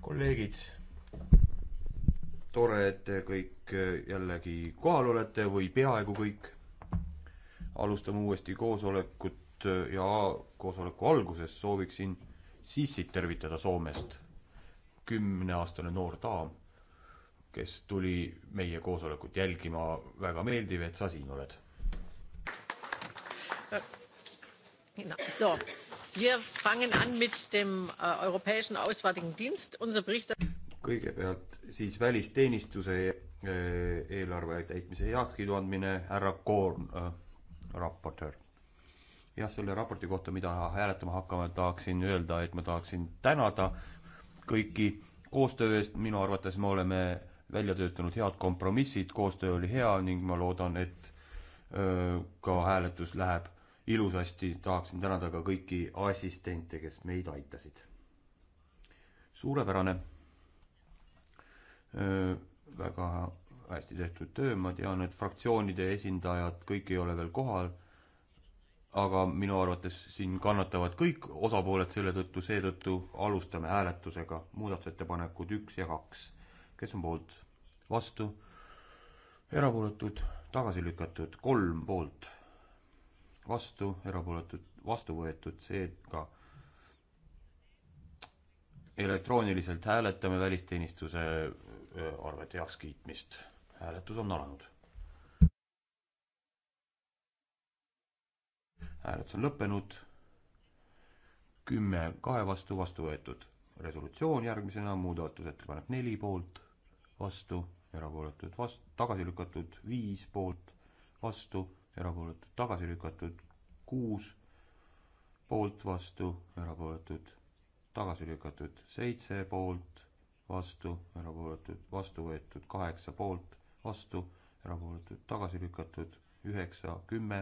kolleegid, tore, et te kõik äh, jällegi kohal olete või peaaegu kõik. alustame uuesti koosolekut äh, ja koosoleku alguses sooviksin Sissit tervitada Soomest. kümneaastane noor daam, kes tuli meie koosolekut jälgima. väga meeldiv, et sa siin oled. no, so Wir fangen an mit dem äh, Europäischen Auswärtigen Dienst. Unser Bericht kõigepealt siis välisteenistuse äh, eelarve täitmise heakskiidu andmine, härra Koorn äh,, raportöör. jah, selle raporti kohta, mida hääletama hakkame, tahaksin öelda, et ma tahaksin tänada kõiki koostöö eest, minu arvates me oleme välja töötanud head kompromissid, koostöö oli hea ning ma loodan, et öö, äh, ka hääletus läheb ilusasti tahaksin tänada ka kõiki assistente, kes meid aitasid. suurepärane. väga hästi tehtud töö, ma tean, et fraktsioonide esindajad kõik ei ole veel kohal. aga minu arvates siin kannatavad kõik osapooled selle tõttu, seetõttu alustame hääletusega muudatusettepanekud üks ja kaks. kes on poolt? vastu? erapooletud? tagasi lükatud? kolm poolt vastu, erapooletud, vastu võetud, seega elektrooniliselt hääletame välisteenistuse äh, arvete heakskiitmist. hääletus on alanud. hääletus on lõppenud. kümme kahe vastu vastu võetud. resolutsioon järgmisena muudatusettepanek neli poolt, vastu, erapooletud vastu, tagasi lükatud viis poolt, vastu erapooletud tagasi lükatud, kuus poolt vastu, erapooletud tagasi lükatud, seitse poolt vastu, erapooletud vastu võetud, kaheksa poolt vastu, erapooletud tagasi lükatud, üheksa, kümme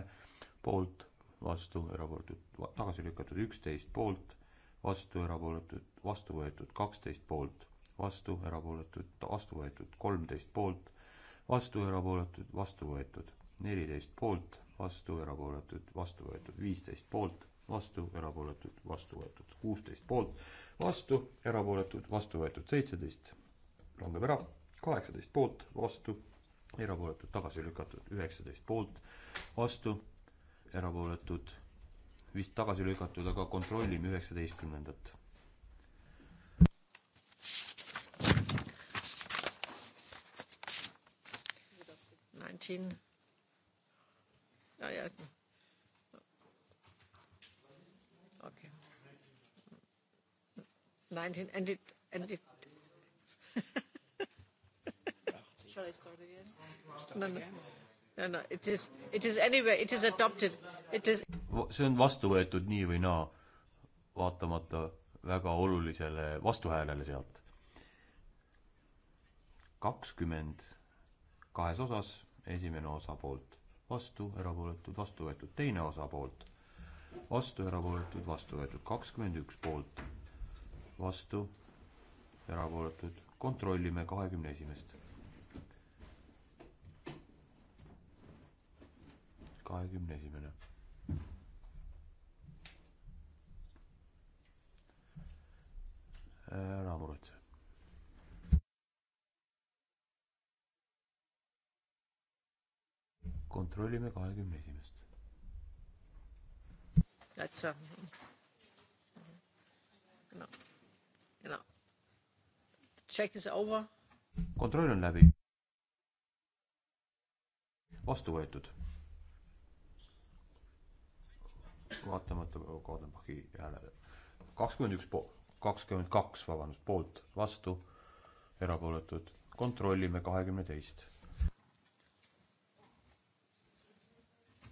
poolt vastu, erapooletud tagasi lükatud, üksteist poolt vastu, erapooletud vastu võetud, kaksteist poolt vastu, erapooletud vastu võetud, kolmteist poolt vastu, erapooletud vastu võetud neliteist poolt, vastu, erapooletud, vastu võetud, viisteist poolt, vastu, erapooletud, vastu võetud, kuusteist poolt, vastu, erapooletud, vastu võetud, seitseteist langeb ära, kaheksateist poolt, vastu, erapooletud, tagasi lükatud, üheksateist poolt, vastu, erapooletud, vist tagasi lükatud, aga kontrollime üheksateistkümnendat. Nineteen Да, ясно. Er okay. 19 and it and it Shall I start again? Start no, no. Again? no, no, it is, it is anyway, it is adopted, it is. see on vastu võetud nii või naa, vaatamata väga olulisele vastuhäälele sealt. kakskümmend kahes osas, esimene osa poolt vastu, erapooletud, vastu võetud, teine osa poolt, vastu, erapooletud, vastu võetud, kakskümmend üks poolt, vastu, erapooletud, kontrollime kahekümne esimest. kahekümne esimene. ära muretse. kontrollime kahekümne esimest. That's a no, no. Check is over. kontroll on läbi. vastu võetud. vaatamata Kadenbachi häälele. kakskümmend üks po-, kakskümmend kaks, vabandust, poolt, vastu, erapooletud. kontrollime kahekümne teist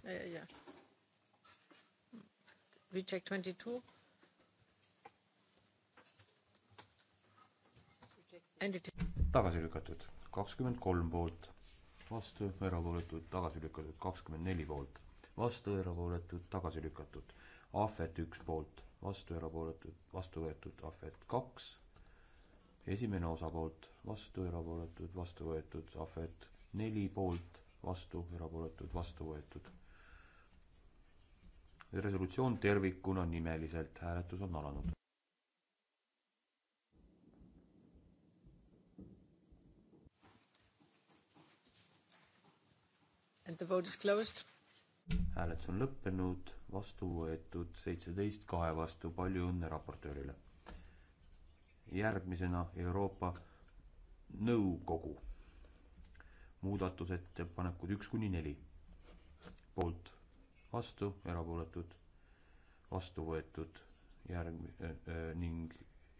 Uh, yeah. Hmm. We check 22. And it is... tagasi lükatud kakskümmend kolm poolt, vastu erapooletud, tagasi lükatud kakskümmend neli poolt, vastu erapooletud, tagasi lükatud. ahvet üks poolt, vastu erapooletud, vastu võetud, ahvet kaks esimene osapoolt, vastu, erapooletud, vastu võetud, ahvet neli poolt, vastu, erapooletud, vastu võetud resolutsioon tervikuna nimeliselt, hääletus on alanud. And the vote is closed. hääletus on lõppenud, vastu võetud seitseteist, kahe vastu, palju õnne raportöörile. järgmisena Euroopa Nõukogu muudatusettepanekud üks kuni neli poolt vastu, erapooletud, vastu võetud järg- äh, äh ning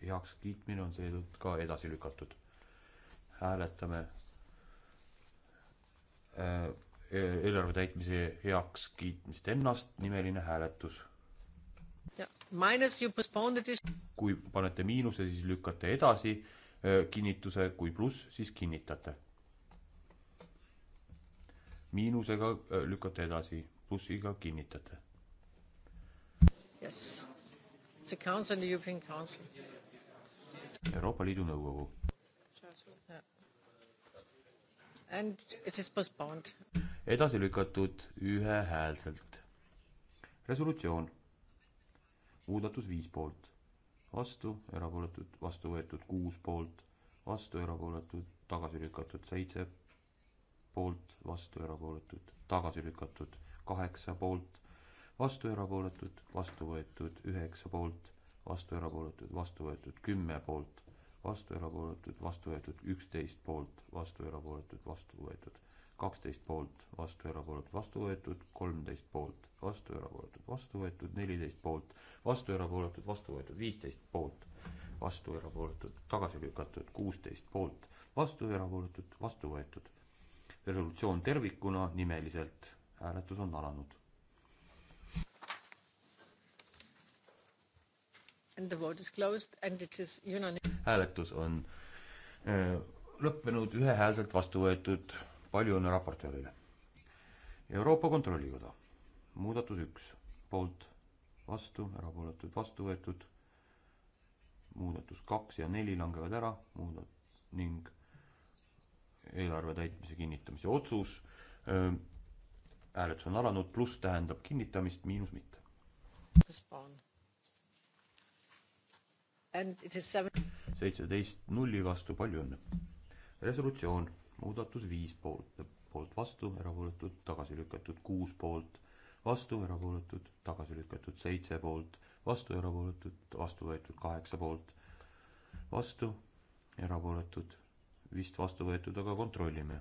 heakskiitmine on seetõttu ka edasi lükatud. hääletame äh, eelarve täitmise heakskiitmist ennast, nimeline hääletus. kui panete miinuse, siis lükkate edasi äh, kinnituse, kui pluss, siis kinnitate. miinusega äh, lükkate edasi plussiga kinnitate. Yes. It's a council, the European Council. Euroopa Liidu Nõukogu. And it is postponed. edasi lükatud ühehäälselt. resolutsioon. muudatus viis poolt, vastu, erapooletud, vastu võetud kuus poolt, vastu, erapooletud, tagasi lükatud seitse poolt, vastu, erapooletud, tagasi lükatud kaheksa poolt, vastu erapooletud, vastu võetud üheksa poolt, vastu erapooletud, vastu võetud kümme poolt, vastu erapooletud, vastu võetud üksteist poolt, vastu erapooletud, vastu võetud kaksteist poolt, vastu erapooletud, vastu võetud kolmteist poolt, vastu erapooletud, vastu võetud neliteist poolt, vastu erapooletud, vastu võetud viisteist poolt, vastu erapooletud, tagasi lükatud kuusteist poolt, vastu erapooletud, vastu võetud. resolutsioon tervikuna nimeliselt hääletus on alanud. hääletus on öö, äh, lõppenud ühehäälselt vastu võetud. palju õnne raportöörile. Euroopa Kontrollikoda, muudatus üks, poolt, vastu, erapooletud, vastu võetud. muudatus kaks ja neli langevad ära, muudat- ning eelarve täitmise kinnitamise otsus öö, äh, hääletus on alanud, pluss tähendab kinnitamist, miinus mitte. seitseteist nulli vastu, palju õnne. resolutsioon, muudatus viis poolt, poolt vastu, erapooletud, tagasi lükatud, kuus poolt, vastu, erapooletud, tagasi lükatud, seitse poolt, vastu, erapooletud, vastu võetud, kaheksa poolt, vastu, erapooletud, vist vastu võetud, aga kontrollime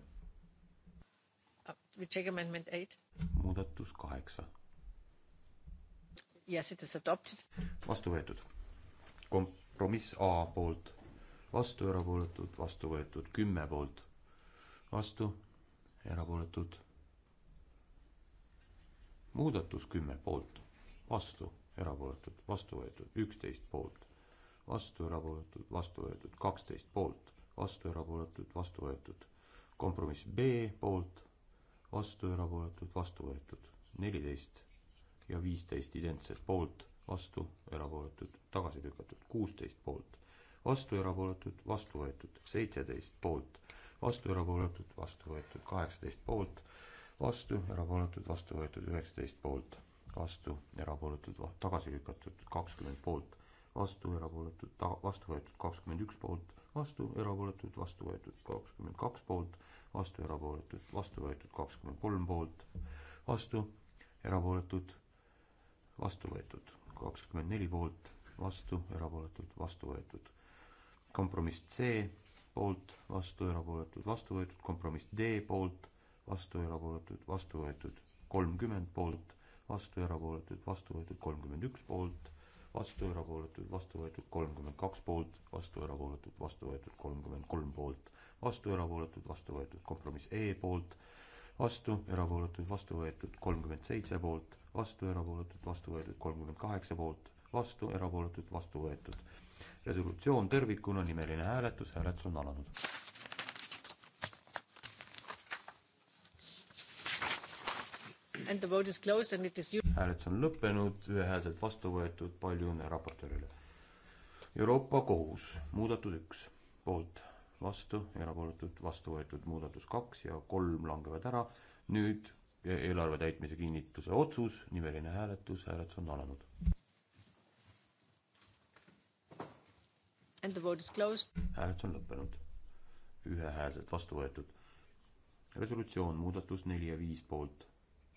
we check amendment eight? muudatus kaheksa. Yes, it is adopted. vastu võetud. kompromiss A poolt, vastu erapooletud, vastu võetud kümme poolt, vastu erapooletud. muudatus kümme poolt, vastu erapooletud, vastu võetud üksteist poolt, vastu erapooletud, vastu võetud kaksteist poolt, vastu erapooletud, vastu võetud kompromiss B poolt vastu, erapooletud, vastu võetud. neliteist ja viisteist identsed poolt, vastu, erapooletud, tagasi lükatud. kuusteist poolt, vastu, erapooletud, vastu võetud. seitseteist poolt, vastu, erapooletud, vastu võetud. kaheksateist poolt, vastu, erapooletud, vastu võetud. üheksateist poolt, vastu, erapooletud, tagasi lükatud. kakskümmend poolt, vastu, erapooletud, ta-, vastu võetud. kakskümmend üks poolt, vastu, erapooletud, vastu võetud. kakskümmend kaks poolt vastu erapooletud, vastu võetud kakskümmend kolm poolt, vastu erapooletud, vastu võetud kakskümmend neli poolt, vastu erapooletud, vastu võetud. kompromiss C poolt, vastu erapooletud, vastu võetud, kompromiss D poolt, vastu erapooletud, vastu võetud kolmkümmend poolt, vastu erapooletud, vastu võetud kolmkümmend üks poolt vastu erapooletud, vastu võetud kolmkümmend kaks poolt, vastu erapooletud, vastu võetud kolmkümmend kolm poolt, vastu, erapooletud, vastu võetud, kompromiss E poolt, vastu, erapooletud, vastu võetud, kolmkümmend seitse poolt, vastu, erapooletud, vastu võetud, kolmkümmend kaheksa poolt, vastu, erapooletud, vastu võetud. resolutsioon tervikuna, nimeline hääletus, hääletus on alanud. Is... hääletus on lõppenud, ühehäälselt vastu võetud, palju õnne raportöörile. Euroopa Kohus, muudatus üks, poolt vastu, erapooletud, vastu võetud muudatus kaks ja kolm langevad ära. nüüd e-, eelarve täitmise kinnituse otsus, nimeline hääletus, hääletus on alanud. And the vote is closed. hääletus on lõppenud. ühehäälselt vastu võetud. resolutsioon, muudatus neli ja viis poolt,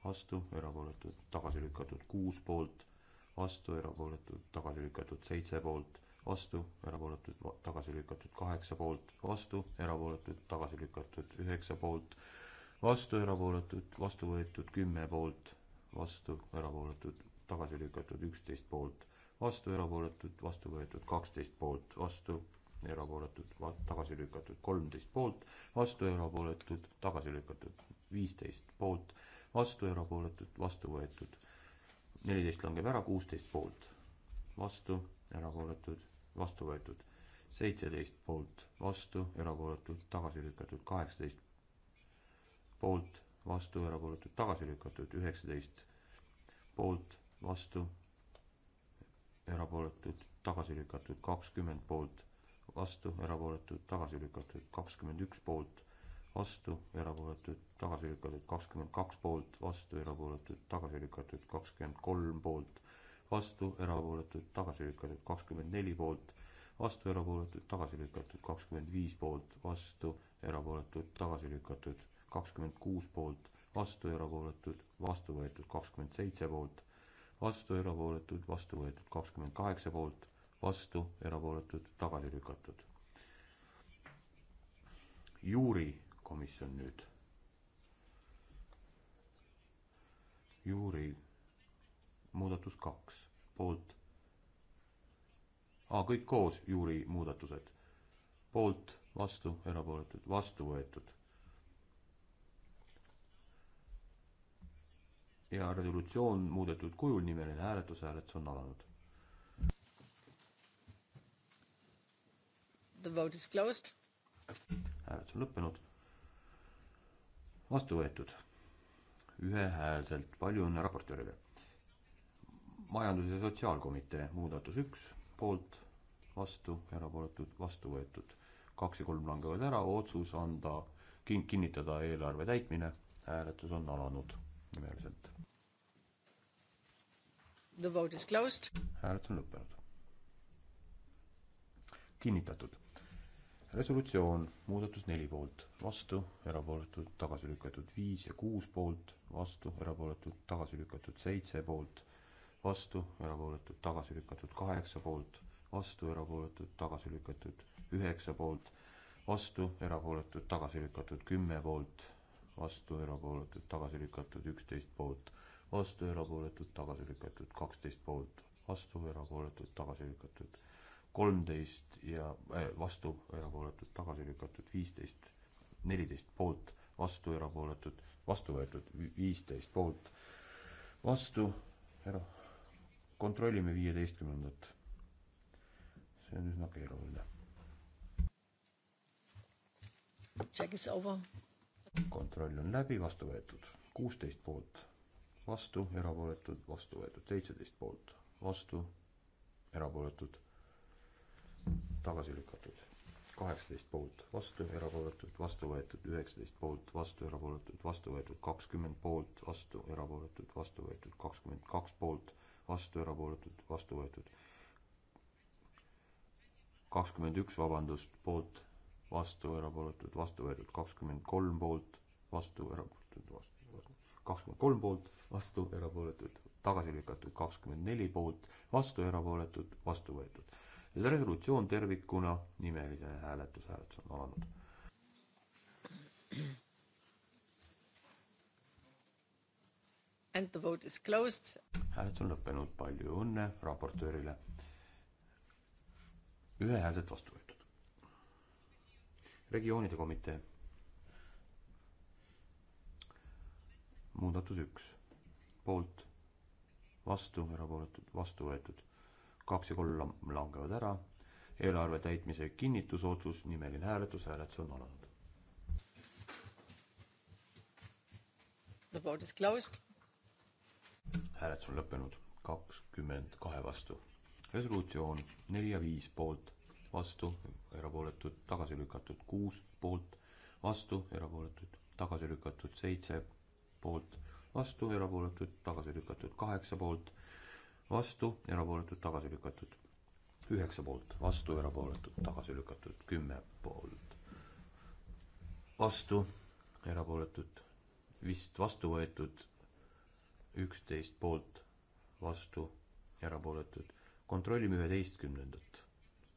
vastu, erapooletud, tagasi lükatud kuus poolt, vastu, erapooletud, tagasi lükatud seitse poolt vastu, erapooletud, tagasi lükatud kaheksa poolt, vastu, erapooletud, tagasi lükatud üheksa poolt, vastu, erapooletud, vastu võetud kümme poolt, vastu, erapooletud, tagasi lükatud üksteist poolt, vastu, erapooletud, vastu võetud kaksteist poolt, vastu, erapooletud, tagasi lükatud kolmteist poolt, vastu, erapooletud, tagasi lükatud viisteist poolt, vastu, erapooletud, vastu võetud neliteist langeb ära, kuusteist poolt, vastu, erapooletud, vastu võetud seitseteist poolt, vastu, erapooletud, tagasi lükatud kaheksateist poolt, vastu, erapooletud, tagasi lükatud üheksateist poolt, vastu, erapooletud, tagasi lükatud kakskümmend poolt, vastu, erapooletud, tagasi lükatud kakskümmend üks poolt, vastu, erapooletud, tagasi lükatud kakskümmend kaks poolt, vastu, erapooletud, tagasi lükatud kakskümmend kolm poolt vastu, erapooletud, tagasi lükatud kakskümmend neli poolt, vastu, erapooletud, tagasi lükatud kakskümmend viis poolt, vastu, erapooletud, tagasi lükatud kakskümmend kuus poolt, vastu, erapooletud, vastu võetud kakskümmend seitse poolt, vastu, erapooletud, vastu võetud kakskümmend kaheksa poolt, vastu, erapooletud, tagasi lükatud. juurikomisjon nüüd. juuri muudatus kaks, poolt. aa, kõik koos, juuri muudatused. poolt, vastu, erapooletud, vastu võetud. ja resolutsioon muudetud kujul, nimeline hääletus, hääletus on alanud. The vote is closed. hääletus on lõppenud. vastu võetud ühehäälselt, palju õnne raportöörile majandus- ja sotsiaalkomitee muudatus üks, poolt, vastu, erapooletud, vastu võetud. kaks ja kolm langevad ära, otsus anda, kin-, kinnitada eelarve täitmine, hääletus on alanud nimeliselt. The vote is closed. hääletus on lõppenud. kinnitatud. resolutsioon, muudatus neli poolt, vastu, erapooletud, tagasi lükatud viis ja kuus poolt, vastu, erapooletud, tagasi lükatud seitse poolt vastu, erapooletud, tagasi lükatud kaheksa poolt, vastu, erapooletud, tagasi lükatud üheksa poolt, vastu, erapooletud, tagasi lükatud kümme poolt, vastu, erapooletud, tagasi lükatud üksteist poolt, vastu, erapooletud, tagasi lükatud kaksteist poolt, vastu, erapooletud, tagasi lükatud kolmteist ja äh, vastu, erapooletud, tagasi lükatud viisteist, neliteist poolt, vastu, erapooletud, vastu võetud viisteist poolt, vastu, era-, kontrollime viieteistkümnendat. see on üsna keeruline. Check is over. kontroll on läbi, vastu võetud kuusteist poolt, vastu, erapooletud, vastu võetud seitseteist poolt, vastu, erapooletud, tagasi lükatud kaheksateist poolt, vastu, erapooletud, vastu võetud üheksateist poolt, vastu, erapooletud, vastu võetud kakskümmend poolt, vastu, erapooletud, vastu võetud kakskümmend kaks poolt vastu, erapooletud, vastu võetud. kakskümmend üks, vabandust, poolt, vastu, erapooletud, vastu võetud, kakskümmend kolm poolt, vastu, erapooletud, vastu, kakskümmend kolm poolt, vastu, erapooletud, tagasi lükatud, kakskümmend neli poolt, vastu, erapooletud, vastu võetud. ja resolutsioon tervikuna nimelise hääletuse hääletus on alanud. And the vote is closed. hääletus on lõppenud, palju õnne raportöörile. ühehäälselt vastu võetud. regioonide komitee. muudatus üks, poolt, vastu, erapooletud, vastu võetud. kaks ja kolm langevad ära. eelarve täitmise kinnitusotsus, nimeline hääletus, hääletus on alanud. The vote is closed hääletus on lõppenud, kakskümmend kahe vastu. resolutsioon neli ja viis poolt, vastu, erapooletud, tagasi lükatud kuus poolt, vastu, erapooletud, tagasi lükatud seitse poolt, vastu, erapooletud, tagasi lükatud kaheksa poolt, vastu, erapooletud, tagasi lükatud üheksa poolt, vastu, erapooletud, tagasi lükatud kümme poolt, vastu, erapooletud, vist vastu võetud üksteist poolt, vastu, erapooletud. kontrollime üheteistkümnendat,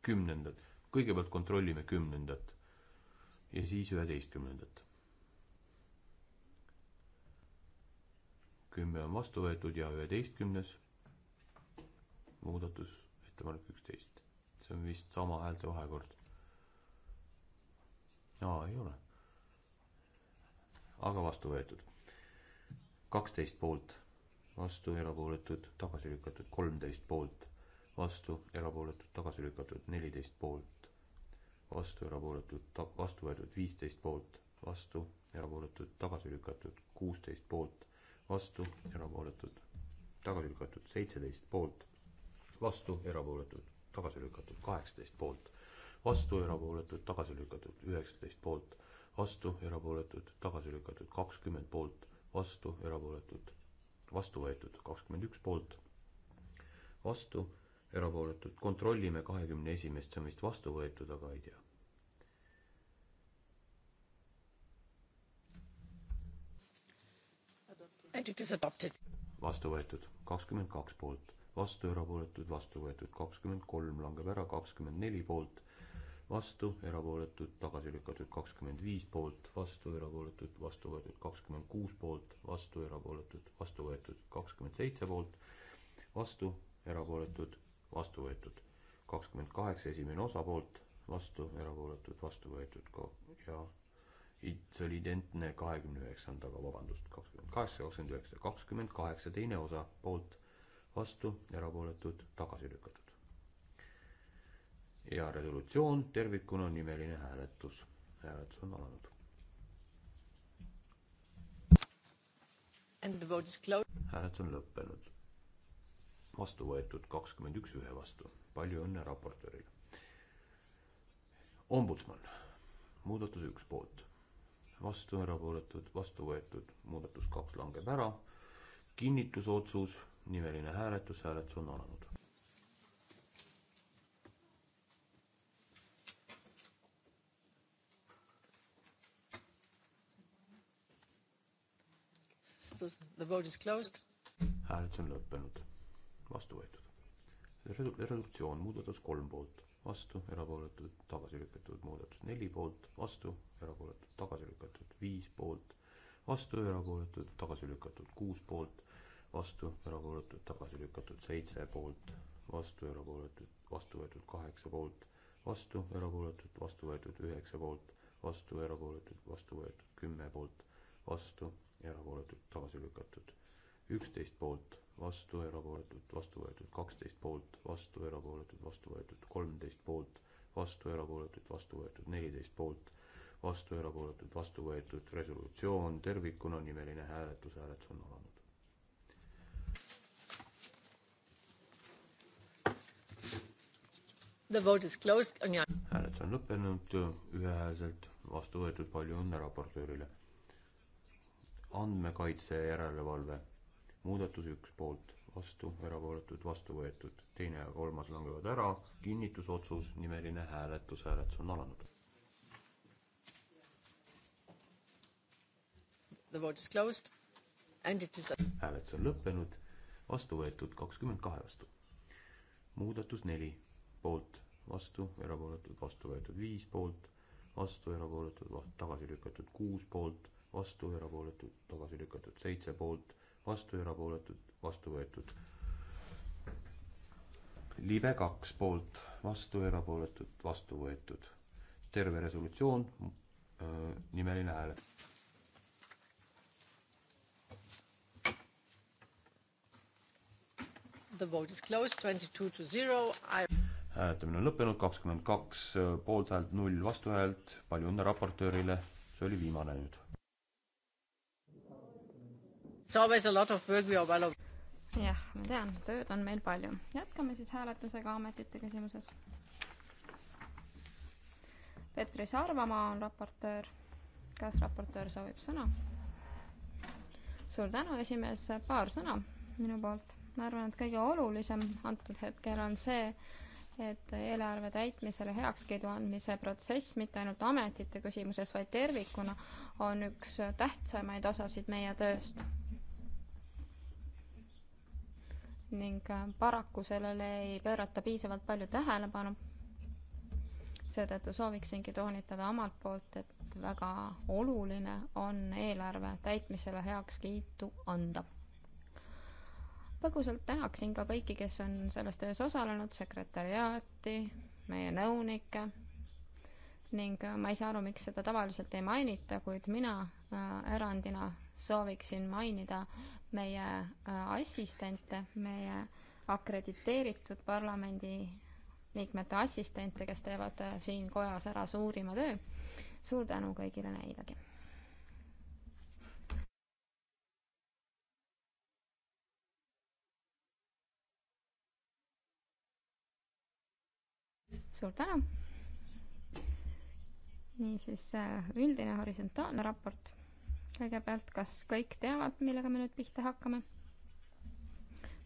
kümnendat, kõigepealt kontrollime kümnendat ja siis üheteistkümnendat. kümme on vastu võetud ja üheteistkümnes muudatus, ettepanek üksteist. see on vist sama häälte vahekord. aa, ei ole. aga vastu võetud. kaksteist poolt vastu, erapooletud, tagasi lükatud, kolmteist poolt, vastu, erapooletud, tagasi lükatud, neliteist poolt, vastu, erapooletud, vastu võetud, viisteist poolt, vastu, erapooletud, tagasi lükatud, kuusteist poolt, vastu, erapooletud, tagasi lükatud, seitseteist poolt, vastu, erapooletud, tagasi lükatud, kaheksateist poolt, vastu, erapooletud, tagasi lükatud, üheksateist poolt, vastu, erapooletud, tagasi lükatud, kakskümmend poolt, vastu, erapooletud, vastu võetud, kakskümmend üks poolt, vastu, erapooletud, kontrollime kahekümne esimest, see on vist vastu võetud, aga ei tea. And it is adopted. vastu võetud kakskümmend kaks poolt, vastu erapooletud, vastu võetud kakskümmend kolm langeb ära, kakskümmend neli poolt vastu, erapooletud, tagasi lükatud kakskümmend viis poolt, vastu, erapooletud, vastu võetud kakskümmend kuus poolt, vastu, erapooletud, vastu võetud kakskümmend seitse poolt, vastu, erapooletud, vastu võetud kakskümmend kaheksa, esimene osa poolt, vastu, erapooletud, vastu võetud ka ja see oli identne kahekümne üheksandaga, vabandust, kakskümmend kaheksa, kakskümmend üheksa, kakskümmend kaheksa teine osa poolt, vastu, erapooletud, tagasi lükatud ja resolutsioon tervikuna nimeline hääletus. hääletus on alanud. hääletus on lõppenud. vastu võetud kakskümmend üks ühe vastu. palju õnne raportööril. ombudsman, muudatus üks poolt, vastu erapooletud, vastu võetud, muudatus kaks langeb ära. kinnitusotsus, nimeline hääletus, hääletus on alanud. The vote is closed. hääletus on lõppenud, vastu võetud. Redu-, resolutsioon, muudatus kolm poolt, vastu, erapooletud, tagasi lükatud, muudatus neli poolt, vastu, erapooletud, tagasi lükatud, viis poolt, vastu, erapooletud, tagasi lükatud, kuus poolt, vastu, erapooletud, tagasi lükatud, seitse poolt, vastu, erapooletud, vastu võetud, kaheksa poolt, vastu, erapooletud, vastu võetud, üheksa poolt, vastu, erapooletud, vastu võetud, kümme poolt, vastu erapooletud, tagasi lükatud. üksteist poolt, vastu, erapooletud, vastu võetud, kaksteist poolt, vastu, erapooletud, vastu võetud, kolmteist poolt, vastu, erapooletud, vastu võetud, neliteist poolt, vastu, erapooletud, vastu võetud, resolutsioon tervikuna, nimeline hääletus, hääletus on alanud. The vote is closed on ja hääletus on lõppenud ühehäälselt, vastu võetud, palju õnne raportöörile andmekaitse järelevalve, muudatus üks poolt, vastu, erapooletud, vastu võetud, teine ja kolmas langevad ära, kinnitusotsus, nimeline hääletus, hääletus on alanud. The vote is closed and it is hääletus on lõppenud, vastu võetud kakskümmend kahe vastu. muudatus neli, poolt, vastu, erapooletud, vastu võetud viis poolt, vastu, erapooletud, tagasi lükatud kuus poolt vastu, erapooletud, tagasi lükatud, seitse poolt, vastu, erapooletud, vastu võetud. libe kaks poolt, vastu, erapooletud, vastu võetud. terve resolutsioon äh,, nimeline hääle. The vote is closed, twenty-two to zero I.... hääletamine on lõppenud, kakskümmend kaks äh, poolthäält, null vastuhäält, palju õnne raportöörile, see oli viimane nüüd. It's always a lot of work, we are well aware jah, ma tean, tööd on meil palju. jätkame siis hääletusega ametite küsimuses. Petri Sarvamaa on raportöör. kas raportöör soovib sõna? suur tänu, esimees, paar sõna minu poolt. ma arvan, et kõige olulisem antud hetkel on see, et eelarve täitmisele heakskiidu andmise protsess mitte ainult ametite küsimuses, vaid tervikuna on üks tähtsamaid osasid meie tööst ning äh, paraku sellele ei pöörata piisavalt palju tähelepanu. seetõttu sooviksingi toonitada omalt poolt, et väga oluline on eelarve täitmisele heakskiitu anda. põgusalt tänaksin ka kõiki, kes on selles töös osalenud, sekretäriaati, meie nõunikke ning äh, ma ei saa aru, miks seda tavaliselt ei mainita, kuid mina äh, erandina sooviksin mainida meie äh, assistente, meie akrediteeritud parlamendi liikmete assistente, kes teevad äh, siin kojas ära suurima töö. suur tänu kõigile neilegi. suur tänu. niisiis äh, üldine horisontaalne raport kõigepealt, kas kõik teavad, millega me nüüd pihta hakkame?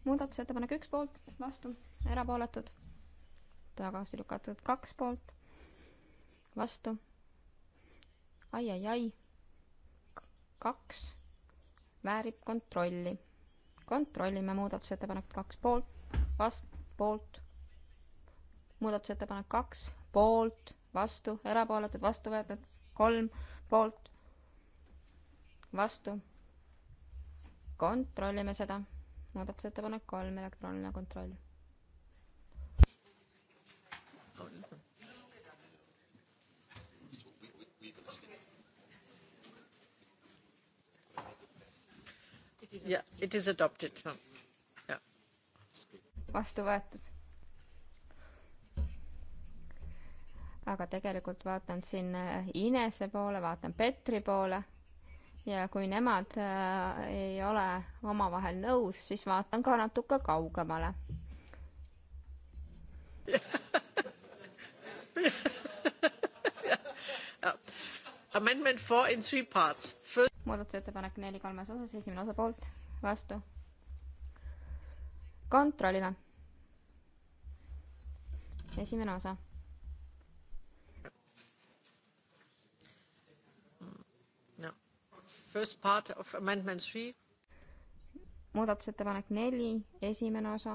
muudatusettepanek üks poolt, vastu, erapooletud, tagasi lükatud kaks poolt, vastu ai,, ai-ai-ai, kaks väärib kontrolli. kontrollime muudatusettepanekut kaks poolt, vast-, poolt, muudatusettepanek kaks, poolt, vastu, erapooletud, vastu võetud, kolm, poolt, vastu. kontrollime seda. muudatusettepanek kolm, elektrooniline kontroll. Yeah, it is adopted. Yeah. vastu võetud. aga tegelikult vaatan siin Inese poole, vaatan Petri poole ja kui nemad äh, ei ole omavahel nõus, siis vaatan ka natuke kaugemale. Amendment four in three parts First.... muudatusettepanek neli kolmes osas, esimene osa poolt, vastu. kontrollime. esimene osa first part of amendment three. muudatusettepanek neli, esimene osa,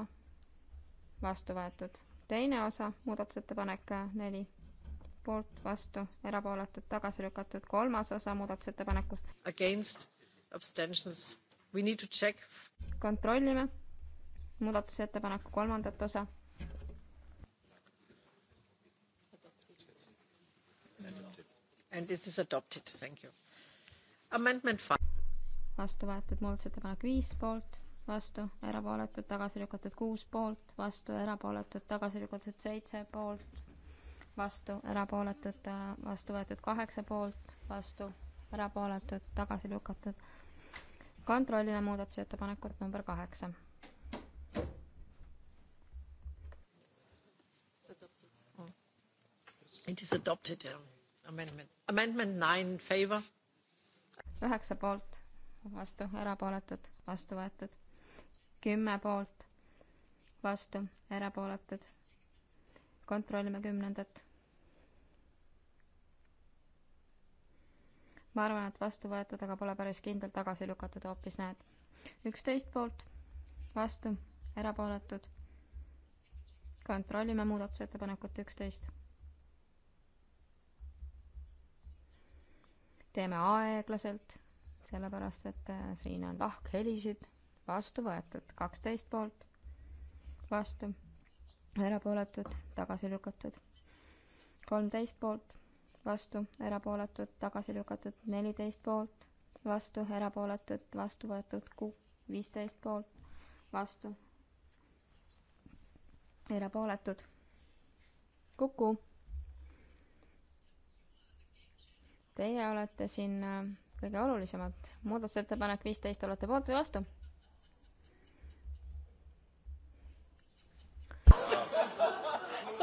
vastu võetud. teine osa, muudatusettepanek neli, poolt, vastu, erapooletud, tagasi lükatud. kolmas osa muudatusettepanekust. Against, abstentions, we need to check. kontrollime muudatusettepaneku kolmandat osa and this is adopted. Thank you. Amendment five. vastu võetud muudatusettepanek viis poolt, vastu, erapooletud, tagasi lükatud kuus poolt, vastu, erapooletud, tagasi lükatud seitse poolt, vastu, erapooletud, vastu võetud kaheksa poolt, vastu, erapooletud, tagasi lükatud. kontrollime muudatusettepanekut number kaheksa. It is adopted yeah. Uh, amendment. Amendment nine in favor üheksa poolt, vastu, erapooletud, vastu võetud. kümme poolt, vastu, erapooletud. kontrollime kümnendat. ma arvan, et vastu võetud, aga pole päris kindlalt tagasi lükatud, hoopis näed. üksteist poolt, vastu, erapooletud. kontrollime muudatusettepanekut üksteist teeme aeglaselt, sellepärast et äh, siin on lahkhelisid, vastu võetud, kaksteist poolt, vastu, erapooletud, tagasi lükatud, kolmteist poolt, vastu, erapooletud, tagasi lükatud, neliteist poolt, vastu, erapooletud, vastu võetud, viisteist poolt, vastu, erapooletud, kuku Teie olete siin äh, kõige olulisemad. muudatusettepanek viisteist, olete poolt või vastu?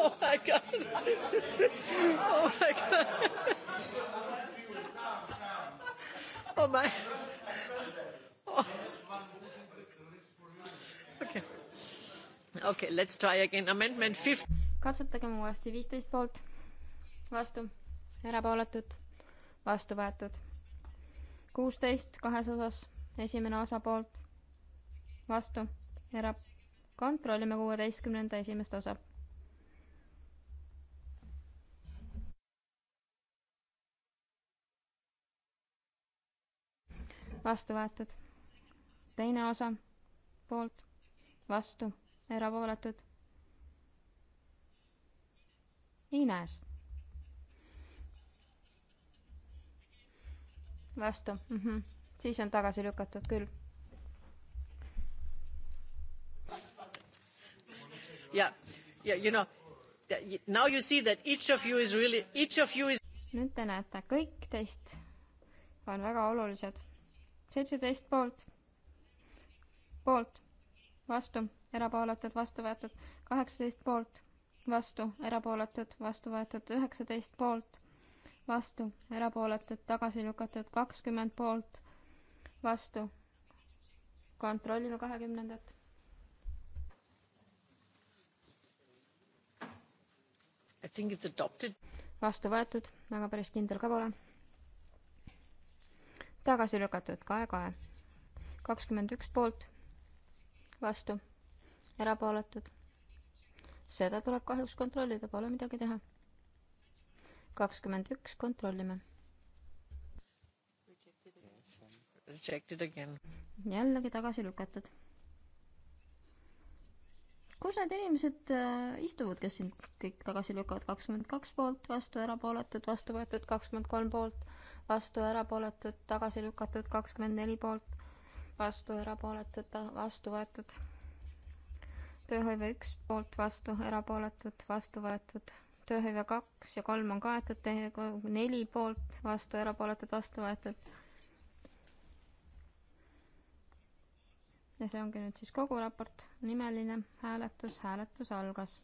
Oh my god! Oh my god! Oh my. Oh. Okay. Okay, let's try again. Amendment 5. katsetagem uuesti viisteist poolt, vastu, erapooletud, vastu võetud. kuusteist kahes osas, esimene osa poolt, vastu, era-, kontrollime kuueteistkümnenda esimest osa. vastu võetud. teine osa poolt, vastu, erapooletud. Ines vastu mm, -hmm. siis on tagasi lükatud küll. ja, ja you know, now you see that each of you is really, each of you is. nüüd te näete, kõik teist on väga olulised. seitseteist poolt, poolt, vastu, erapooletud, vastu võetud, kaheksateist poolt, vastu, erapooletud, vastu võetud, üheksateist poolt vastu, erapooletud, tagasi lükatud, kakskümmend poolt, vastu. kontrollime kahekümnendat. vastu võetud, aga päris kindel ka pole. tagasi lükatud, kae, kae. kakskümmend üks poolt, vastu, erapooletud. seda tuleb kahjuks kontrollida, pole midagi teha kakskümmend üks, kontrollime. jällegi tagasi lükatud. kus need inimesed äh, istuvad, kes siin kõik tagasi lükkavad, kakskümmend kaks poolt, vastu erapooletud, vastu võetud kakskümmend kolm poolt, vastu erapooletud, tagasi lükatud kakskümmend neli poolt, vastu erapooletud, vastu võetud tööhõive üks poolt vastu, erapooletud, vastu võetud tööhõive kaks ja kolm on kaetud, neli poolt, vastu, erapooletud, vastu võetud. ja see ongi nüüd siis kogu raport, nimeline hääletus, hääletus algas.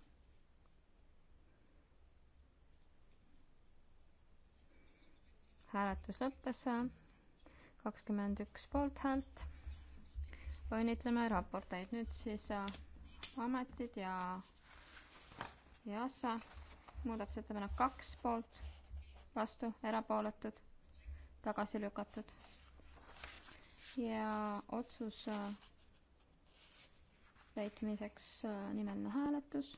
hääletus lõppes, kakskümmend üks poolthäält. õnnitleme raporteid, nüüd siis äh, ametid ja ja sa muudatusettepanek kaks poolt, vastu, erapooletud, tagasi lükatud. ja otsus äh, täitmiseks äh, nimeline hääletus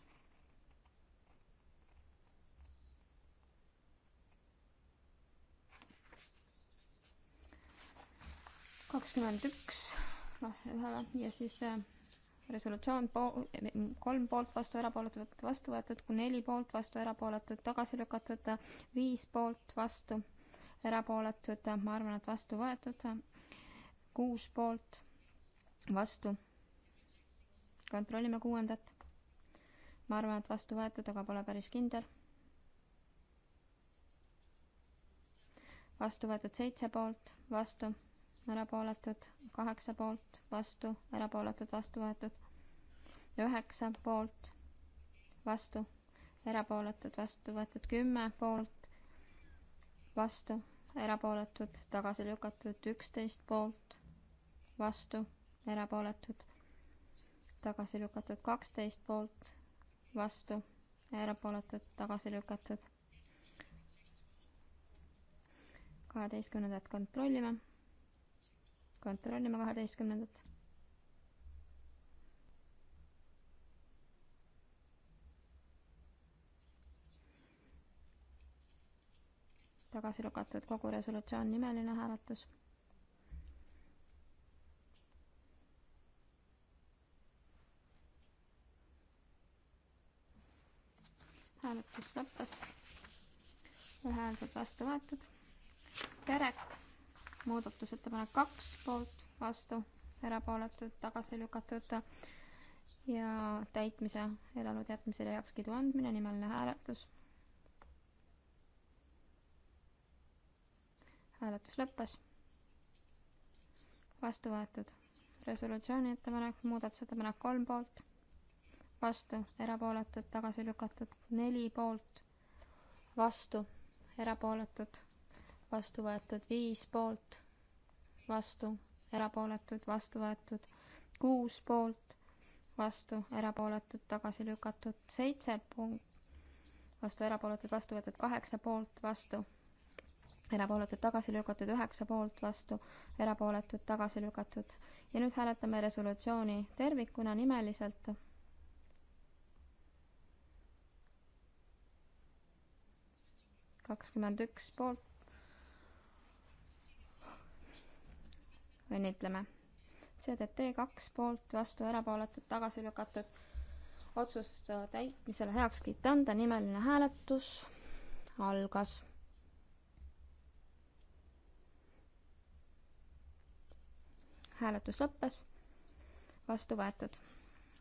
kakskümmend üks lase ühele ja siis äh, resolutsioon po-, kolm poolt vastu, erapooletult vastu võetud, kui neli poolt vastu, erapooletult tagasi lükatud, viis poolt vastu, erapooletud, ma arvan, et vastu võetud, kuus poolt vastu. kontrollime kuuendat. ma arvan, et vastu võetud, aga pole päris kindel. vastu võetud seitse poolt, vastu erapooletud, kaheksa poolt, vastu, erapooletud, vastu võetud, üheksa poolt, vastu, erapooletud, vastu võetud, kümme poolt, vastu, erapooletud, tagasi lükatud, üksteist poolt, vastu, erapooletud, tagasi lükatud, kaksteist poolt, vastu, erapooletud, tagasi lükatud kaheteistkümnendat kontrollime kontrollime kaheteistkümnendat. tagasi lükatud kogu resolutsioon nimeline hääletus hääletus lõppes, ühehäälselt vastu võetud. Perek muudatusettepanek kaks poolt, vastu, erapooletud, tagasi lükatud ja täitmise, eelarve täitmisele heakskiidu andmine, nimeline hääletus. hääletus lõppes. vastu võetud. resolutsiooni ettepanek, muudatusettepanek kolm poolt, vastu, erapooletud, tagasi lükatud, neli poolt, vastu, erapooletud vastu võetud viis poolt, vastu, erapooletud, vastu võetud kuus poolt, vastu, erapooletud, tagasi lükatud seitse punkt, vastu, erapooletud, vastu võetud kaheksa poolt, vastu, erapooletud, tagasi lükatud üheksa poolt, vastu, erapooletud, tagasi lükatud. ja nüüd hääletame resolutsiooni tervikuna nimeliselt kakskümmend üks poolt, õnnitleme. CDT kaks poolt, vastu, erapooletud, tagasi lükatud. otsus täitmisele heakskiit anda, nimeline hääletus algas hääletus lõppes, vastu võetud.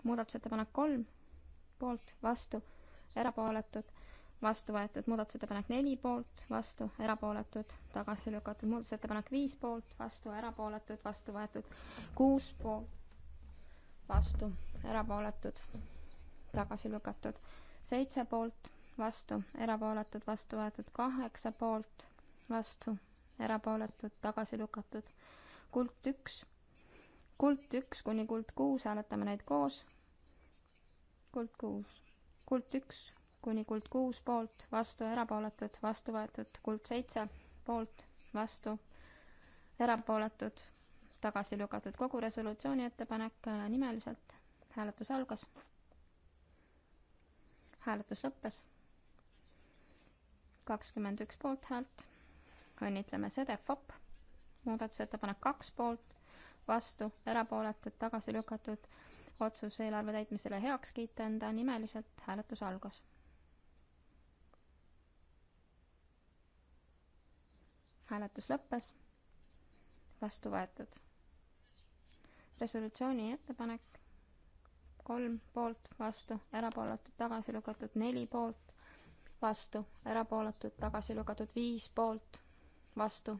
muudatusettepanek kolm, poolt, vastu, erapooletud, vastu võetud muudatusettepanek neli poolt, vastu erapooletud, tagasi lükatud muudatusettepanek viis poolt, vastu erapooletud, vastu võetud kuus poolt, vastu erapooletud, tagasi lükatud seitse poolt, vastu erapooletud, vastu võetud kaheksa poolt, vastu erapooletud, tagasi lükatud kuld üks, kuld üks kuni kuld kuus, hääletame neid koos, kuld kuus, kuld üks kuni kuld kuus poolt, vastu, erapooletud, vastu võetud, kuld seitse poolt, vastu, erapooletud, tagasi lükatud. kogu resolutsiooni ettepanek äh, nimeliselt. hääletus algas. hääletus lõppes. kakskümmend üks poolthäält. õnnitleme Sedefop. muudatusettepanek kaks poolt, vastu, erapooletud, tagasi lükatud otsus eelarve täitmisele heaks kiita enda nimeliselt hääletus algas hääletus lõppes, vastu võetud. resolutsiooni ettepanek kolm poolt, vastu, erapooletud, tagasi lükatud, neli poolt, vastu, erapooletud, tagasi lükatud, viis poolt, vastu.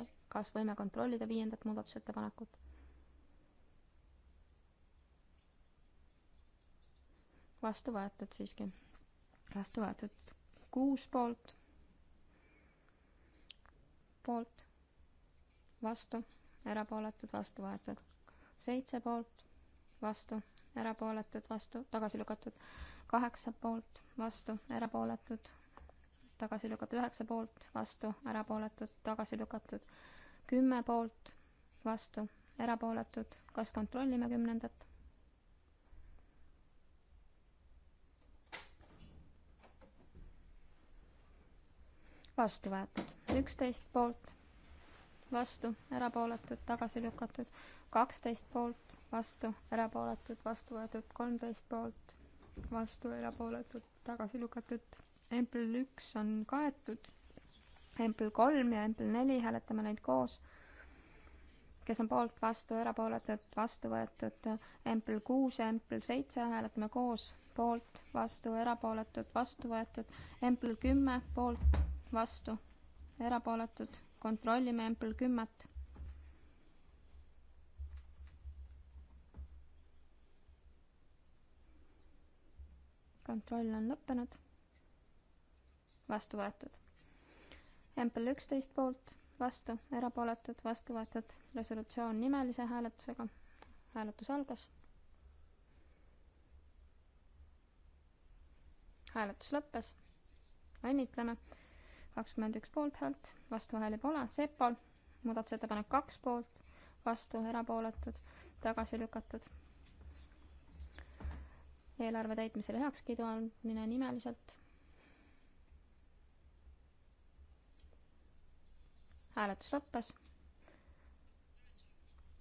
Eh, kas võime kontrollida viiendat muudatusettepanekut? vastu võetud siiski, vastu võetud kuus poolt poolt, vastu, erapooletud, vastu võetud. seitse poolt, vastu, erapooletud, vastu, tagasi lükatud. kaheksa poolt, vastu, erapooletud, tagasi lükatud. üheksa poolt, vastu, erapooletud, tagasi lükatud. kümme poolt, vastu, erapooletud. kas kontrollime kümnendat? vastu võetud, üksteist poolt, vastu, erapooletud, tagasi lükatud, kaksteist poolt, vastu, erapooletud, vastu võetud, kolmteist poolt, vastu, erapooletud, tagasi lükatud. Empel üks on kaetud, Empel kolm ja Empel neli, hääletame neid koos. kes on poolt, vastu, erapooletud, vastu võetud, Empel kuus ja Empel seitse, hääletame koos, poolt, vastu, erapooletud, vastu võetud, Empel kümme, poolt vastu, erapooletud, kontrollime Ample kümmet. kontroll on lõppenud, vastu võetud. Ample üksteist poolt, vastu, erapooletud, vastu võetud, resolutsioon nimelise hääletusega, hääletus algas hääletus lõppes. õnnitleme kakskümmend üks poolthäält, vastuhääli pole, Sepol, muudatusettepanek kaks poolt, vastu, erapooletud, tagasi lükatud. eelarve täitmisele heakskiidu andmine nimeliselt. hääletus lõppes.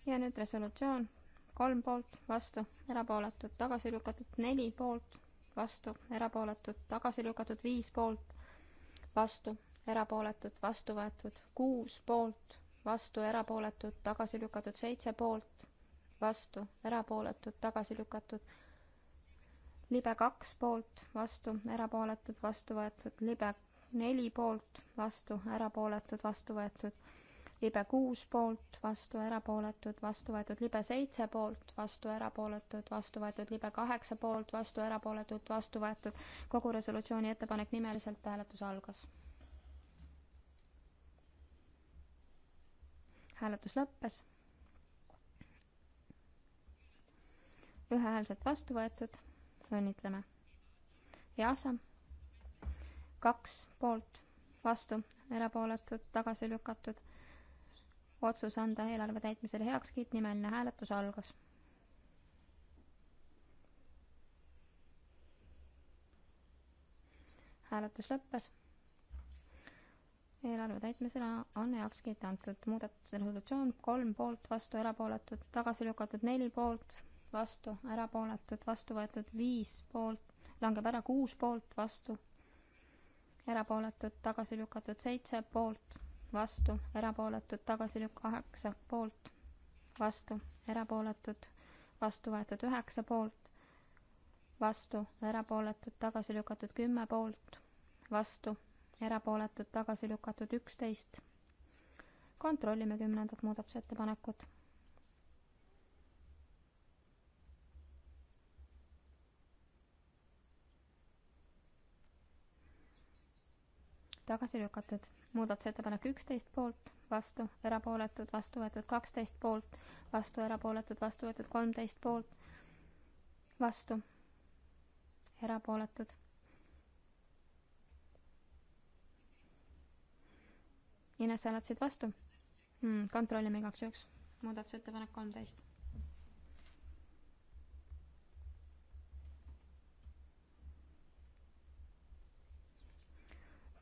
ja nüüd resolutsioon, kolm poolt, vastu, erapooletud, tagasi lükatud, neli poolt, vastu, erapooletud, tagasi lükatud, viis poolt, vastu erapooletud, vastu võetud kuus poolt, vastu erapooletud, tagasi lükatud seitse poolt, vastu erapooletud, tagasi lükatud. libe kaks poolt, vastu erapooletud, vastu võetud, libe neli poolt, vastu erapooletud, vastu võetud libe kuus poolt, vastu erapooletud, vastu võetud libe seitse poolt, vastu erapooletud, vastu võetud libe kaheksa poolt, vastu erapooletud, vastu võetud. kogu resolutsiooni ettepanek nimeliselt hääletus algas hääletus lõppes. ühehäälselt vastu võetud, õnnitleme. Jaasa, kaks poolt, vastu, erapooletud, tagasi lükatud. otsus anda eelarve täitmisele heakskiit, nimeline hääletus algas hääletus lõppes eelarve täitmisele on heakskiit antud. muudatuse resolutsioon kolm poolt, vastu, erapooletud, tagasi lükatud neli poolt, vastu, erapooletud, vastu võetud viis poolt, langeb ära kuus poolt, vastu, erapooletud, tagasi lükatud seitse poolt, vastu, erapooletud, tagasi lükk kaheksa poolt, vastu, erapooletud, vastu võetud üheksa poolt, vastu, erapooletud, tagasi lükatud kümme poolt, vastu, erapooletud, tagasi lükatud üksteist. kontrollime kümnendat muudatusettepanekut. tagasi lükatud, muudatusettepanek üksteist poolt, vastu, erapooletud, vastu võetud kaksteist poolt, vastu, erapooletud, vastu võetud kolmteist poolt, vastu, erapooletud Ines, sa oled siit vastu hmm,? kontrollime igaks juhuks. muudatusettepanek kolmteist.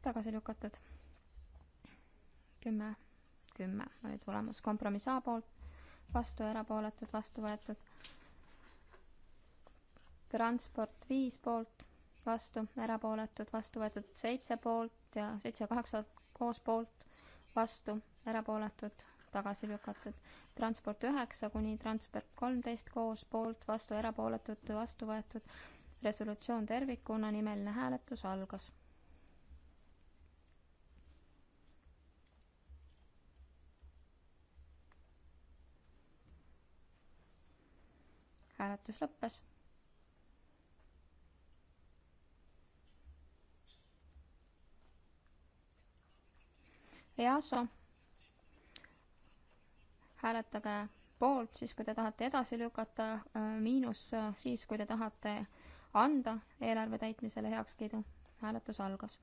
tagasi lükatud. kümme, kümme oli tulemus. kompromiss A poolt, vastu erapooletud, vastu võetud. transport viis poolt, vastu erapooletud, vastu võetud seitse poolt ja seitse, kaheksa koos poolt, vastu, erapooletud, tagasi lükatud. transport üheksa kuni transport kolmteist koos, poolt, vastu, erapooletud, vastu võetud. resolutsioon tervikuna, nimeline hääletus algas. hääletus lõppes EASO, hääletage poolt siis, kui te tahate edasi lükata, äh, miinus äh, siis, kui te tahate anda eelarve täitmisele heakskiidu. hääletus algas.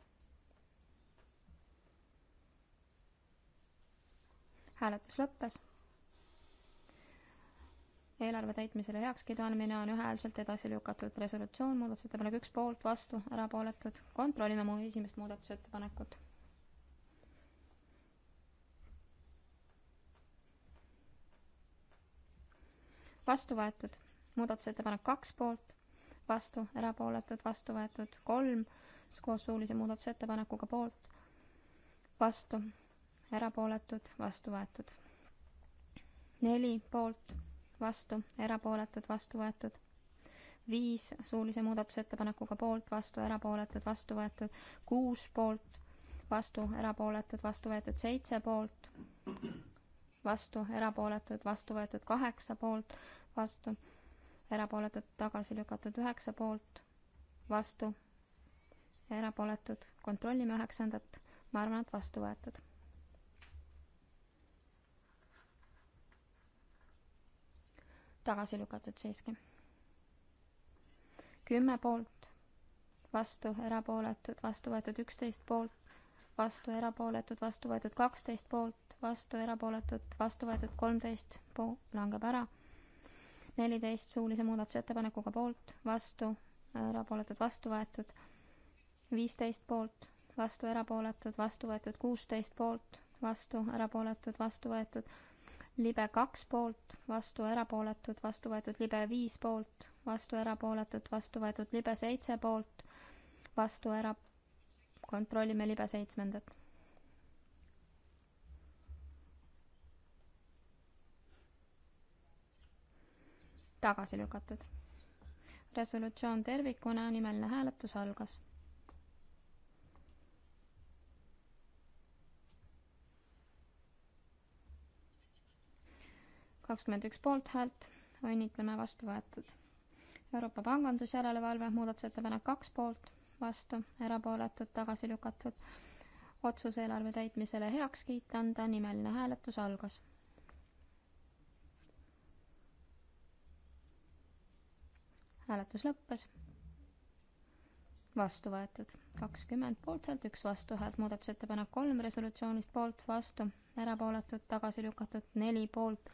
hääletus lõppes. eelarve täitmisele heakskiidu andmine on ühehäälselt edasi lükatud. resolutsioon muudatusettepanek üks poolt, vastu, erapooletud. kontrollime mu esimest muudatusettepanekut vastu võetud. muudatusettepanek kaks poolt, vastu, erapooletud, vastu võetud kolm koos suulise muudatusettepanekuga poolt, vastu, erapooletud, vastu võetud. neli poolt, vastu, erapooletud, vastu võetud. viis suulise muudatusettepanekuga poolt, vastu, erapooletud, vastu võetud. kuus poolt, vastu, erapooletud, vastu võetud. seitse poolt, vastu, erapooletud, vastu võetud. kaheksa poolt, vastu, erapooletud tagasi lükatud üheksa poolt, vastu, erapooletud, kontrollime üheksandat, ma arvan, et vastu võetud. tagasi lükatud siiski. kümme poolt, vastu, erapooletud, vastu võetud üksteist poolt, vastu, erapooletud, vastu võetud kaksteist poolt, vastu, erapooletud, vastu võetud kolmteist, langeb ära neliteist suulise muudatusettepanekuga poolt, vastu, erapooletud, vastu võetud, viisteist poolt, vastu, erapooletud, vastu võetud, kuusteist poolt, vastu, erapooletud, vastu võetud, libe kaks poolt, vastu, erapooletud, vastu võetud, libe viis poolt, vastu, erapooletud, vastu võetud, libe seitse poolt, vastu, era-, kontrollime libe seitsmendat tagasi lükatud. resolutsioon tervikuna, nimeline hääletus algas. kakskümmend üks poolthäält, õnnitleme, vastu võetud. Euroopa Pangandusjärelevalve muudatusettepanek kaks poolt, vastu, erapooletud, tagasi lükatud. otsuse eelarve täitmisele heakskiit anda, nimeline hääletus algas hääletus lõppes. vastu võetud kakskümmend poolthäält, üks vastuhäält, muudatusettepanek kolm resolutsioonist poolt, vastu, erapooletud, tagasi lükatud, neli poolt,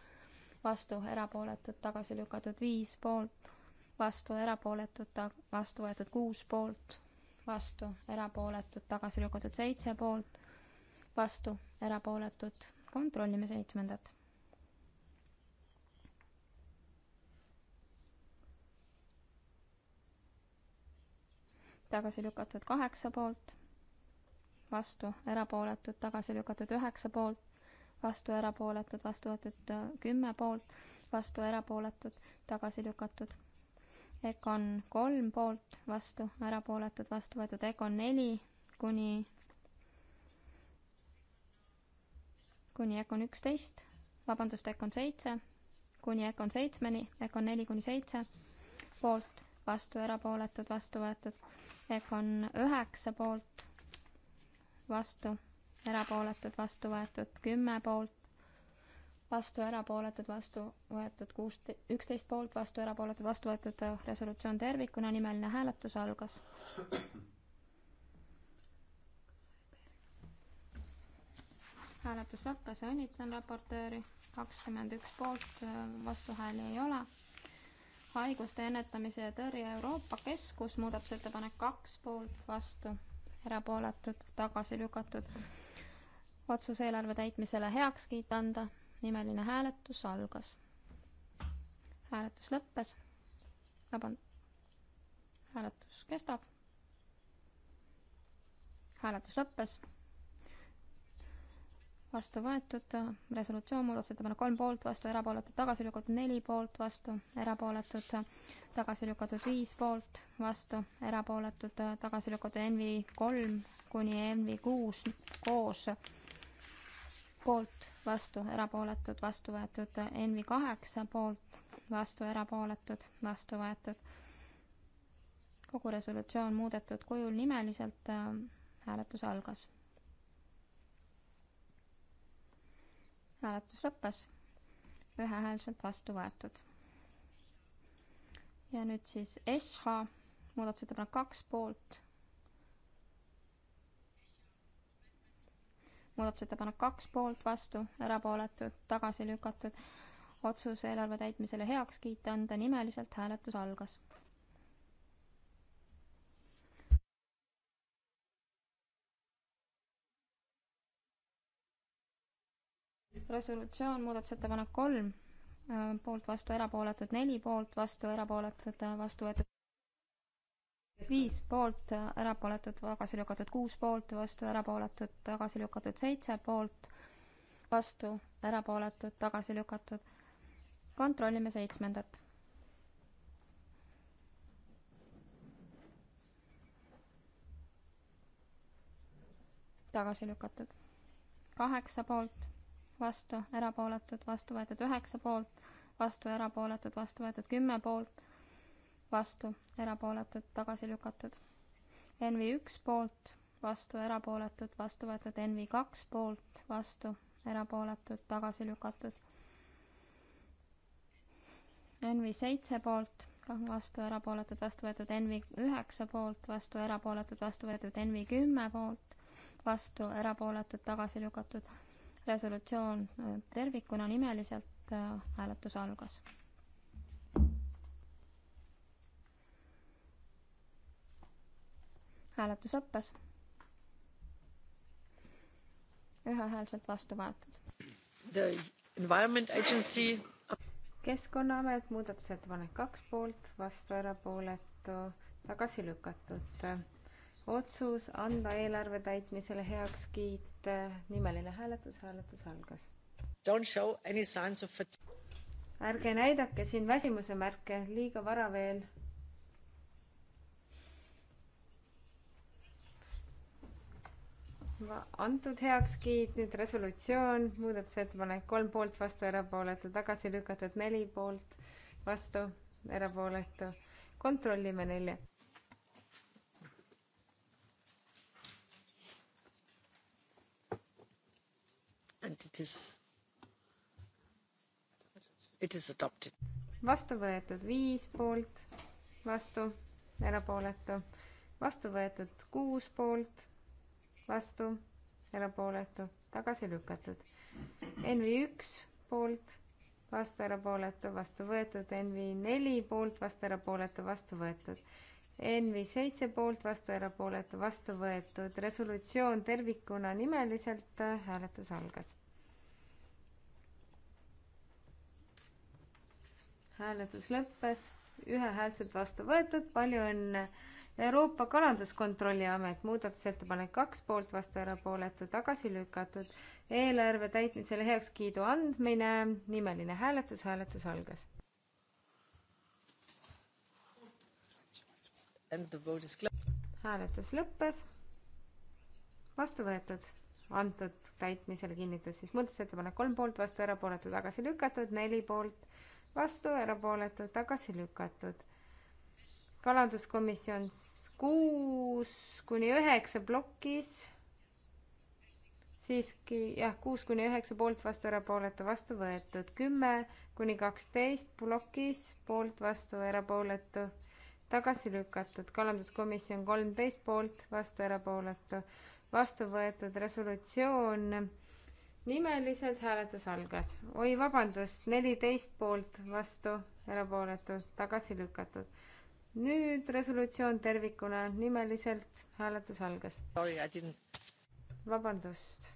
vastu, erapooletud, tagasi lükatud, viis poolt, vastu, erapooletud, vastu võetud, kuus poolt, vastu, erapooletud, tagasi lükatud, seitse poolt, vastu, erapooletud, kontrollime seitsmendat tagasi lükatud kaheksa poolt, vastu erapooletud, tagasi lükatud üheksa poolt, vastu erapooletud, vastu võetud äh, kümme poolt, vastu erapooletud, tagasi lükatud. Econ kolm poolt, vastu erapooletud, vastu võetud Econ neli kuni, kuni Econ üksteist, vabandust, Econ seitse, kuni Econ seitsmeni, Econ neli kuni seitse, poolt, vastu erapooletud, vastu võetud Econ üheksa poolt, vastu, erapooletud, vastu võetud kümme poolt, vastu, erapooletud, vastu võetud kuuste-, üksteist poolt, vastu, erapooletud, vastu võetud resolutsioon tervikuna, nimeline hääletus algas. hääletus lõppes ja õnnitlen raportööri, kakskümmend üks poolt, vastuhääli ei ole haiguste ennetamise ja tõrje Euroopa Keskus, muudatusettepanek kaks poolt, vastu, erapooletud, tagasi lükatud. otsus eelarve täitmisele heakskiit anda, nimeline hääletus algas. hääletus lõppes, vabandust, hääletus kestab. hääletus lõppes vastu võetud, resolutsioon muudatusettepanek kolm poolt, vastu erapooletud, tagasi lükatud neli poolt, vastu erapooletud, tagasi lükatud viis poolt, vastu erapooletud, tagasi lükatud NV kolm kuni NV kuus koos, poolt, vastu erapooletud, vastu võetud, NV kaheksa poolt, vastu erapooletud, vastu võetud. kogu resolutsioon muudetud kujul nimeliselt, äh, hääletus algas hääletus lõppes, ühehäälselt vastu võetud. ja nüüd siis SH, muudatusettepanek kaks poolt. muudatusettepanek kaks poolt, vastu, erapooletud, tagasi lükatud. otsus eelarve täitmisele heaks kiita, anda nimeliselt, hääletus algas resolutsioon, muudatusettepanek kolm, äh, poolt, vastu, erapooletud, neli poolt, vastu, erapooletud, äh, vastu võetud viis poolt, äh, erapooletud, tagasi lükatud kuus poolt, vastu, erapooletud, tagasi lükatud seitse poolt, vastu, erapooletud, tagasi lükatud. kontrollime seitsmendat. tagasi lükatud. kaheksa poolt vastu, erapooletud, vastu võetud üheksa poolt, vastu erapooletud, vastu võetud kümme poolt, vastu erapooletud, tagasi lükatud. NV üks poolt, vastu erapooletud, vastu võetud NV kaks poolt, vastu erapooletud, tagasi lükatud. NV seitse poolt, vastu erapooletud, vastu võetud NV üheksa poolt, vastu erapooletud, vastu võetud NV kümme poolt, vastu erapooletud, tagasi lükatud resolutsioon äh, tervikuna nimeliselt äh, hääletus algas. hääletus lõppes. ühehäälselt vastu võetud. The Environment Agency. keskkonnaamet muudatusettepanek kaks poolt, vastu erapooletu, tagasi lükatud. otsus anda eelarve täitmisele heakskiit et eh, nimeline hääletus, hääletus algas. Don't show any signs of fatigue. ärge näidake siin väsimuse märke, liiga vara veel. antud heakskiit, nüüd resolutsioon, muudatusettepanek kolm poolt, vastu, erapooletu, tagasi lükatud neli poolt, vastu, erapooletu. kontrollime nelja and it is, it is adopted. vastu võetud viis poolt, vastu, erapooletu. vastu võetud kuus poolt, vastu, erapooletu, tagasi lükatud. NV üks poolt, vastu, erapooletu, vastu võetud. NV neli poolt, vastu, erapooletu, vastu võetud NV seitse poolt, vastu erapooletu, vastu võetud. resolutsioon tervikuna nimeliselt, äh, hääletus algas. hääletus lõppes, ühehäälselt vastu võetud, palju õnne. Euroopa Kalanduskontrolli Amet, muudatusettepanek kaks poolt, vastu erapooletu, tagasi lükatud. eelarve täitmisele heakskiidu andmine, nimeline hääletus, hääletus algas hääletus lõppes. vastu võetud, antud täitmisele kinnitus siis muudatusettepanek kolm poolt, vastu erapooletu, tagasi lükatud, neli poolt, vastu erapooletu, tagasi lükatud. kalanduskomisjon kuus kuni üheksa plokis siiski jah, kuus kuni üheksa poolt, vastu, erapooletu, vastu võetud, kümme kuni kaksteist plokis, poolt, vastu, erapooletu, tagasi lükatud, kalanduskomisjon kolmteist poolt, vastu erapooletu, vastu võetud resolutsioon nimeliselt hääletus algas. oi, vabandust, neliteist poolt, vastu, erapooletu, tagasi lükatud. nüüd resolutsioon tervikuna, nimeliselt hääletus algas. vabandust.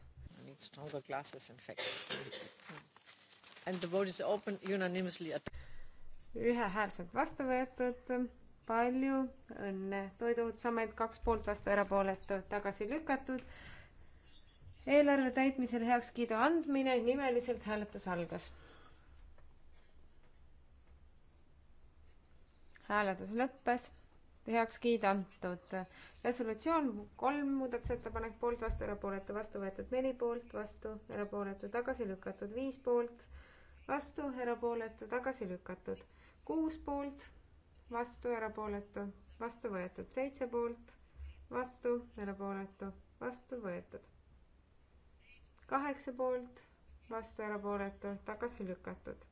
ühehäälselt vastu võetud palju õnne. toiduohutusamet kaks poolt vastu erapooletu, tagasi lükatud. eelarve täitmisel heakskiidu andmine, nimeliselt hääletus algas. hääletus lõppes, heakskiid antud. resolutsioon kolm muudatusettepanek poolt vastu erapooletu, vastu võetud neli poolt vastu erapooletu, tagasi lükatud viis poolt vastu erapooletu, tagasi lükatud kuus poolt vastu, erapooletu, vastu võetud, seitse poolt, vastu, erapooletu, vastu võetud. kaheksa poolt, vastu, erapooletu, tagasi lükatud.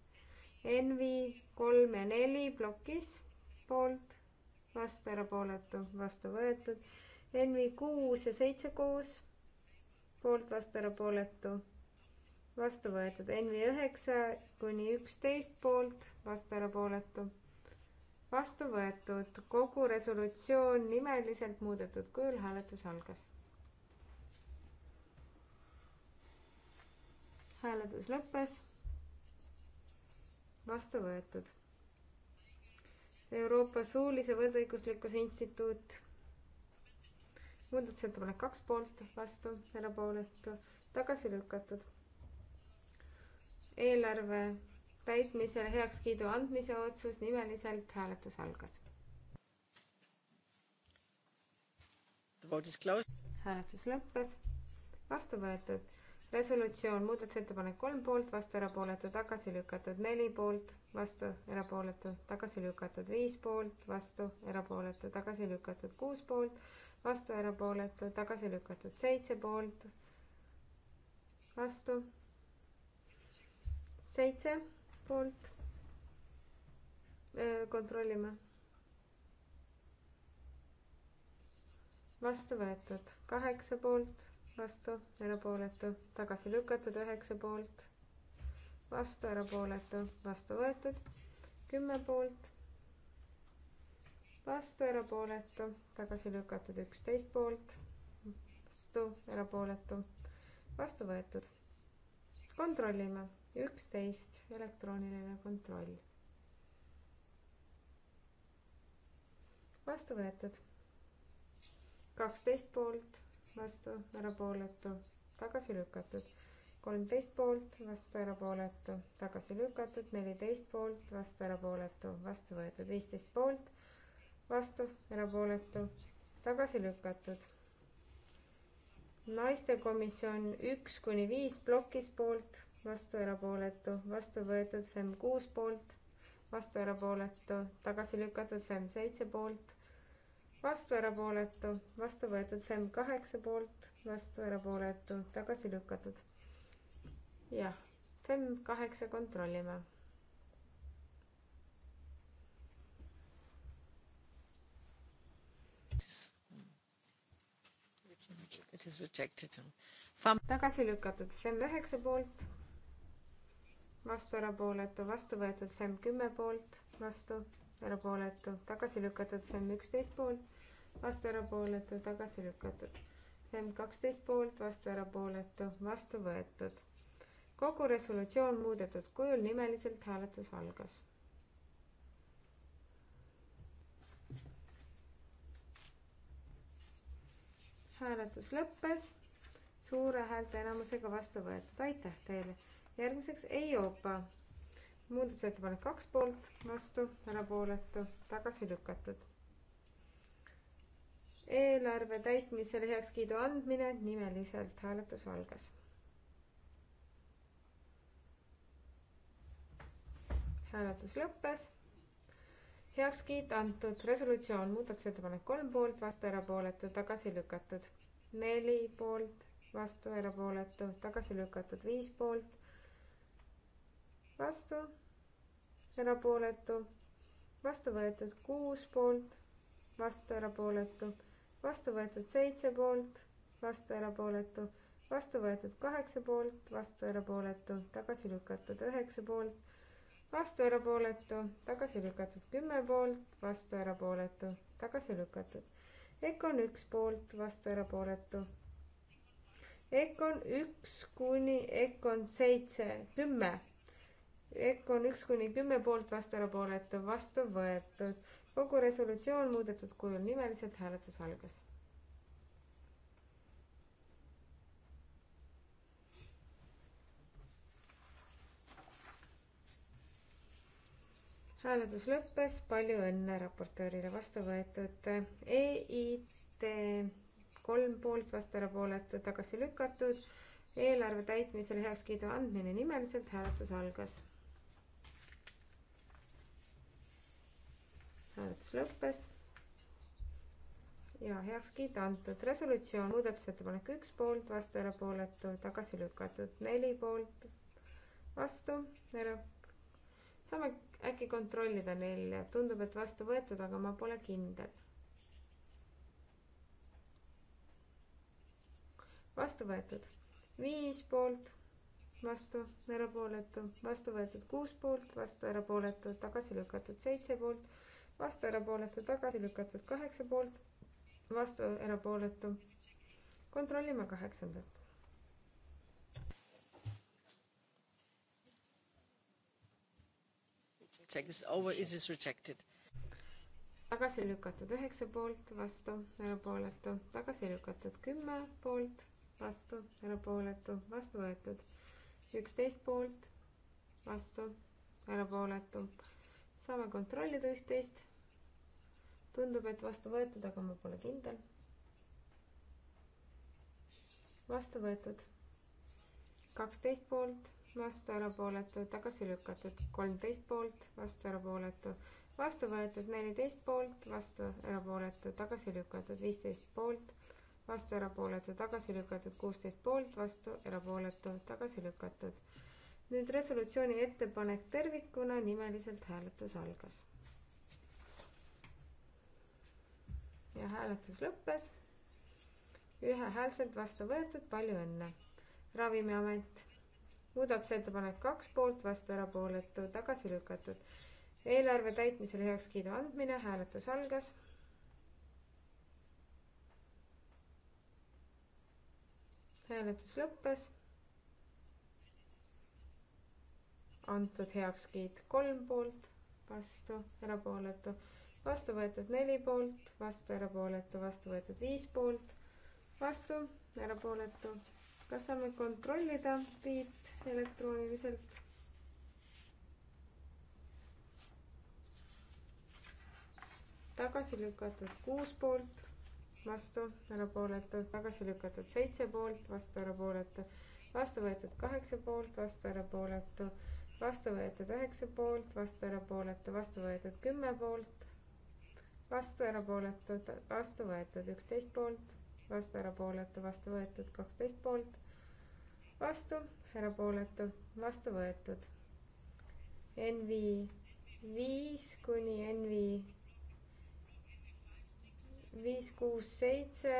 Envi kolm ja neli plokis, poolt, vastu, erapooletu, vastu võetud. Envi kuus ja seitse koos, poolt, vastu, erapooletu vastu võetud NV üheksa kuni üksteist poolt, vastu erapooletu, vastu võetud, kogu resolutsioon nimeliselt muudetud kujul, hääletus algas. hääletus lõppes. vastu võetud. Euroopa Suulise Võrdõiguslikkuse Instituut. muudatusettepanek kaks poolt, vastu, erapooletu, tagasi lükatud. eelarve täitmisele heakskiidu andmise otsus, nimeliselt hääletus algas. hääletus lõppes, vastu võetud resolutsioon, muudatusettepanek kolm poolt, vastu erapooletu, tagasi lükatud neli poolt, vastu erapooletu, tagasi lükatud viis poolt, vastu erapooletu, tagasi lükatud kuus poolt, vastu erapooletu, tagasi lükatud seitse poolt, vastu seitse poolt. kontrollime. vastu võetud kaheksa poolt, vastu, erapooletu, tagasi lükatud üheksa poolt, vastu, erapooletu, vastu võetud kümme poolt, vastu, erapooletu, tagasi lükatud üksteist poolt, vastu, erapooletu, vastu võetud. kontrollime ja üksteist elektrooniline kontroll. vastu võetud. kaksteist poolt, vastu, erapooletu, tagasi lükatud. kolmteist poolt, vastu, erapooletu, tagasi lükatud. neliteist poolt, vastu, erapooletu, vastu võetud. viisteist poolt, vastu, erapooletu, tagasi lükatud naistekomisjon üks kuni viis plokis poolt, vastu erapooletu, vastu võetud FEM kuus poolt, vastu erapooletu, tagasi lükatud FEM seitse poolt, vastu erapooletu, vastu võetud FEM kaheksa poolt, vastu erapooletu, tagasi lükatud. jah, FEM kaheksa kontrollime tagasi lükatud FEM üheksa poolt, vastu, erapooletu, vastu võetud FEM kümme poolt, vastu, erapooletu, tagasi lükatud FEM üksteist poolt, vastu, erapooletu, tagasi lükatud. FEM kaksteist poolt, vastu, erapooletu, vastu võetud. kogu resolutsioon muudetud kujul nimeliselt hääletus algas hääletus lõppes suure häälteenamusega vastu võetud. aitäh teile! järgmiseks EIOPA muudatusettepanek kaks poolt, vastu, erapooletu, tagasi lükatud. eelarve täitmisele heakskiidu andmine, nimeliselt hääletus algas. hääletus lõppes. heakskiit antud, resolutsioon, muudatusettepanek kolm poolt, vastu, erapooletu, tagasi lükatud. neli poolt, vastu, erapooletu, tagasi lükatud, viis poolt vastu, erapooletu, vastu võetud kuus poolt, vastu erapooletu, vastu võetud seitse poolt, vastu erapooletu, vastu võetud kaheksa poolt, vastu erapooletu, tagasi lükatud üheksa poolt, vastu erapooletu, tagasi lükatud kümme poolt, vastu erapooletu, tagasi lükatud. Econ üks poolt, vastu erapooletu, Econ üks kuni Econ seitse, kümme EKOn üks kuni kümme poolt vastu erapooletu, vastu võetud. kogu resolutsioon muudetud kujul nimeliselt hääletus algas. hääletus lõppes, palju õnne raportöörile, vastu võetud EIT kolm poolt, vastu erapooletu, tagasi lükatud, eelarve täitmisele heakskiidu andmine nimeliselt hääletus algas hääletus lõppes ja heakskiit antud. resolutsioon, muudatusettepanek üks poolt, vastu, erapooletu, tagasi lükatud, neli poolt, vastu, ära. saame äkki kontrollida nelja, tundub, et vastu võetud, aga ma pole kindel. vastu võetud, viis poolt, vastu, erapooletu, vastu võetud kuus poolt, vastu, erapooletu, tagasi lükatud seitse poolt vastu, erapooletu, tagasi lükatud kaheksa poolt, vastu, erapooletu. kontrollime kaheksandat. Check is over, is this rejected? tagasi lükatud üheksa poolt, vastu, erapooletu, tagasi lükatud kümme poolt, vastu, erapooletu, vastu võetud üksteist poolt, vastu, erapooletu saame kontrollida üht-teist. tundub, et vastu võetud, aga ma pole kindel. vastu võetud. kaksteist poolt, vastu erapooletu, tagasi lükatud. kolmteist poolt, vastu erapooletu, vastu võetud. neliteist poolt, vastu erapooletu, tagasi lükatud. viisteist poolt, vastu erapooletu, tagasi lükatud. kuusteist poolt, vastu erapooletu, tagasi lükatud nüüd resolutsiooni ettepanek tervikuna, nimeliselt hääletus algas. ja hääletus lõppes. ühehäälselt vastu võetud, palju õnne. ravimiamet, muudatusettepanek kaks poolt, vastu erapooletu, tagasi lükatud. eelarve täitmisele heakskiidu andmine, hääletus algas. hääletus lõppes antud heakskiit kolm poolt, vastu, erapooletu, vastu võetud neli poolt, vastu, erapooletu, vastu võetud viis poolt, vastu, erapooletu. kas saame kontrollida Tiit elektrooniliselt? tagasi lükatud kuus poolt, vastu, erapooletu, tagasi lükatud seitse poolt, vastu, erapooletu, vastu võetud kaheksa poolt, vastu, erapooletu vastu võetud üheksa poolt, vastu erapooletu, vastu võetud kümme poolt, vastu erapooletud, vastu võetud üksteist poolt, vastu erapooletu, vastu võetud kaksteist poolt, vastu erapooletu, vastu võetud. NV viis kuni NV viis, kuus, seitse,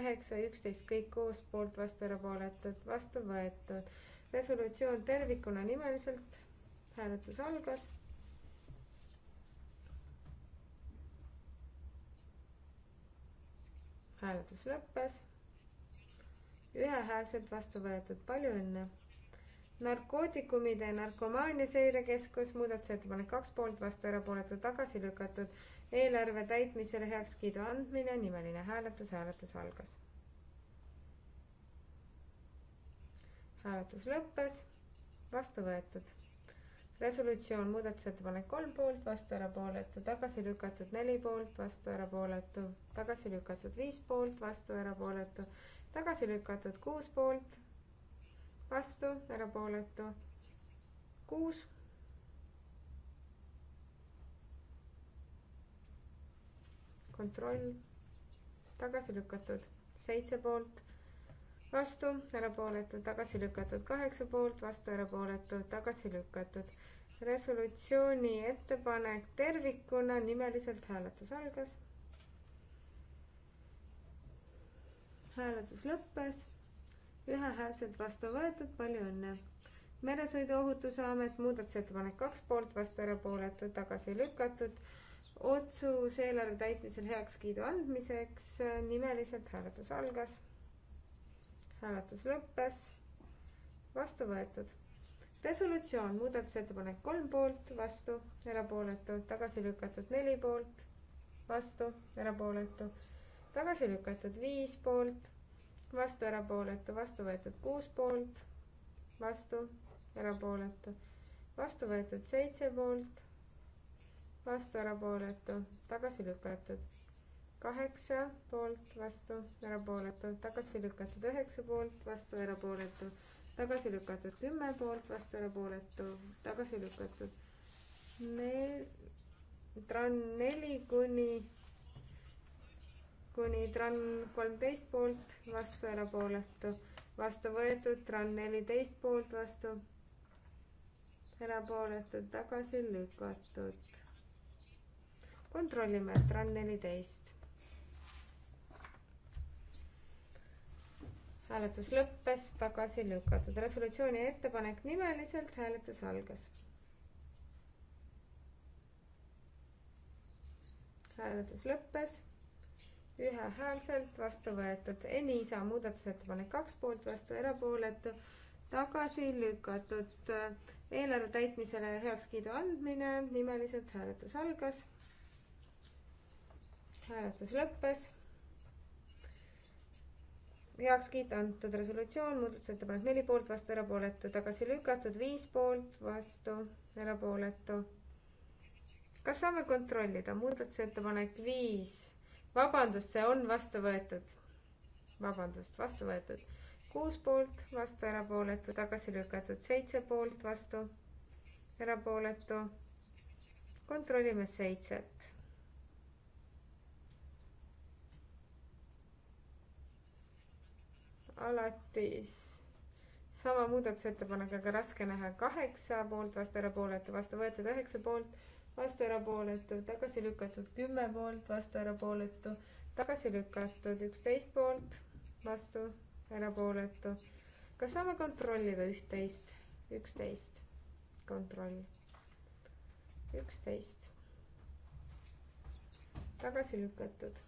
üheksa, üksteist, kõik koos, poolt, vastu erapooletud, vastu võetud resolutsioon tervikuna nimeliselt, hääletus algas. hääletus lõppes. ühehäälselt vastu võetud, palju õnne. narkootikumide ja narkomaania seirekeskus, muudatusettepanek kaks poolt, vastu erapooletu, tagasi lükatud. eelarve täitmisele heakskiidu andmine, nimeline hääletus, hääletus algas hääletus lõppes, vastu võetud. resolutsioon, muudatusettepanek kolm poolt, vastu erapooletu, tagasi lükatud neli poolt, vastu erapooletu, tagasi lükatud viis poolt, vastu erapooletu, tagasi lükatud kuus poolt, vastu erapooletu, kuus kontroll, tagasi lükatud, seitse poolt, vastu, erapooletud, tagasi lükatud, kaheksa poolt, vastu, erapooletud, tagasi lükatud. resolutsiooni ettepanek tervikuna, nimeliselt hääletus algas. hääletus lõppes, ühehäälselt vastu võetud, palju õnne. meresõiduohutuse amet muudatusettepanek kaks poolt, vastu, erapooletud, tagasi lükatud otsus eelarve täitmisel heakskiidu andmiseks, nimeliselt hääletus algas hääletus lõppes, vastu võetud. resolutsioon, muudatusettepanek kolm poolt, vastu, erapooletu, tagasi lükatud neli poolt, vastu, erapooletu, tagasi lükatud viis poolt, vastu, erapooletu, vastu võetud kuus poolt, vastu, erapooletu, vastu võetud seitse poolt, vastu, erapooletu, tagasi lükatud kaheksa poolt, vastu, erapooletu, tagasi lükatud üheksa poolt, vastu, erapooletu, tagasi lükatud kümme poolt, vastu, erapooletu, tagasi lükatud nel-, tran neli kuni, kuni tran kolmteist poolt, vastu, erapooletu, vastu võetud, tran neliteist poolt, vastu, erapooletu, tagasi lükatud kontrollime, et RAN neliteist. hääletus lõppes, tagasi lükatud. resolutsiooni ettepanek nimeliselt, hääletus algas. hääletus lõppes ühehäälselt vastu võetud. Enisa muudatusettepanek kaks poolt vastu, erapooletu, tagasi lükatud. eelarve täitmisele heakskiidu andmine, nimeliselt hääletus algas. hääletus lõppes heaks kiita antud resolutsioon, muudatusettepanek neli poolt, vastu, erapooletu, tagasi lükatud, viis poolt, vastu, erapooletu. kas saame kontrollida, muudatusettepanek viis, vabandust, see on vastu võetud. vabandust, vastu võetud, kuus poolt, vastu, erapooletu, tagasi lükatud, seitse poolt, vastu, erapooletu. kontrollime seitset alatis sama muudatusettepanekuga raske näha kaheksa poolt, vastu erapooletu, vastu võetud üheksa poolt, vastu erapooletu, tagasi lükatud kümme poolt, vastu erapooletu, tagasi lükatud üksteist poolt, vastu erapooletu. kas saame kontrollida üht-teist? üksteist, kontroll, üksteist, tagasi lükatud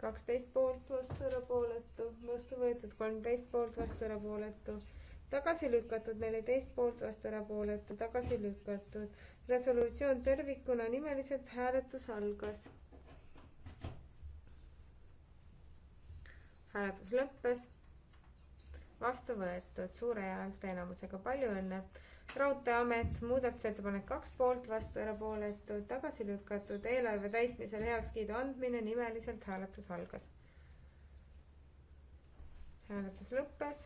kaksteist poolt vastu erapooletu, vastu võetud kolmteist poolt vastu erapooletu, tagasi lükatud neliteist poolt vastu erapooletu, tagasi lükatud. resolutsioon tervikuna nimeliselt hääletus algas. hääletus lõppes, vastu võetud suure häälteenamusega, palju õnne raudteeamet, muudatusettepanek kaks poolt, vastu erapooletud, tagasi lükatud, eelarve täitmisele heakskiidu andmine, nimeliselt hääletus algas. hääletus lõppes.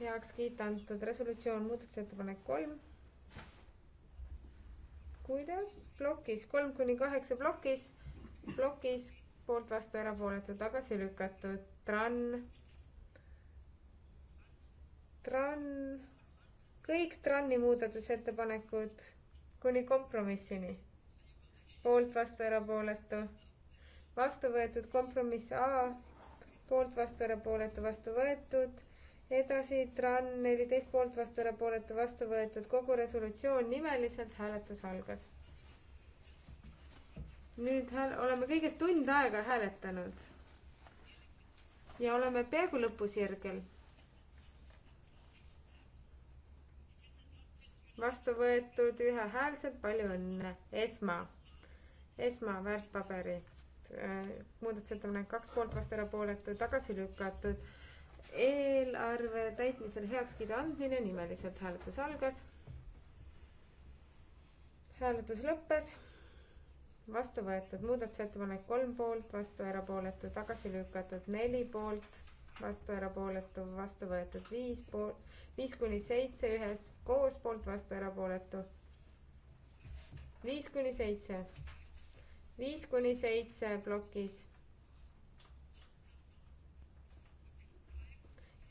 heakskiit antud, resolutsioon, muudatusettepanek kolm. kuidas? plokis, kolm kuni kaheksa plokis, plokis poolt, vastu, erapooletu, tagasi lükatud, TRAN Tran, kõik Trani muudatusettepanekud kuni kompromissini. poolt, vastu, erapooletu. vastu võetud kompromiss A, poolt, vastu, erapooletu, vastu võetud. edasi Tran neliteist poolt, vastu, erapooletu, vastu võetud. kogu resolutsioon nimeliselt hääletus algas. nüüd hääl-, oleme kõigest tund aega hääletanud. ja oleme peaaegu lõpusirgel vastu võetud ühehäälselt, palju õnne. Esma, Esma väärtpaberi äh, muudatusettepanek kaks poolt vastu erapooletu, tagasi lükatud. eelarve täitmisel heakskiidu andmine, nimeliselt hääletus algas. hääletus lõppes. vastu võetud muudatusettepanek kolm poolt, vastu erapooletu, tagasi lükatud neli poolt, vastu, erapooletu, vastu võetud viis pool, viis kuni seitse ühes koos, poolt, vastu, erapooletu. viis kuni seitse, viis kuni seitse plokis.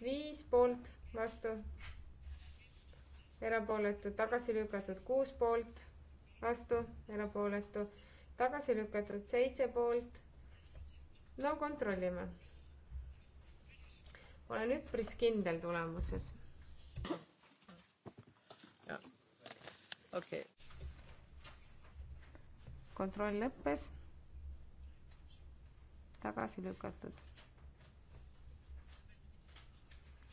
viis poolt, vastu, erapooletu, tagasi lükatud kuus poolt, vastu, erapooletu, tagasi lükatud seitse poolt. no kontrollime olen üpris kindel tulemuses. jah, okei okay.. kontroll lõppes. tagasi lükatud.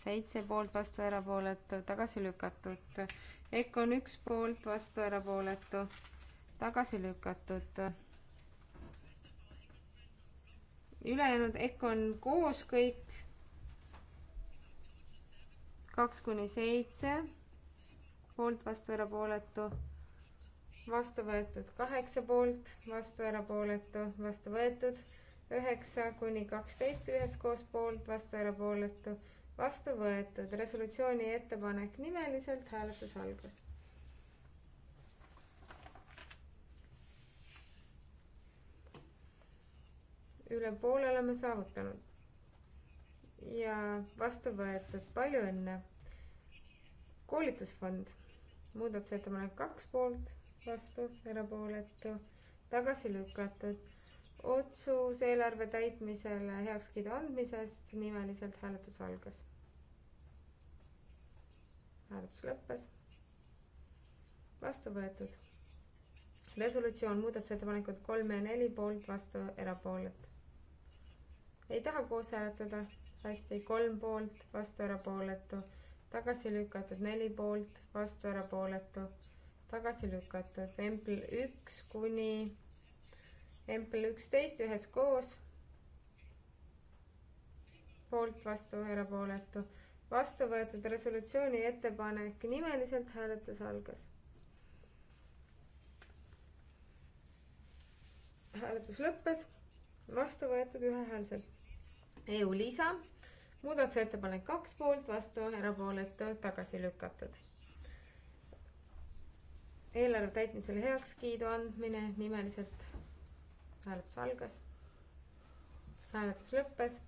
seitse poolt, vastu, erapooletu, tagasi lükatud. EKO on üks poolt, vastu, erapooletu, tagasi lükatud ülejäänud EKOn koos kõik kaks kuni seitse, poolt, vastu, erapooletu, vastu võetud. kaheksa poolt, vastu, erapooletu, vastu võetud. üheksa kuni kaksteist üheskoos poolt, vastu, erapooletu, vastu võetud. resolutsiooni ettepanek nimeliselt, hääletus algas üle poole oleme saavutanud ja vastu võetud, palju õnne. koolitusfond, muudatusettepanek kaks poolt, vastu, erapooletu, tagasi lükatud. otsus eelarve täitmisele heakskiidu andmisest, nimeliselt hääletus algas. hääletus lõppes. vastu võetud. resolutsioon, muudatusettepanekud kolm ja neli poolt, vastu, erapooletu. ei taha koos hääletada hästi, kolm poolt, vastu, erapooletu, tagasi lükatud, neli poolt, vastu, erapooletu, tagasi lükatud, empl üks kuni empl üksteist üheskoos, poolt, vastu, erapooletu, vastu võetud resolutsiooni ettepanek, nimeliselt hääletus algas. hääletus lõppes, vastu võetud ühehäälselt. EU lisa muudatusettepanek kaks poolt, vastu, erapooletu, tagasi lükatud. eelarve täitmisele heakskiidu andmine nimeliselt. hääletus algas. hääletus lõppes.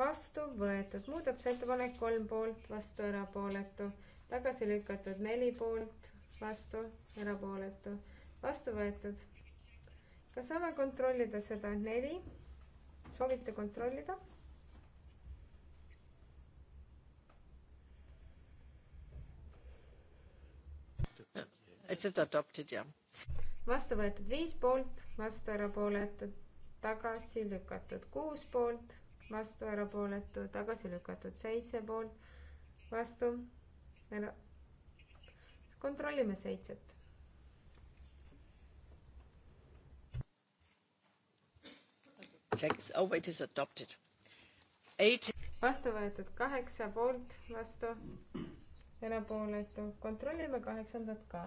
vastu võetud muudatusettepanek kolm poolt, vastu, erapooletu, tagasi lükatud neli poolt, vastu, erapooletu, vastu võetud kas saame kontrollida seda neli? soovite kontrollida? It's adopted, jah yeah.. vastu võetud viis poolt, vastu erapooletud, tagasi lükatud kuus poolt, vastu erapooletu, tagasi lükatud seitse poolt, vastu ära. kontrollime seitset. Checks, oh it is adopted. Eight. vastu võetud kaheksa poolt, vastu erapooletu, kontrollime kaheksandat ka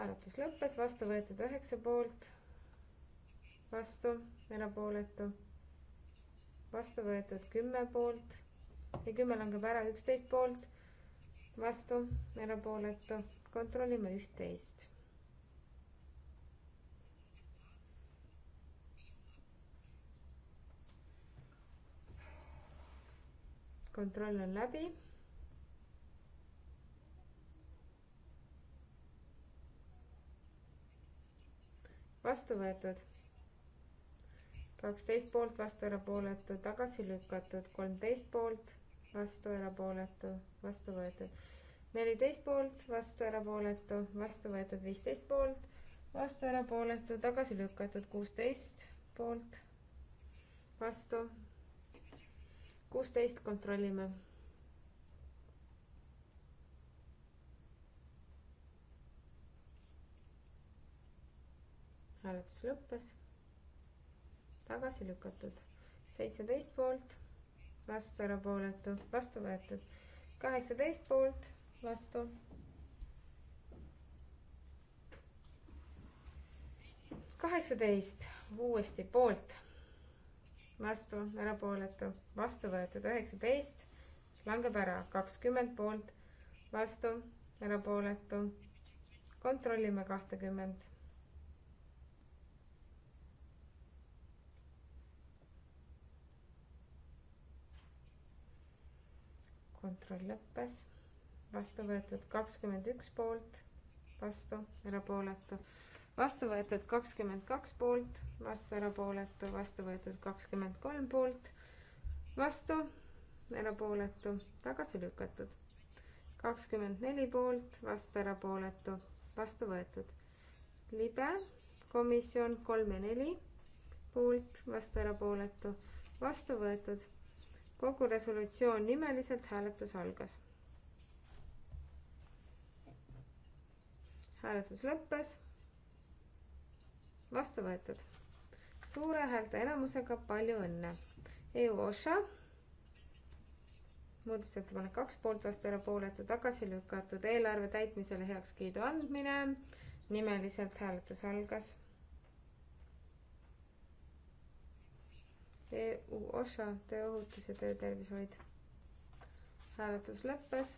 hääletus lõppes, vastu võetud üheksa poolt, vastu, erapooletu, vastu võetud kümme poolt ja kümme langeb ära, üksteist poolt, vastu, erapooletu, kontrollime üht-teist. kontroll on läbi vastu võetud. kaksteist poolt, vastu, erapooletu, tagasi lükatud. kolmteist poolt, vastu, erapooletu, vastu võetud. neliteist poolt, vastu, erapooletu, vastu võetud. viisteist poolt, vastu, erapooletu, tagasi lükatud. kuusteist poolt, vastu. kuusteist kontrollime hääletus lõppes. tagasi lükatud. seitseteist poolt, vastu, erapooletu, vastu võetud. kaheksateist poolt, vastu. kaheksateist uuesti poolt, vastu, erapooletu, vastu võetud. üheksateist langeb ära, kakskümmend poolt, vastu, erapooletu. kontrollime kahtekümmend kontroll lõppes, vastu võetud kakskümmend üks poolt, vastu, erapooletu, vastu võetud kakskümmend kaks poolt, vastu, erapooletu, vastu võetud kakskümmend kolm poolt, vastu, erapooletu, tagasi lükatud. kakskümmend neli poolt, vastu, erapooletu, vastu võetud. libe, komisjon kolm ja neli poolt, vastu, erapooletu, vastu võetud kogu resolutsioon nimeliselt, hääletus algas. hääletus lõppes. vastu võetud. suure häälteenamusega palju õnne. EU Oša. muudatusettepanek kaks poolt, vastu erapooletu, tagasi lükatud, eelarve täitmisele heakskiidu andmine. nimeliselt hääletus algas EU osa, tööohutus ja töötervishoid. hääletus lõppes.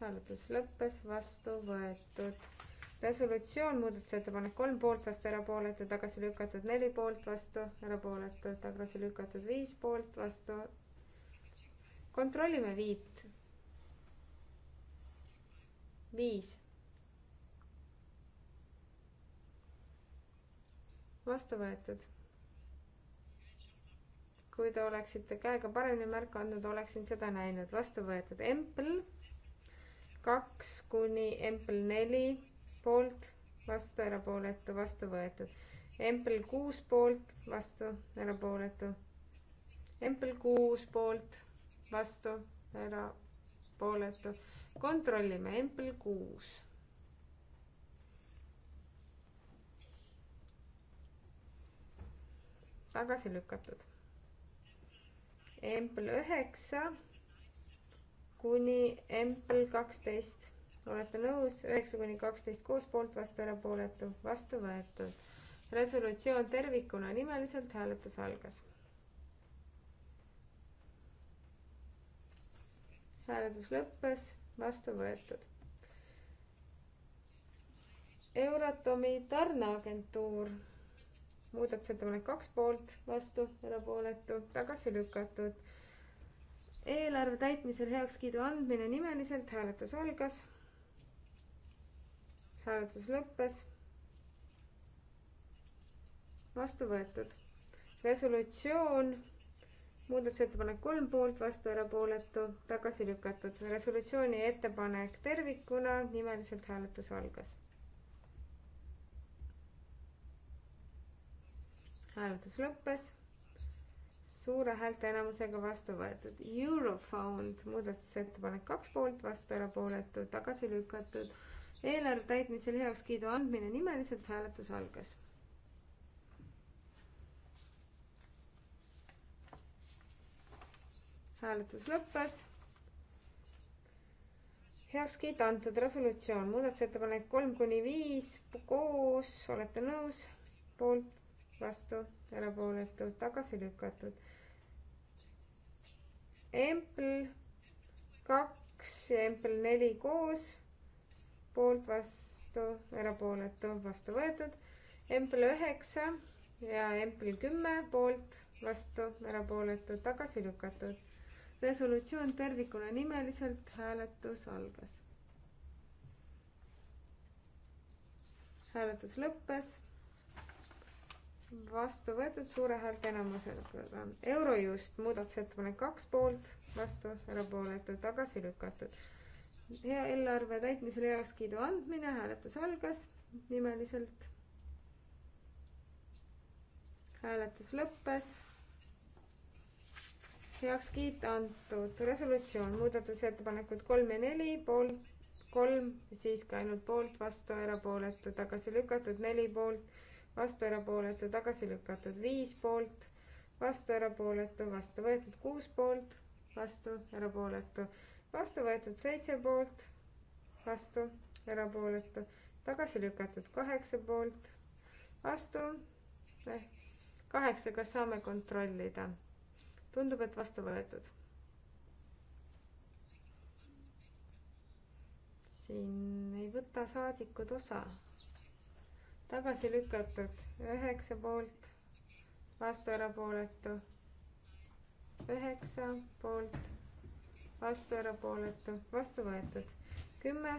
hääletus lõppes, vastu võetud. resolutsioon, muudatusettepanek kolm poolt, vastu erapooletu, tagasi lükatud neli poolt, vastu erapooletu, tagasi lükatud viis poolt, vastu. kontrollime viit. viis vastu võetud. kui te oleksite käega paremini märku andnud, oleksin seda näinud. vastu võetud empl kaks kuni empl neli poolt, vastu, erapooletu, vastu võetud. empl kuus poolt, vastu, erapooletu. empl kuus poolt, vastu, erapooletu. kontrollime empl kuus tagasi lükatud. Empl üheksa kuni Empl kaksteist, olete nõus, üheksa kuni kaksteist koos poolt, vastu, erapooletu, vastu võetud. resolutsioon tervikuna nimeliselt hääletus algas. hääletus lõppes, vastu võetud. Euratomi tarneagentuur muudatusettepanek kaks poolt, vastu, erapooletu, tagasi lükatud. eelarve täitmisel heakskiidu andmine nimeliselt, hääletus algas. hääletus lõppes. vastu võetud. resolutsioon, muudatusettepanek kolm poolt, vastu, erapooletu, tagasi lükatud. resolutsiooni ettepanek tervikuna, nimeliselt hääletus algas hääletus lõppes. suure häälteenamusega vastu võetud Eurofond muudatusettepanek kaks poolt, vastu erapooletu, tagasi lükatud. eelarve täitmisel heakskiidu andmine nimeliselt hääletus algas. hääletus lõppes heakskiit antud resolutsioon, muudatusettepanek kolm kuni viis koos, olete nõus, poolt, vastu, erapooletult tagasi lükatud. Empl kaks ja Empl neli koos, poolt, vastu, erapooletu, vastu võetud. Empl üheksa ja Empl kümme poolt, vastu, erapooletu, tagasi lükatud. resolutsioon tervikuna nimeliselt hääletus algas hääletus lõppes vastu võetud suure häälte enamusega. Eurojust muudatusettepanek kaks poolt, vastu, erapooletu, tagasi lükatud. hea eelarve täitmisele heakskiidu andmine, hääletus algas nimeliselt. hääletus lõppes. heakskiit antud, resolutsioon, muudatusettepanekud kolm ja neli, poolt kolm, siis ka ainult poolt, vastu, erapooletu, tagasi lükatud, neli poolt vastu erapooletu, tagasi lükatud viis poolt, vastu erapooletu, vastu võetud kuus poolt, vastu erapooletu, vastu võetud seitse poolt, vastu erapooletu, tagasi lükatud kaheksa poolt, vastu eh, kaheksa, kas saame kontrollida? tundub, et vastu võetud. siin ei võta saadikud osa tagasi lükatud, üheksa poolt, vastu erapooletu, üheksa poolt, vastu erapooletu, vastu võetud, kümme,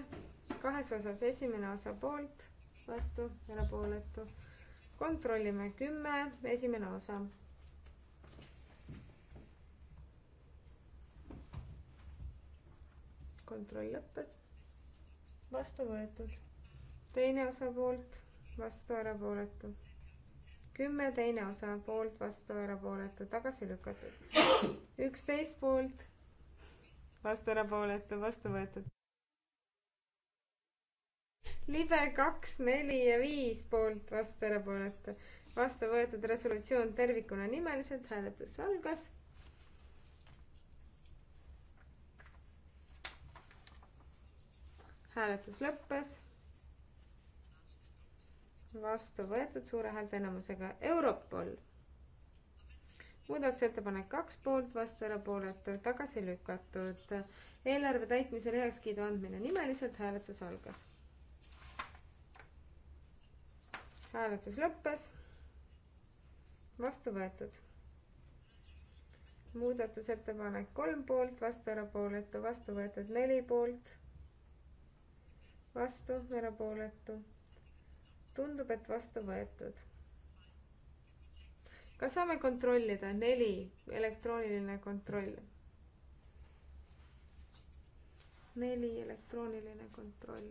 kahes osas esimene osa poolt, vastu erapooletu, kontrollime kümme, esimene osa. kontroll lõppes, vastu võetud, teine osa poolt vastu, erapooletu. kümme, teine osa, poolt, vastu, erapooletu, tagasi lükatud. üksteist poolt, vastu, erapooletu, vastu võetud. libe kaks, neli ja viis poolt, vastu, erapooletu. vastu võetud resolutsioon tervikuna nimeliselt, hääletus algas hääletus lõppes vastu võetud suure häälteenamusega Europol. muudatusettepanek kaks poolt, vastu erapooletu, tagasi lükatud. eelarve täitmisele heakskiidu andmine nimeliselt, hääletus algas. hääletus lõppes. vastu võetud muudatusettepanek kolm poolt, vastu erapooletu, vastu võetud neli poolt, vastu erapooletu, tundub, et vastu võetud. kas saame kontrollida? neli, elektrooniline kontroll. neli, elektrooniline kontroll.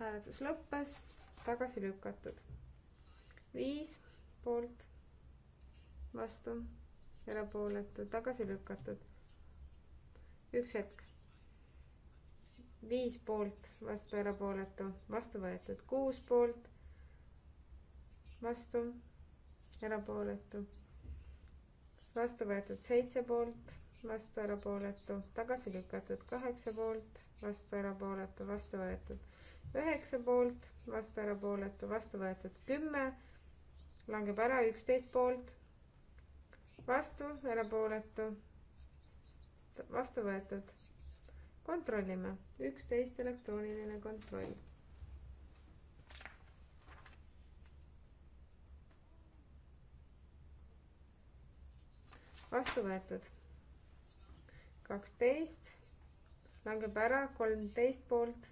hääletus lõppes, tagasi lükatud. viis poolt, vastu, erapooletu, tagasi lükatud. üks hetk viis poolt, vastu erapooletu, vastu võetud kuus poolt, vastu erapooletu, vastu võetud seitse poolt, vastu erapooletu, tagasi lükatud kaheksa poolt, vastu erapooletu, vastu võetud üheksa poolt, vastu erapooletu, vastu võetud kümme, langeb ära üksteist poolt, vastu erapooletu, vastu võetud kontrollime, üksteist elektrooniline kontroll. vastu võetud. kaksteist langeb ära, kolmteist poolt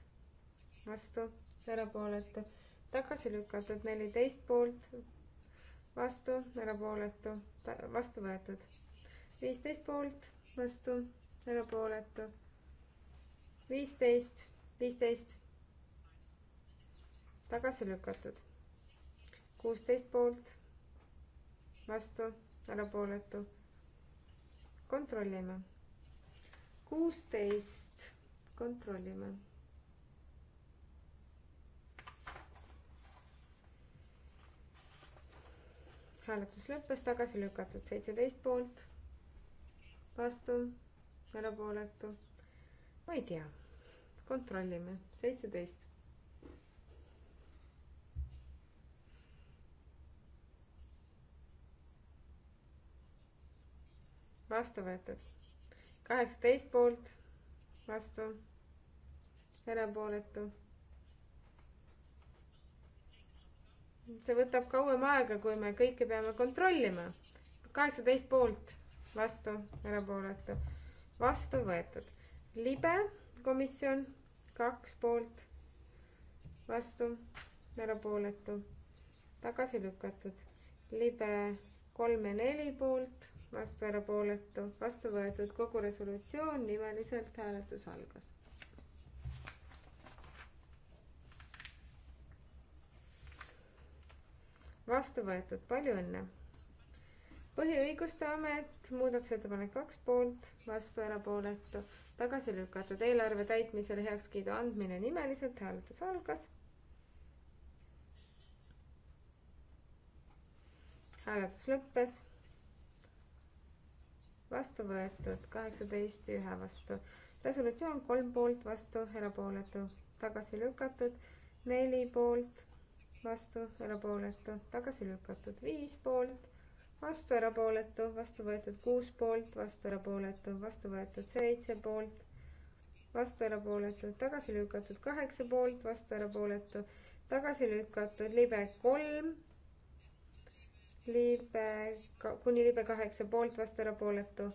vastu, erapooletu, tagasi lükatud, neliteist poolt vastu, erapooletu, vastu võetud, viisteist poolt vastu, erapooletu viisteist, viisteist tagasi lükatud. kuusteist poolt, vastu, erapooletu. kontrollime. kuusteist, kontrollime. hääletus lõppes, tagasi lükatud, seitseteist poolt, vastu, erapooletu. ma ei tea kontrollime, seitseteist. vastu võetud, kaheksateist poolt, vastu, erapooletu. see võtab kauem aega, kui me kõike peame kontrollima. kaheksateist poolt, vastu, erapooletu, vastu võetud. libe komisjon kaks poolt, vastu, erapooletu, tagasi lükatud. libe kolm ja neli poolt, vastu, erapooletu, vastu võetud kogu resolutsioon, nimeliselt hääletus algas. vastu võetud, palju õnne põhiõiguste amet, muudatusettepanek kaks poolt, vastu, erapooletu, tagasi lükatud. eelarve täitmisele heakskiidu andmine nimeliselt, hääletus algas. hääletus lõppes vastu võetud, kaheksateist ühe vastu. resolutsioon kolm poolt vastu, erapooletu, tagasi lükatud, neli poolt vastu, erapooletu, tagasi lükatud, viis poolt vastu, erapooletu, vastu võetud kuus poolt, vastu erapooletu, vastu võetud seitse poolt, vastu erapooletu, tagasi lükatud kaheksa poolt, vastu erapooletu, tagasi lükatud libe kolm, libe kuni libe kaheksa poolt, vastu erapooletu,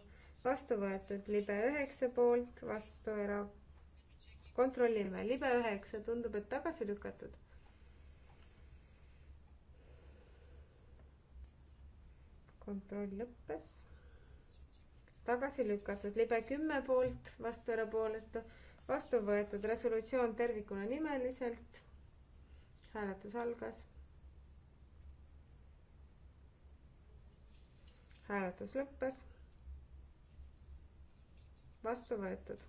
vastu võetud libe üheksa poolt, vastu era-, kontrollime, libe üheksa tundub, et tagasi lükatud kontroll lõppes. tagasi lükatud, libe kümme poolt, vastu erapooletu, vastu võetud resolutsioon tervikuna nimeliselt. hääletus algas. hääletus lõppes. vastu võetud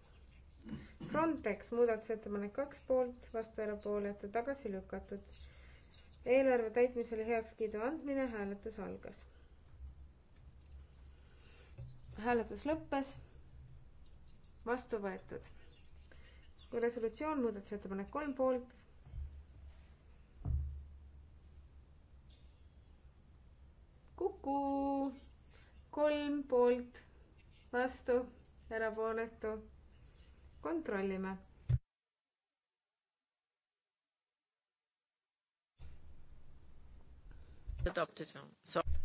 Frontex muudatusettepanek kaks poolt, vastu erapooletu, tagasi lükatud. eelarve täitmisele heakskiidu andmine, hääletus algas hääletus lõppes, vastu võetud. resolutsioon, muudatusettepanek kolm poolt. Kuku, kolm poolt, vastu, erapooletu. kontrollime.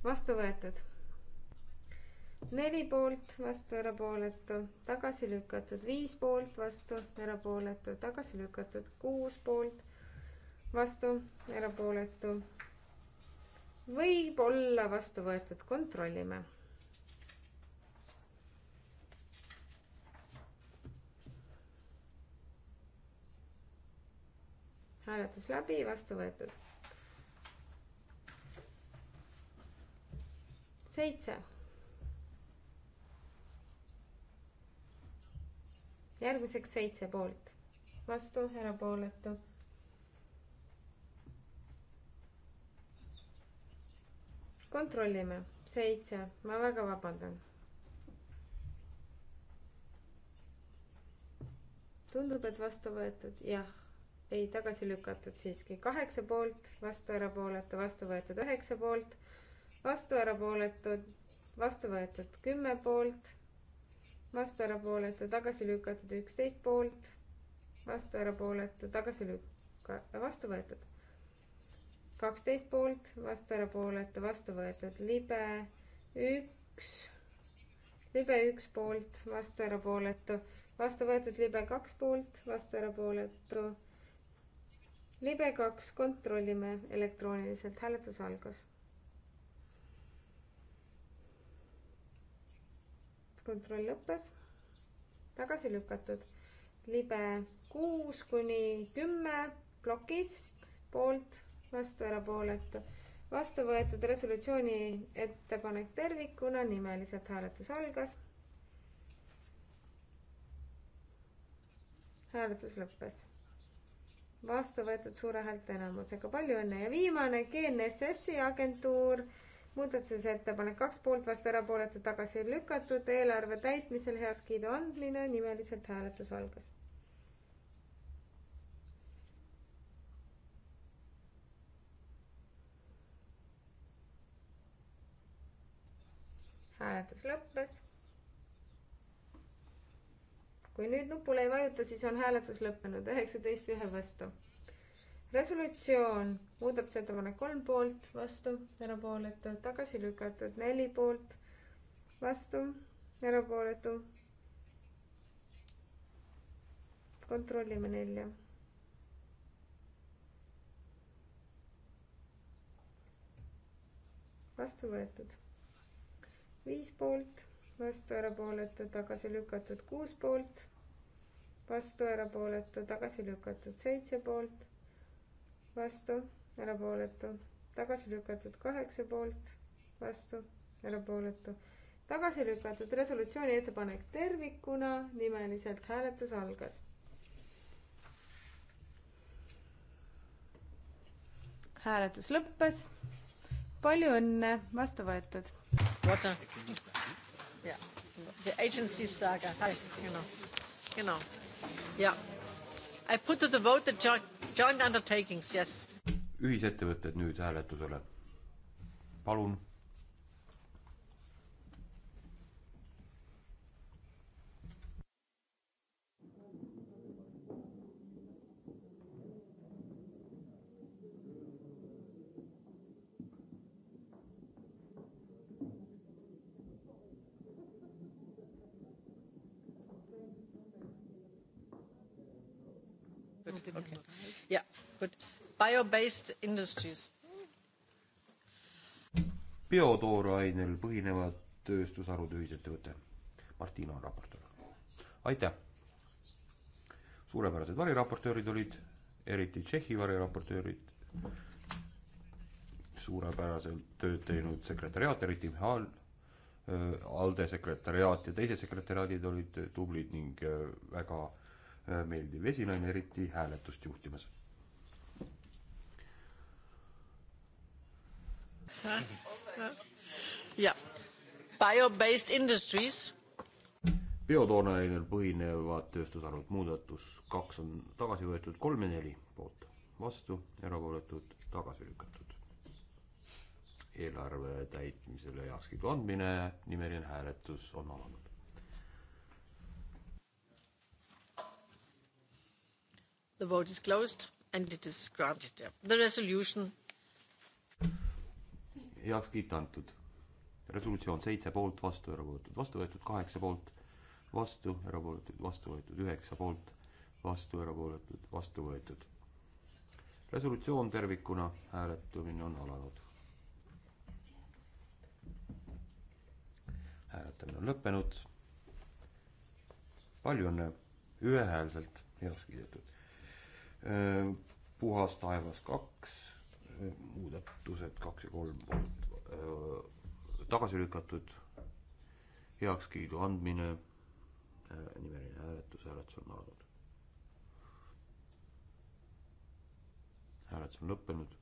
vastu võetud neli poolt, vastu, erapooletu, tagasi lükatud, viis poolt, vastu, erapooletu, tagasi lükatud, kuus poolt, vastu, erapooletu. võib-olla vastu võetud, kontrollime. hääletus läbi, vastu võetud. seitse järgmiseks seitse poolt, vastu, erapooletu. kontrollime, seitse, ma väga vabandan. tundub, et vastu võetud, jah, ei tagasi lükatud siiski, kaheksa poolt, vastu, erapooletu, vastu võetud üheksa poolt, vastu, erapooletud, vastu võetud kümme poolt vastu, erapooletu, tagasi lükatud, üksteist poolt, vastu, erapooletu, tagasi lükka-, vastu võetud. kaksteist poolt, vastu, erapooletu, vastu võetud, libe üks, libe üks poolt, vastu, erapooletu, vastu võetud, libe kaks poolt, vastu, erapooletu libe kaks, kontrollime elektrooniliselt, hääletus algas. kontroll lõppes, tagasi lükatud. libe kuus kuni kümme plokis, poolt, vastu, erapooletu. vastu võetud resolutsiooni ettepanek tervikuna, nimeliselt hääletus algas. hääletus lõppes. vastu võetud suure häälteenamusega, palju õnne ja viimane GNSS-i agentuur muudatusettepanek kaks poolt, vastu erapooletud, tagasi lükatud, eelarve täitmisel heakskiidu andmine, nimeliselt hääletus algas. hääletus lõppes. kui nüüd nupule ei vajuta, siis on hääletus lõppenud, üheksateist ühe vastu resolutsioon, muudatusettepanek kolm poolt, vastu, erapooletu, tagasi lükatud, neli poolt, vastu, erapooletu. kontrollime nelja. vastu võetud. viis poolt, vastu, erapooletu, tagasi lükatud, kuus poolt, vastu, erapooletu, tagasi lükatud, seitse poolt vastu, erapooletu, tagasi lükatud kaheksa poolt, vastu, erapooletu, tagasi lükatud resolutsiooni ettepanek tervikuna, nimeliselt hääletus algas. hääletus lõppes. palju õnne, vastu võetud. The agency saga, genau, genau, ja. I put to the vote the joint, joint undertakings, yes. ühisettevõtted nüüd hääletusele. palun bio-based industries. biotoorainel põhinevad tööstusharude ühisettevõte. Martina on raportöör. aitäh! suurepärased variraportöörid olid, eriti Tšehhi variraportöörid, suurepäraselt tööd teinud sekretäriaat, eriti Mihhail, äh, ALDE sekretäriaat ja teised sekretäriaadid olid tublid ning äh, väga äh, meeldiv esinaine, eriti hääletust juhtimas jah, bio-based industries. biotoorainel põhinevad tööstusharud, muudatus kaks on tagasi võetud, kolm ja neli poolt, vastu, erapooletud, tagasi lükatud. eelarve täitmisele heakskiidu andmine, nimeline hääletus on alanud. The vote is closed and it is granted. The resolution heakskiit antud. resolutsioon seitse poolt, vastu, erapooletud, vastu võetud kaheksa poolt, vastu, erapooletud, vastu võetud üheksa poolt, vastu, erapooletud, vastu võetud. resolutsioon tervikuna, hääletamine on alanud. hääletamine on lõppenud. palju õnne, ühehäälselt heaks kiidetud. puhas taevas kaks muudatused kaks ja kolm poolt äh, tagasi lükatud, heakskiidu andmine, äh, nimeline hääletus, hääletus on alanud. hääletus on lõppenud,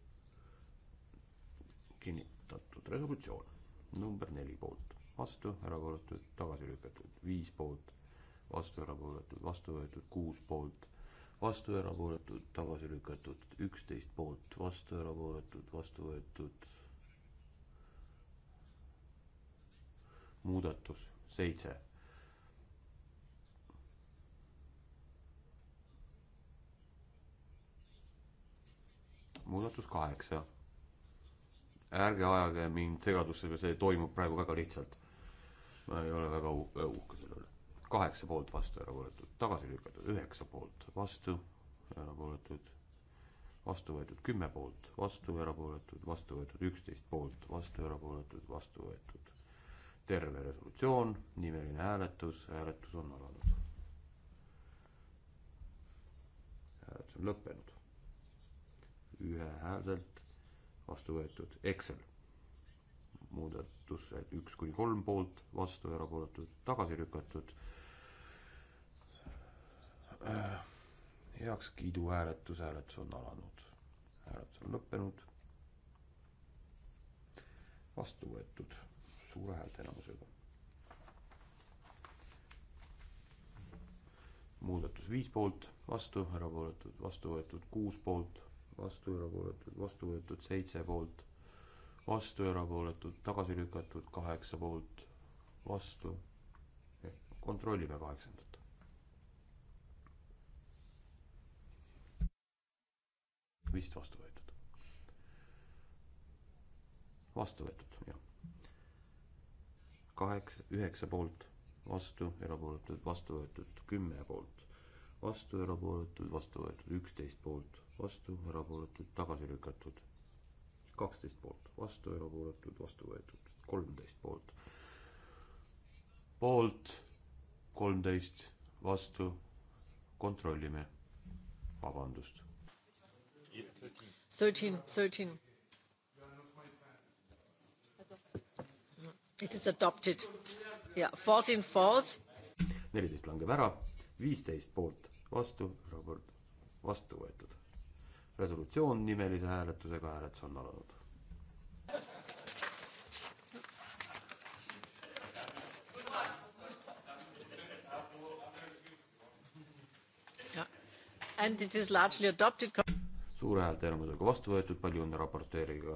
kinnitatud resolutsioon, number neli poolt, vastu, erapooletud, tagasi lükatud, viis poolt, vastu, erapooletud, vastu võetud, kuus poolt vastu erapooletud, tagasi lükatud, üksteist poolt, vastu erapooletud, vastu võetud. muudatus seitse. muudatus kaheksa. ärge ajage mind segadusse, see toimub praegu väga lihtsalt. ma ei ole väga uhke selle üle kaheksa poolt vastu, erapooletud, tagasi lükatud, üheksa poolt vastu, erapooletud, vastu võetud kümme poolt, vastu erapooletud, vastu võetud üksteist poolt, vastu erapooletud, vastu võetud. terve resolutsioon, nimeline hääletus, hääletus on alanud. hääletus on lõppenud. ühehäälselt vastu võetud Excel muudatused üks kuni kolm poolt, vastu erapooletud, tagasi lükatud Äh, heakskiidu hääletus, hääletus on alanud, hääletus on lõppenud. vastu võetud suure häälteenamusega. muudatus viis poolt, vastu, erapooletud, vastu võetud kuus poolt, vastu, erapooletud, vastu võetud seitse poolt, vastu, erapooletud, tagasi lükatud kaheksa poolt, vastu. kontrollime kaheksandat. vist vastu võetud. vastu võetud, jah. kaheksa, üheksa poolt, vastu, erapooletud, vastu võetud, kümme poolt, vastu, erapooletud, vastu võetud, üksteist poolt, vastu, erapooletud, tagasi lükatud, kaksteist poolt, vastu, erapooletud, vastu võetud, kolmteist poolt, poolt, kolmteist, vastu, kontrollime. vabandust Yeah, 13. 13. 13. It is adopted. Yeah, 14 falls. 14 langeb ära, 15 poolt vastu, raport vastu võetud. resolutsioon nimelise hääletusega, hääletus on alanud. And it is largely adopted suure häälteenamusega vastu võetud, palju õnne raporteeriga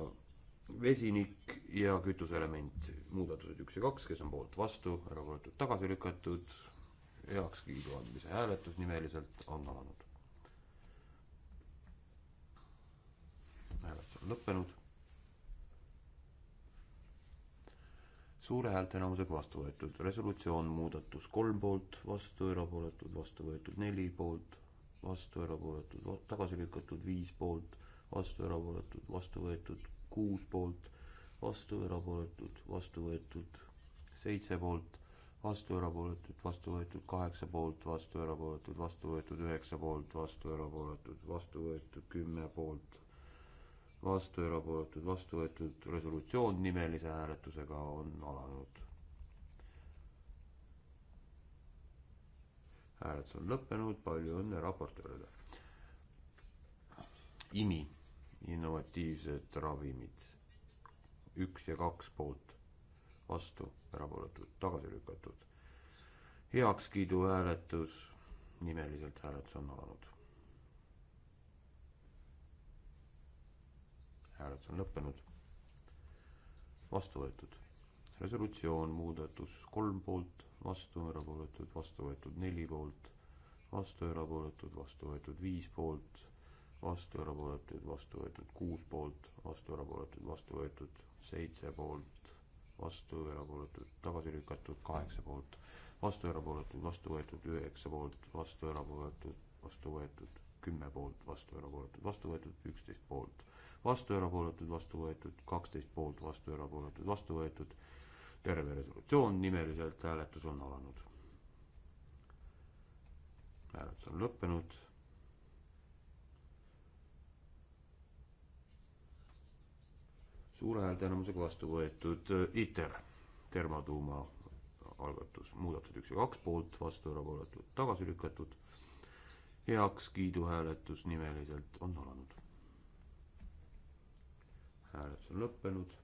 vesinik ja kütuseelement, muudatused üks ja kaks, kes on poolt vastu, erapooletud tagasi lükatud, heakskiidu andmise hääletus nimeliselt on alanud. hääletus on lõppenud. suure häälteenamusega vastu võetud resolutsioon, muudatus kolm poolt, vastu erapooletud, vastu võetud neli poolt vastu erapooletud, tagasi lükatud viis poolt, vastu erapooletud, vastu võetud kuus poolt, vastu erapooletud, vastu võetud seitse poolt, vastu erapooletud, vastu võetud kaheksa poolt, vastu erapooletud, vastu võetud üheksa poolt, vastu erapooletud, vastu võetud kümme poolt, vastu erapooletud, vastu võetud resolutsioon nimelise hääletusega on alanud hääletus on lõppenud, palju õnne raportöörile. IMI, innovatiivsed ravimid, üks ja kaks poolt, vastu, erapooletud, tagasi lükatud. heakskiidu hääletus, nimeliselt hääletus on alanud. hääletus on lõppenud, vastu võetud. resolutsioon, muudatus kolm poolt, vastu, erapooletud, vastu võetud neli poolt, vastu, erapooletud, vastu võetud viis poolt, vastu, erapooletud, vastu võetud kuus poolt, vastu, erapooletud, vastu võetud seitse poolt, vastu, erapooletud, tagasi lükatud kaheksa poolt, vastu, erapooletud, vastu võetud üheksa poolt, vastu, erapooletud, vastu võetud kümme poolt, vastu, erapooletud, vastu võetud üksteist poolt, vastu, erapooletud, vastu võetud kaksteist poolt, vastu, erapooletud, vastu võetud terve resolutsioon nimeliselt, hääletus on alanud. hääletus on lõppenud. suure häälteenamusega vastu võetud äh, ITER, termotuuma algatus, muudatused üks ja kaks poolt, vastu erapooletud, tagasi lükatud. heakskiidu hääletus nimeliselt on alanud. hääletus on lõppenud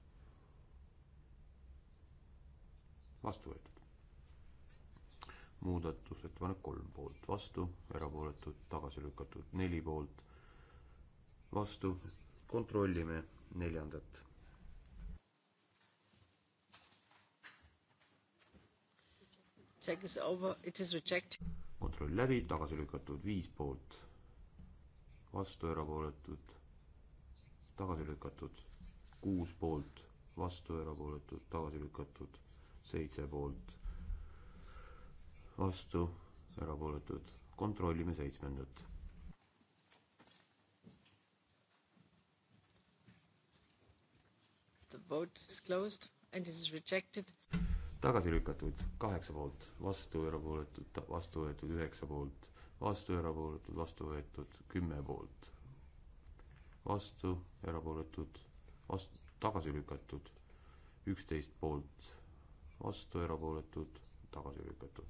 vastu võetud. muudatusettepanek kolm poolt vastu, erapooletud tagasi lükatud neli poolt vastu, kontrollime neljandat. Check is over, it is rejected. kontroll läbi, tagasi lükatud viis poolt, vastu erapooletud, tagasi lükatud kuus poolt, vastu erapooletud, tagasi lükatud seitse poolt, vastu, erapooletud. kontrollime seitsmendat. The vote is closed and it is rejected. tagasi lükatud kaheksa poolt, vastu erapooletud, vastu võetud üheksa poolt, vastu erapooletud, vastu võetud kümme poolt, vastu erapooletud, vastu tagasi lükkatud üksteist poolt vastu erapooletud, tagasi lükatud.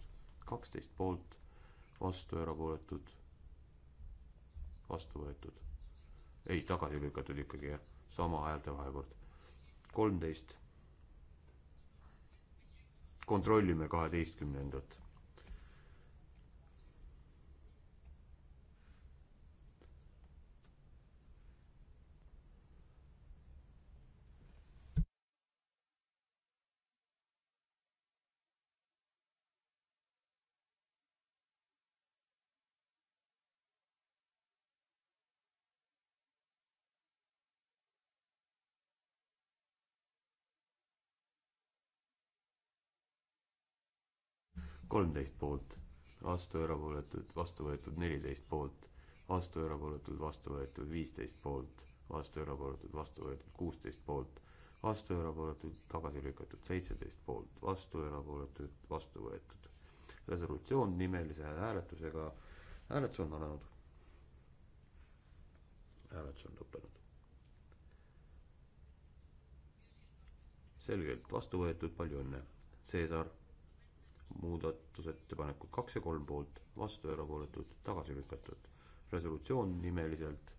kaksteist poolt, vastu erapooletud, vastu võetud. ei, tagasi lükatud ikkagi jah, sama häälte vahekord. kolmteist. kontrollime kaheteistkümnendat kolmteist poolt, vastu erapooletud, vastu võetud neliteist poolt, vastu erapooletud, vastu võetud viisteist poolt, vastu erapooletud, vastu võetud kuusteist poolt, vastu erapooletud, tagasi lükatud seitseteist poolt, vastu erapooletud, vastu võetud. resolutsioon nimelise hääletusega, hääletus on alanud. hääletus on lõppenud. selgelt vastu võetud, palju õnne, Cesar muudatusettepanekud kaks ja kolm poolt, vastu erapooletud, tagasi lükatud. resolutsioon nimeliselt.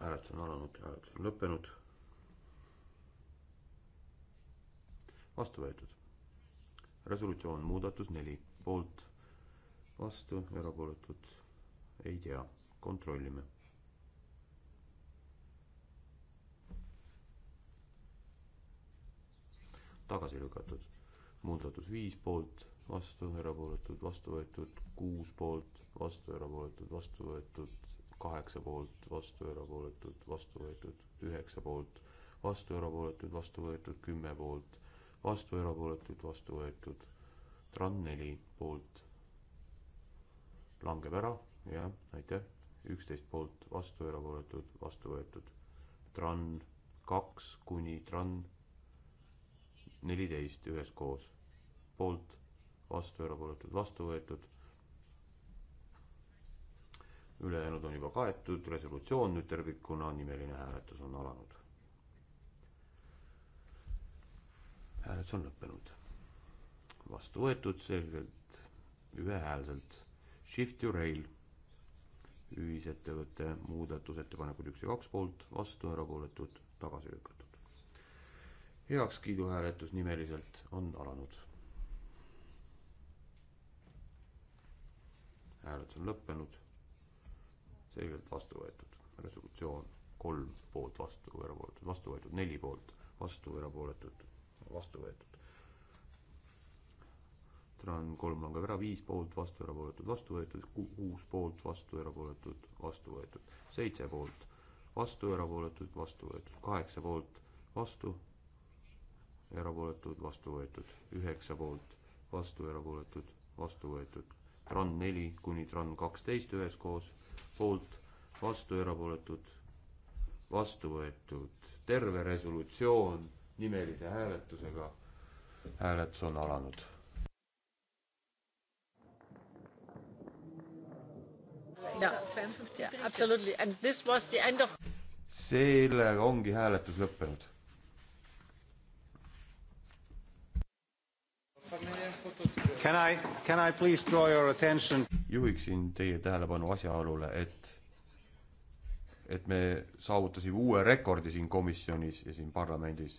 hääletus on alanud, hääletus on lõppenud. vastu võetud. resolutsioon muudatus neli poolt, vastu erapooletud, ei tea, kontrollime tagasi lükatud muudatus viis poolt, vastu, erapooletud, vastu võetud, kuus poolt, vastu, erapooletud, vastu võetud, kaheksa poolt, vastu, erapooletud, vastu võetud, üheksa poolt, vastu, erapooletud, vastu võetud, kümme poolt, vastu, erapooletud, vastu võetud, tran neli poolt, langeb ära, jah, aitäh, üksteist poolt, vastu, erapooletud, vastu võetud, tran kaks kuni tran neliteist üheskoos, poolt, vastu, erapooletud, vastu võetud. ülejäänud on juba kaetud, resolutsioon nüüd tervikuna, nimeline hääletus on alanud. hääletus on lõppenud. vastu võetud selgelt, ühehäälselt. Shift your rail ühisettevõtte muudatusettepanekud üks ja kaks poolt, vastu, erapooletud, tagasi lükatud heakskiiduhääletus nimeliselt on alanud. hääletus on lõppenud, selgelt vastu võetud, resolutsioon kolm poolt vastu, erapooletud vastu võetud, neli poolt vastu, erapooletud vastu võetud. Tran kolm langeb ära, viis poolt vastu, erapooletud vastu võetud, kuus poolt vastu, erapooletud vastu võetud, seitse poolt vastu, erapooletud vastu võetud, kaheksa poolt vastu erapooletud, vastu võetud. üheksa poolt, vastu, erapooletud, vastu võetud. Tran neli kuni Tran kaksteist üheskoos, poolt, vastu, erapooletud, vastu võetud. terve resolutsioon nimelise hääletusega. hääletus on alanud Yeah, yeah, absolutely. And this was the end of... sellega ongi hääletus lõppenud Can I, can I please draw your attention? juhiksin teie tähelepanu asjaolule, et et me saavutasime uue rekordi siin komisjonis ja siin parlamendis.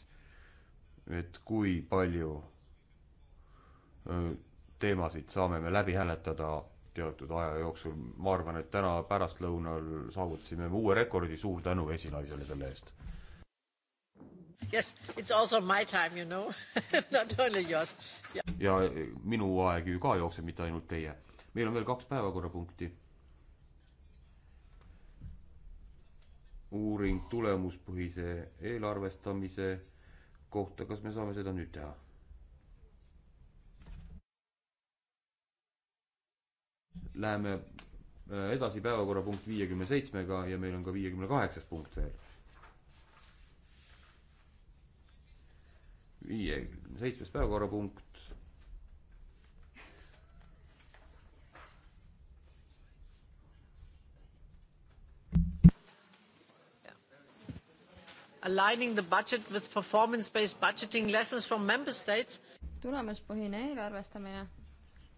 et kui palju teemasid saame me läbi hääletada teatud aja jooksul. ma arvan, et täna pärastlõunal saavutasime uue rekordi, suur tänu esinaisele selle eest. Yes, it's also my time, you know not only yours yeah.. ja eh, minu aeg ju ka jookseb, mitte ainult teie. meil on veel kaks päevakorrapunkti. uuring tulemuspõhise eelarvestamise kohta, kas me saame seda nüüd teha? Läheme eh, edasi päevakorrapunkt viiekümne seitsmega ja meil on ka viiekümne kaheksas punkt veel viie, seitsmes päevakorrapunkt. Aligning the budget with performance based budgeting lessons from member states. tulemuspõhine eelarvestamine,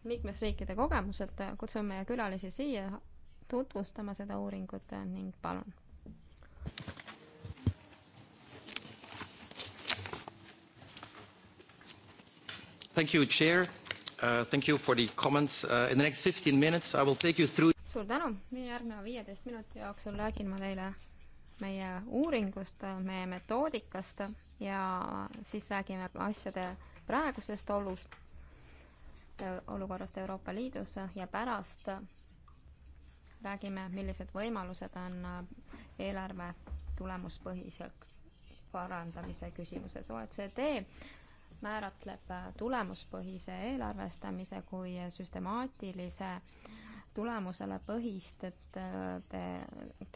liikmesriikide kogemused, kutsun meie külalisi siia tutvustama seda uuringut ning palun. Thank you, chair uh,. Thank you for the comments uh,. In the next fifteen minutes I will take you through. suur tänu, järgneva viieteist minuti jooksul räägin ma teile meie uuringust, meie metoodikast ja siis räägime asjade praegusest olust, olukorrast Euroopa Liidus ja pärast räägime, millised võimalused on eelarve tulemuspõhiseks parandamise küsimuses OECD määratleb äh, tulemuspõhise eelarvestamise kui süstemaatilise tulemusele põhiste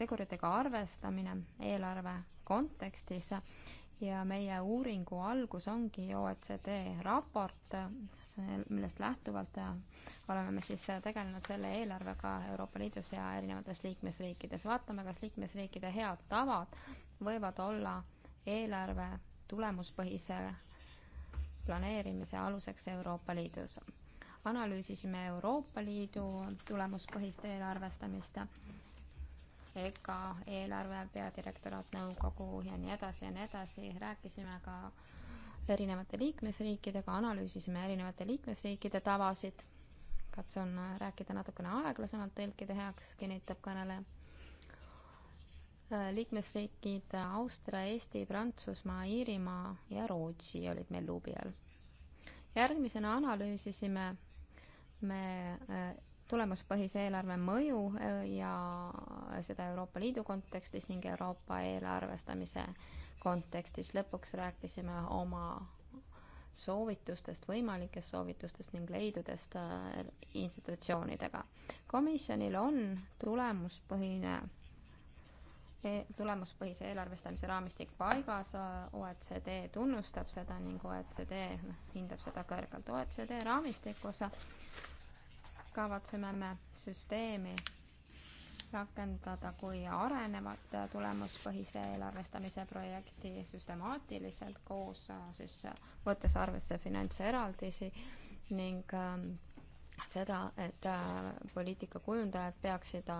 teguritega arvestamine eelarve kontekstis ja meie uuringu algus ongi OECD raport, millest lähtuvalt äh, oleme me siis äh, tegelenud selle eelarvega Euroopa Liidus ja erinevates liikmesriikides. vaatame, kas liikmesriikide head tavad võivad olla eelarve tulemuspõhise planeerimise aluseks Euroopa Liidus. analüüsisime Euroopa Liidu tulemuspõhist eelarvestamist, EKA eelarve peadirektoraat, nõukogu ja nii edasi ja nii edasi, rääkisime ka erinevate liikmesriikidega, analüüsisime erinevate liikmesriikide tavasid, katsun rääkida natukene aeglasemalt tõlkide heaks, kinnitab kõneleja Äh, liikmesriigid Austria, Eesti, Prantsusmaa, Iirimaa ja Rootsi olid meil luubi all. järgmisena analüüsisime me äh, tulemuspõhise eelarve mõju äh, ja seda Euroopa Liidu kontekstis ning Euroopa eelarvestamise kontekstis. lõpuks rääkisime oma soovitustest, võimalikest soovitustest ning leidudest institutsioonidega. komisjonil on tulemuspõhine E, tulemuspõhise eelarvestamise raamistik paigas, OECD tunnustab seda ning OECD hindab seda kõrgelt. OECD raamistikus kavatseme me süsteemi rakendada kui arenevat tulemuspõhise eelarvestamise projekti süstemaatiliselt koos siis võttes arvesse finantseraldisi ning ähm, seda, et äh, poliitikakujundajad peaksid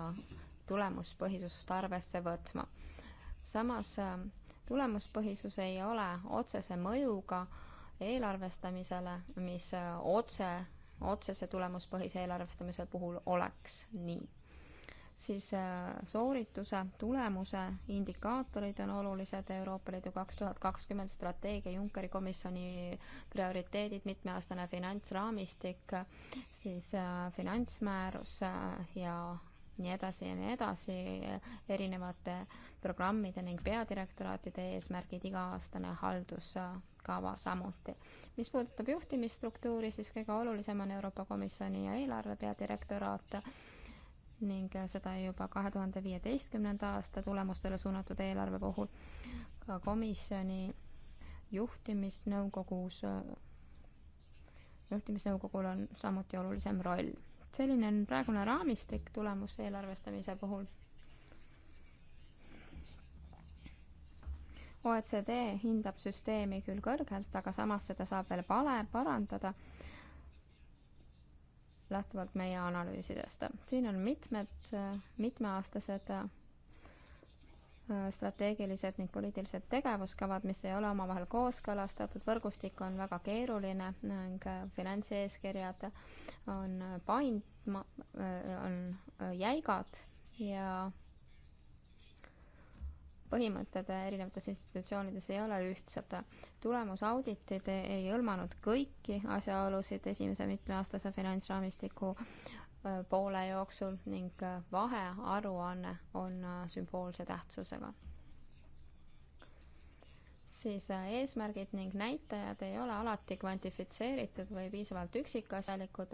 tulemuspõhisust arvesse võtma. samas äh, tulemuspõhisus ei ole otsese mõjuga eelarvestamisele, mis äh, otse, otsese tulemuspõhise eelarvestamise puhul oleks nii. siis äh, soorituse, tulemuse indikaatorid on olulised Euroopa Liidu kaks tuhat kakskümmend strateegia Junckeri komisjoni prioriteedid, mitmeaastane finantsraamistik, siis finantsmäärus ja nii edasi ja nii edasi, erinevate programmide ning peadirektoraatide eesmärgid, iga-aastane halduskava samuti. mis puudutab juhtimisstruktuuri, siis kõige olulisem on Euroopa Komisjoni ja eelarve peadirektoraat ning seda juba kahe tuhande viieteistkümnenda aasta tulemustele suunatud eelarve puhul. ka komisjoni juhtimisnõukogus, juhtimisnõukogul on samuti olulisem roll selline on praegune raamistik tulemuste eelarvestamise puhul. OECD hindab süsteemi küll kõrgelt, aga samas seda saab veel pale parandada lähtuvalt meie analüüsidest. siin on mitmed mitmeaastased Äh, strateegilised ning poliitilised tegevuskavad, mis ei ole omavahel kooskõlastatud, võrgustik on väga keeruline ning äh, finantseeskirjad on paindma-, äh, on jäigad ja põhimõtted erinevates institutsioonides ei ole ühtsed. tulemusauditid ei hõlmanud kõiki asjaolusid esimese mitmeaastase finantsraamistiku äh, Äh, poole jooksul ning äh, vahearuanne on äh, sümboolse tähtsusega. siis eesmärgid ning näitajad ei ole alati kvantifitseeritud või piisavalt üksikasjalikud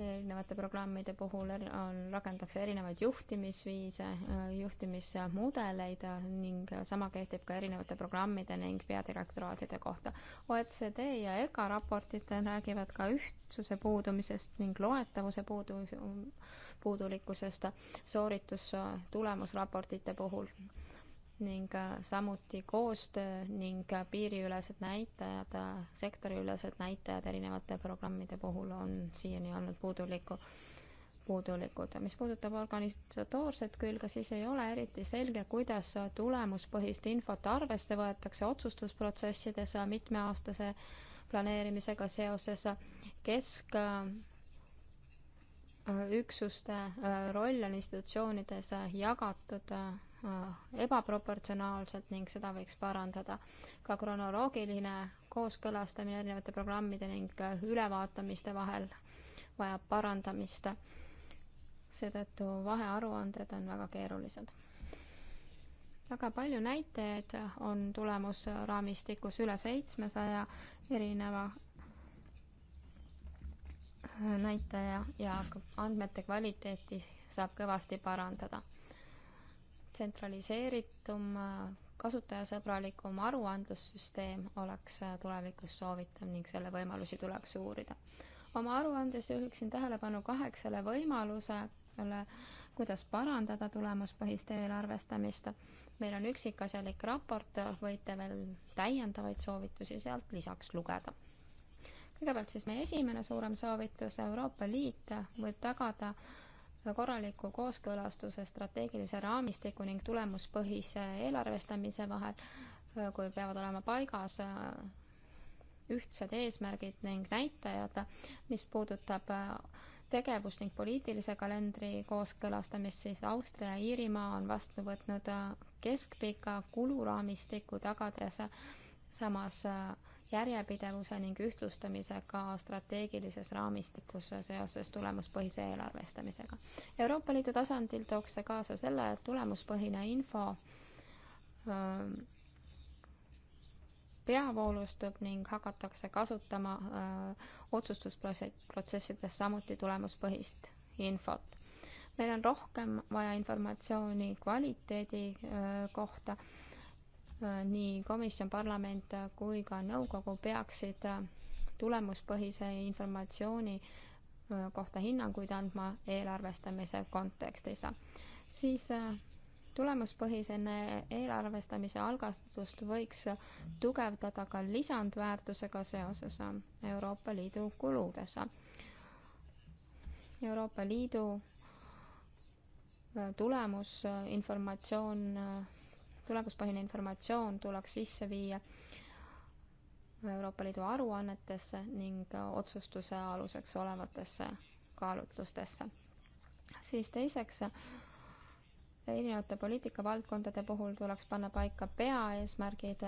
erinevate programmide puhul er-, on, rakendatakse erinevaid juhtimisviise, äh, juhtimismudeleid äh, ning äh, sama kehtib ka erinevate programmide ning peadirektoraatide kohta. OECD ja EGA raportid räägivad ka ühtsuse puudumisest ning loetavuse puudu, puudulikkusest sooritus tulemusraportite puhul ning äh, samuti koostöö ning äh, piiriülesed näitajad, äh, sektoriülesed näitajad erinevate programmide puhul on siiani olnud puuduliku, puudulikud. mis puudutab organisatoorset külge, siis ei ole eriti selge, kuidas tulemuspõhist infot arvesse võetakse otsustusprotsessides mitmeaastase planeerimisega seoses kesk üksuste roll on institutsioonides jagatud Äh, ebaproportsionaalselt ning seda võiks parandada. ka kronoloogiline kooskõlastamine erinevate programmide ning äh, ülevaatamiste vahel vajab parandamist. seetõttu vahearuanded on väga keerulised. väga palju näitajaid on tulemusraamistikus üle seitsmesaja erineva äh, näitaja ja andmete kvaliteeti saab kõvasti parandada tsentraliseeritum, kasutajasõbralikum aruandlussüsteem oleks äh, tulevikus soovitav ning selle võimalusi tuleks uurida. oma aruandes juhiksin tähelepanu kaheksale võimalusele, kuidas parandada tulemuspõhist eelarvestamist. meil on üksikasjalik raport, võite veel täiendavaid soovitusi sealt lisaks lugeda kõigepealt siis meie esimene suurem soovitus, Euroopa Liit võib tagada korraliku kooskõlastuse strateegilise raamistiku ning tulemuspõhise eelarvestamise vahel, kui peavad olema paigas äh, ühtsed eesmärgid ning näitajad, mis puudutab äh, tegevust ning poliitilise kalendri kooskõlastamist, siis Austria ja Iirimaa on vastu võtnud äh, keskpika kuluraamistiku, tagades samas äh, järjepidevuse ning ühtlustamisega strateegilises raamistikus seoses tulemuspõhise eelarvestamisega. Euroopa Liidu tasandil tooks see kaasa selle, et tulemuspõhine info öö, ähm, peavoolustub ning hakatakse kasutama öö, äh, otsustusprotsessides samuti tulemuspõhist infot. meil on rohkem vaja informatsiooni kvaliteedi öö, äh, kohta Äh, nii komisjon, parlament äh, kui ka nõukogu peaksid äh, tulemuspõhise informatsiooni kohta hinnanguid andma eelarvestamise kontekstis. siis tulemuspõhisene eelarvestamise algatust võiks tugevdada ka lisandväärtusega seoses Euroopa Liidu kuludes. Euroopa Liidu tulemusinformatsioon tulemuspõhine informatsioon tuleks sisse viia Euroopa Liidu aruannetesse ning otsustuse aluseks olevatesse kaalutlustesse. siis teiseks, erinevate poliitikavaldkondade puhul tuleks panna paika peaeesmärgid.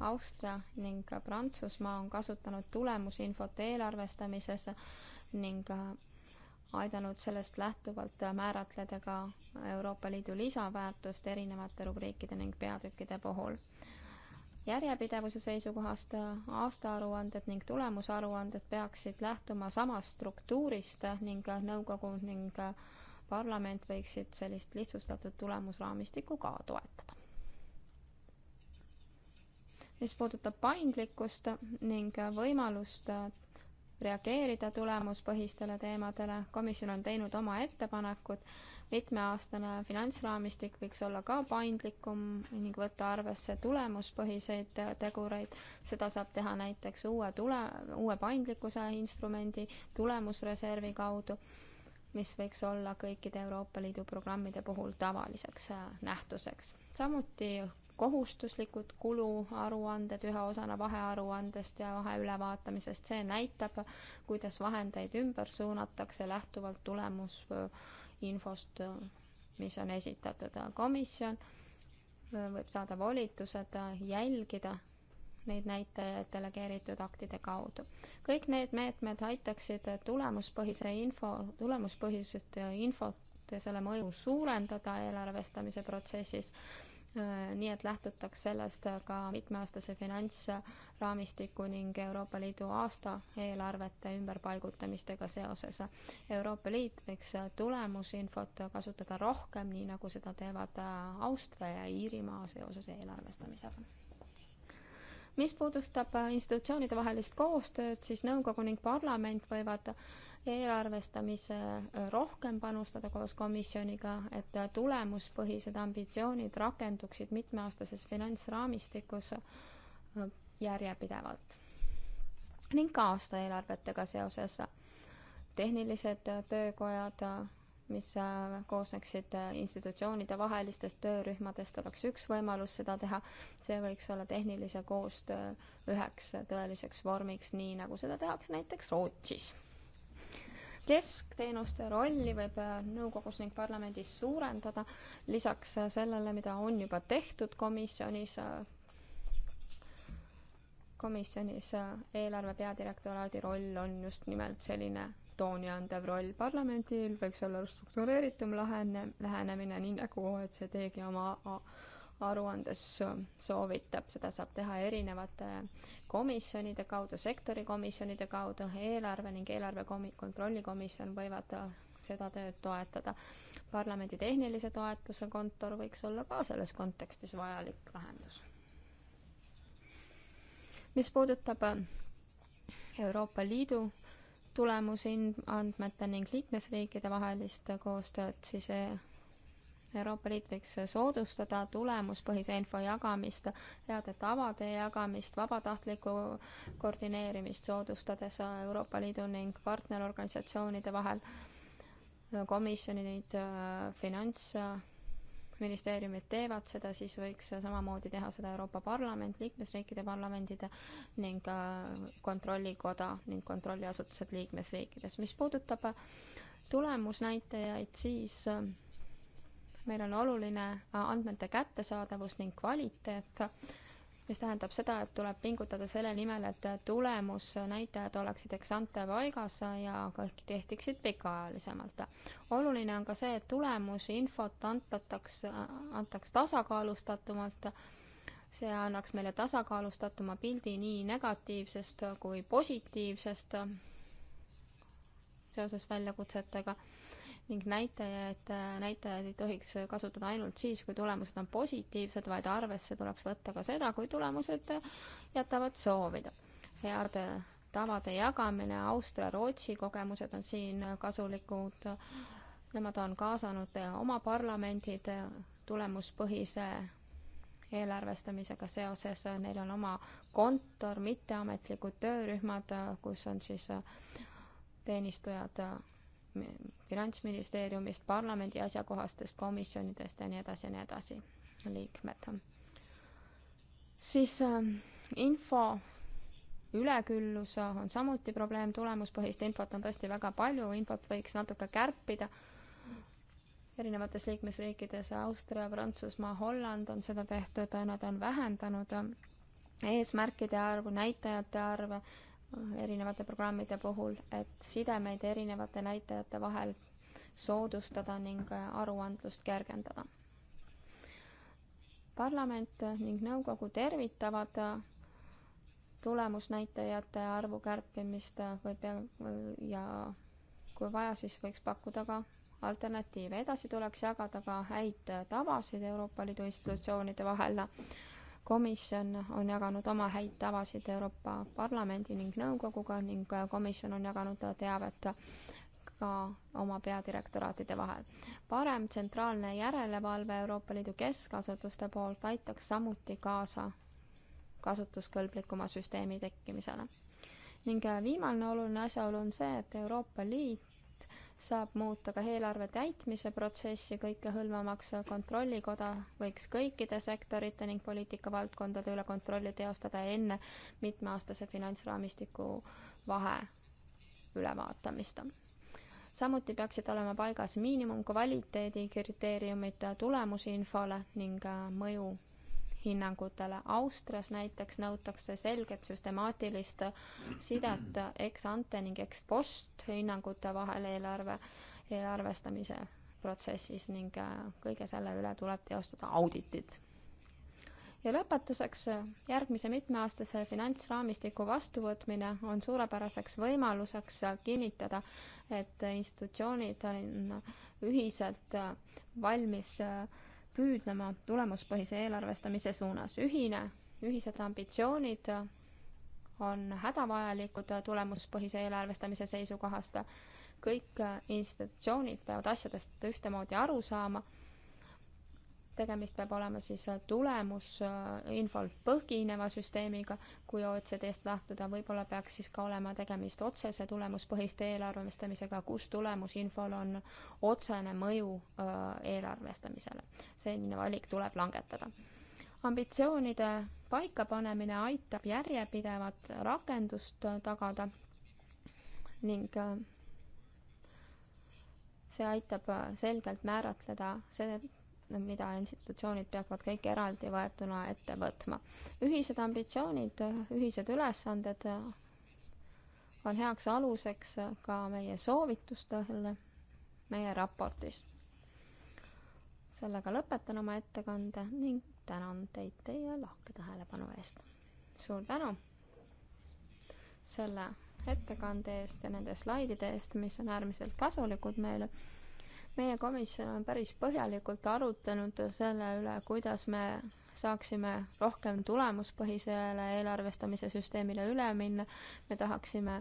Austria ning Prantsusmaa on kasutanud tulemusinfot eelarvestamises ning aidanud sellest lähtuvalt määratleda ka Euroopa Liidu lisaväärtust erinevate rubriikide ning peatükkide puhul. järjepidevuse seisukohast aastaaruanded ning tulemusaruanded peaksid lähtuma samast struktuurist ning nõukogu ning parlament võiksid sellist lihtsustatud tulemusraamistikku ka toetada. mis puudutab paindlikkust ning võimalust reageerida tulemuspõhistele teemadele. komisjon on teinud oma ettepanekud. mitmeaastane finantsraamistik võiks olla ka paindlikum ning võtta arvesse tulemuspõhiseid tegureid. seda saab teha näiteks uue tule, uue paindlikkuse instrumendi tulemusreservi kaudu, mis võiks olla kõikide Euroopa Liidu programmide puhul tavaliseks nähtuseks. samuti kohustuslikud kuluaruanded ühe osana vahearuandest ja vaheülevaatamisest. see näitab, kuidas vahendeid ümber suunatakse lähtuvalt tulemusinfost, mis on esitatud. komisjon võib saada volitused jälgida neid näitajaid delegeeritud aktide kaudu. kõik need meetmed aitaksid tulemuspõhise info, tulemuspõhisest infot ja selle mõju suurendada eelarvestamise protsessis Äh, nii et lähtutaks sellest ka mitmeaastase finantsraamistiku ning Euroopa Liidu aastaeelarvete ümberpaigutamistega seoses. Euroopa Liit võiks tulemusinfot kasutada rohkem, nii nagu seda teevad Austria ja Iirimaa seoses eelarvestamisega mis puudustab äh, institutsioonide vahelist koostööd, siis nõukogu ning parlament võivad eelarvestamise äh, rohkem panustada koos komisjoniga, et äh, tulemuspõhised ambitsioonid rakenduksid mitmeaastases finantsraamistikus järjepidevalt. ning ka aastaeelarvetega seoses tehnilised töökojad mis äh, koosneksid äh, institutsioonide vahelistest töörühmadest, oleks üks võimalus seda teha. see võiks olla tehnilise koostöö üheks tõeliseks vormiks, nii nagu seda tehakse näiteks Rootsis. keskteenuste rolli võib äh, nõukogus ning parlamendis suurendada, lisaks sellele, mida on juba tehtud komisjonis, komisjonis eelarve peadirektoraadi roll on just nimelt selline tooni andev roll. parlamendil võiks olla struktureeritum lahene, lähenemine, nii nagu OECD-gi oma aruandes soovitab, seda saab teha erinevate komisjonide kaudu, sektorikomisjonide kaudu, eelarve ning eelarve komi-, kontrollikomisjon võivad seda tööd toetada. parlamendi tehnilise toetuse kontor võiks olla ka selles kontekstis vajalik lahendus. mis puudutab Euroopa Liidu tulemusi andmete ning liikmesriikide vahelist koostööd, siis e- Euroopa Liit võiks soodustada tulemuspõhise info jagamist, heade tavade jagamist, vabatahtlikku koordineerimist soodustades Euroopa Liidu ning partnerorganisatsioonide vahel, komisjonid, finants, ministeeriumid teevad seda, siis võiks samamoodi teha seda Euroopa Parlament, liikmesriikide parlamendid ning äh, kontrollikoda ning kontrolliasutused liikmesriikides. mis puudutab äh, tulemusnäitajaid, siis äh, meil on oluline andmete kättesaadavus ning kvaliteet mis tähendab seda, et tuleb pingutada selle nimel, et tulemusnäitajad oleksid eksante paigas ja kõik kehtiksid pikaajalisemalt. oluline on ka see, et tulemusinfot antataks, antaks tasakaalustatumalt, see annaks meile tasakaalustatuma pildi nii negatiivsest kui positiivsest seoses väljakutsetega ning näitajaid, näitajaid ei tohiks kasutada ainult siis, kui tulemused on positiivsed, vaid arvesse tuleks võtta ka seda, kui tulemused jätavad soovida. heade tavade jagamine, Austria, Rootsi kogemused on siin kasulikud, nemad on kaasanud oma parlamendid tulemuspõhise eelarvestamisega seoses, neil on oma kontor, mitteametlikud töörühmad, kus on siis teenistujad Finantsministeeriumist, parlamendi asjakohastest komisjonidest ja nii edasi ja nii edasi liikmed. siis äh, info üleküllus äh, on samuti probleem, tulemuspõhist infot on tõesti väga palju, infot võiks natuke kärpida. erinevates liikmesriikides Austria, Prantsusmaa, Holland on seda tehtud, nad on vähendanud äh, eesmärkide arvu, näitajate arvu erinevate programmide puhul, et sidemeid erinevate näitajate vahel soodustada ning äh, aruandlust kergendada. parlament ning nõukogu tervitavad äh, tulemusnäitajate arvu kärpimist äh, või pea- ja kui vaja, siis võiks pakkuda ka alternatiive. edasi tuleks jagada ka häid tavasid Euroopa Liidu institutsioonide vahel komisjon on jaganud oma häid tavasid Euroopa Parlamendi ning nõukoguga ning äh, komisjon on jaganud teavet ka oma peadirektoraatide vahel. parem tsentraalne järelevalve Euroopa Liidu keskasutuste poolt aitaks samuti kaasa kasutuskõlblikuma süsteemi tekkimisele. ning äh, viimane oluline asjaolu on see, et Euroopa Liit saab muuta ka eelarve täitmise protsessi kõikehõlmavamaks, kontrollikoda võiks kõikide sektorite ning poliitikavaldkondade üle kontrolli teostada enne mitmeaastase finantsraamistiku vahe ülevaatamist. samuti peaksid olema paigas miinimumkvaliteedi kriteeriumid tulemusinfole ning mõju hinnangutele. Austrias näiteks nõutakse selget süstemaatilist sidet ex-ante ning ex-post hinnangute vahel eelarve, eelarvestamise protsessis ning äh, kõige selle üle tuleb teostada auditit. ja lõpetuseks, äh, järgmise mitmeaastase finantsraamistiku vastuvõtmine on suurepäraseks võimaluseks äh, kinnitada, et institutsioonid on ühiselt valmis püüdlema tulemuspõhise eelarvestamise suunas. ühine, ühised ambitsioonid on hädavajalikud tulemuspõhise eelarvestamise seisukohast. kõik institutsioonid peavad asjadest ühtemoodi aru saama tegemist peab olema siis äh, tulemusinfol põhineva süsteemiga, kui OECD-st lähtuda, võib-olla peaks siis ka olema tegemist otsese tulemuspõhiste eelarvestamisega, kus tulemusinfol on otsene mõju äh, eelarvestamisele. selline valik tuleb langetada. ambitsioonide paikapanemine aitab järjepidevat rakendust äh, tagada ning see aitab selgelt määratleda see, mida institutsioonid peavad kõik eraldi võetuna ette võtma. ühised ambitsioonid, ühised ülesanded on heaks aluseks ka meie soovitustele meie raportis. sellega lõpetan oma ettekande ning tänan teid teie lahke tähelepanu eest. suur tänu selle ettekande eest ja nende slaidide eest, mis on äärmiselt kasulikud meile meie komisjon on päris põhjalikult arutanud selle üle, kuidas me saaksime rohkem tulemuspõhisele eelarvestamise süsteemile üle minna. me tahaksime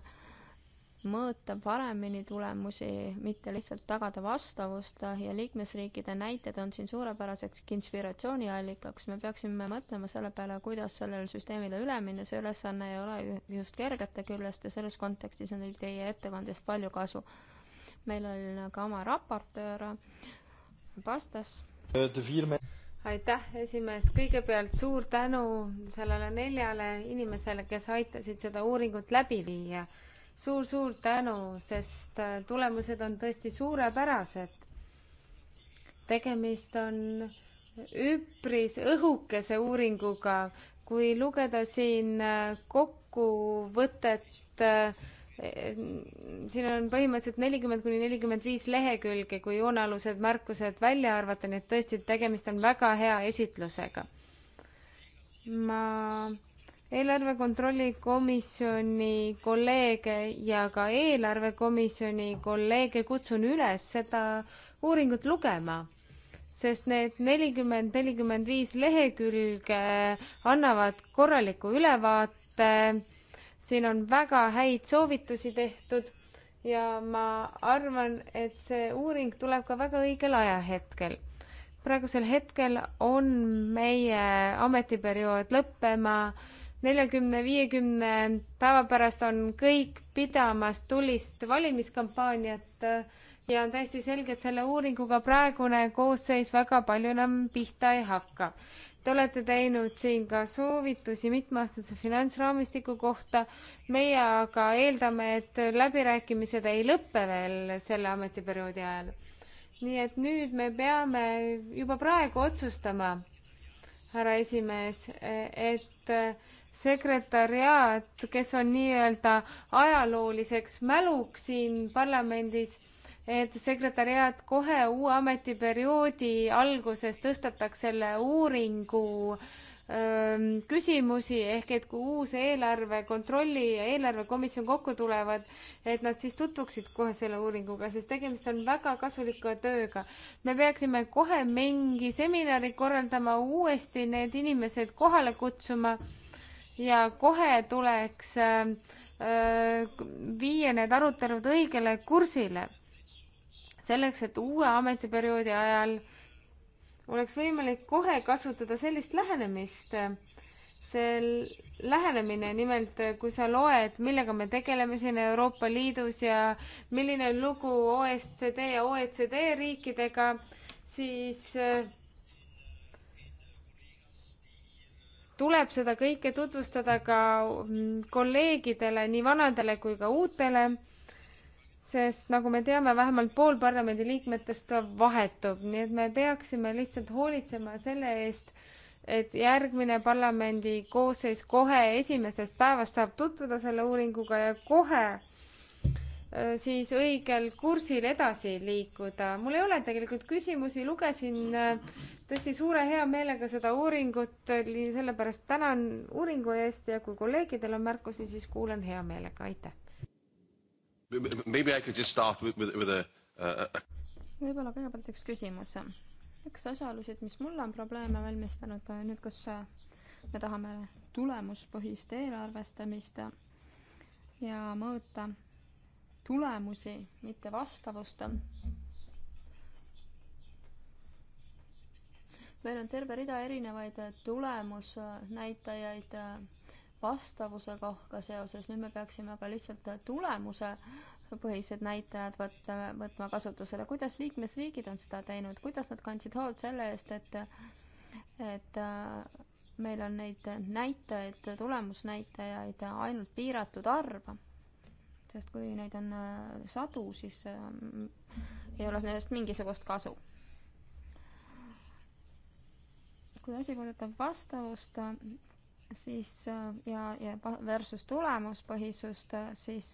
mõõta paremini tulemusi, mitte lihtsalt tagada vastavust ja liikmesriikide näited on siin suurepäraseks inspiratsiooniallikaks. me peaksime mõtlema selle peale, kuidas sellele süsteemile üle minna, see ülesanne ei ole just kergete küljest ja selles kontekstis on teil teie ettekandest palju kasu meil on ka oma raportöör Pastas. aitäh, esimees, kõigepealt suur tänu sellele neljale inimesele, kes aitasid seda uuringut läbi viia suur,. suur-suur tänu, sest äh, tulemused on tõesti suurepärased. tegemist on üpris õhukese uuringuga, kui lugeda siin äh, kokkuvõtet äh, Ehm, siin on põhimõtteliselt nelikümmend kuni nelikümmend viis lehekülge, kui joonealused märkused välja arvata, nii et tõesti, tegemist on väga hea esitlusega. ma eelarve kontrolli komisjoni kolleege ja ka eelarvekomisjoni kolleege kutsun üles seda uuringut lugema, sest need nelikümmend, nelikümmend viis lehekülge annavad korraliku ülevaate siin on väga häid soovitusi tehtud ja ma arvan, et see uuring tuleb ka väga õigel ajahetkel. praegusel hetkel on meie ametiperiood lõppema neljakümne, viiekümne päeva pärast on kõik pidamas tulist valimiskampaaniat äh, ja on täiesti selge, et selle uuringuga praegune koosseis väga palju enam pihta ei hakka. Te olete teinud siin ka soovitusi mitmeaastase finantsraamistiku kohta. meie aga eeldame, et läbirääkimised ei lõpe veel selle ametiperioodi ajal. nii et nüüd me peame juba praegu otsustama, härra esimees, et äh, sekretariaat, kes on nii-öelda ajalooliseks mäluks siin parlamendis, et sekretariaat kohe uue ametiperioodi alguses tõstataks selle uuringu öö, küsimusi, ehk et kui uus eelarve kontrolli ja eelarvekomisjon kokku tulevad, et nad siis tutvuksid kohe selle uuringuga, sest tegemist on väga kasuliku tööga. me peaksime kohe mingi seminari korraldama, uuesti need inimesed kohale kutsuma ja kohe tuleks äh, viia need arutelud õigele kursile, selleks et uue ametiperioodi ajal oleks võimalik kohe kasutada sellist lähenemist, see lähenemine, nimelt kui sa loed, millega me tegeleme siin Euroopa Liidus ja milline on lugu OSCD ja OECD riikidega, siis äh, tuleb seda kõike tutvustada ka mm, kolleegidele, nii vanadele kui ka uutele, sest nagu me teame, vähemalt pool parlamendi liikmetest vahetub, nii et me peaksime lihtsalt hoolitsema selle eest, et järgmine parlamendi koosseis kohe esimesest päevast saab tutvuda selle uuringuga ja kohe Äh, siis õigel kursil edasi liikuda. mul ei ole tegelikult küsimusi, lugesin äh, tõesti suure hea meelega seda uuringut, sellepärast tänan uuringu eest ja kui kolleegidel on märkusi, siis kuulan hea meelega, aitäh. võib-olla kõigepealt üks küsimus. üks asjaolusid, mis mulle on probleeme valmistanud, nüüd kas me tahame tulemuspõhist eelarvestamist ja mõõta tulemusi, mitte vastavust. meil on terve rida erinevaid tulemusnäitajaid vastavusega ka seoses, nüüd me peaksime aga lihtsalt tulemuse põhised näitajad võtta, võtma kasutusele, kuidas liikmesriigid on seda teinud, kuidas nad kandsid hoolt selle eest, et et äh, meil on neid näitajaid, tulemusnäitajaid ainult piiratud arv sest kui neid on äh, sadu, siis äh, ei ole sellest mingisugust kasu. kui asi puudutab vastavust, äh, siis ja, ja versus tulemuspõhisust, siis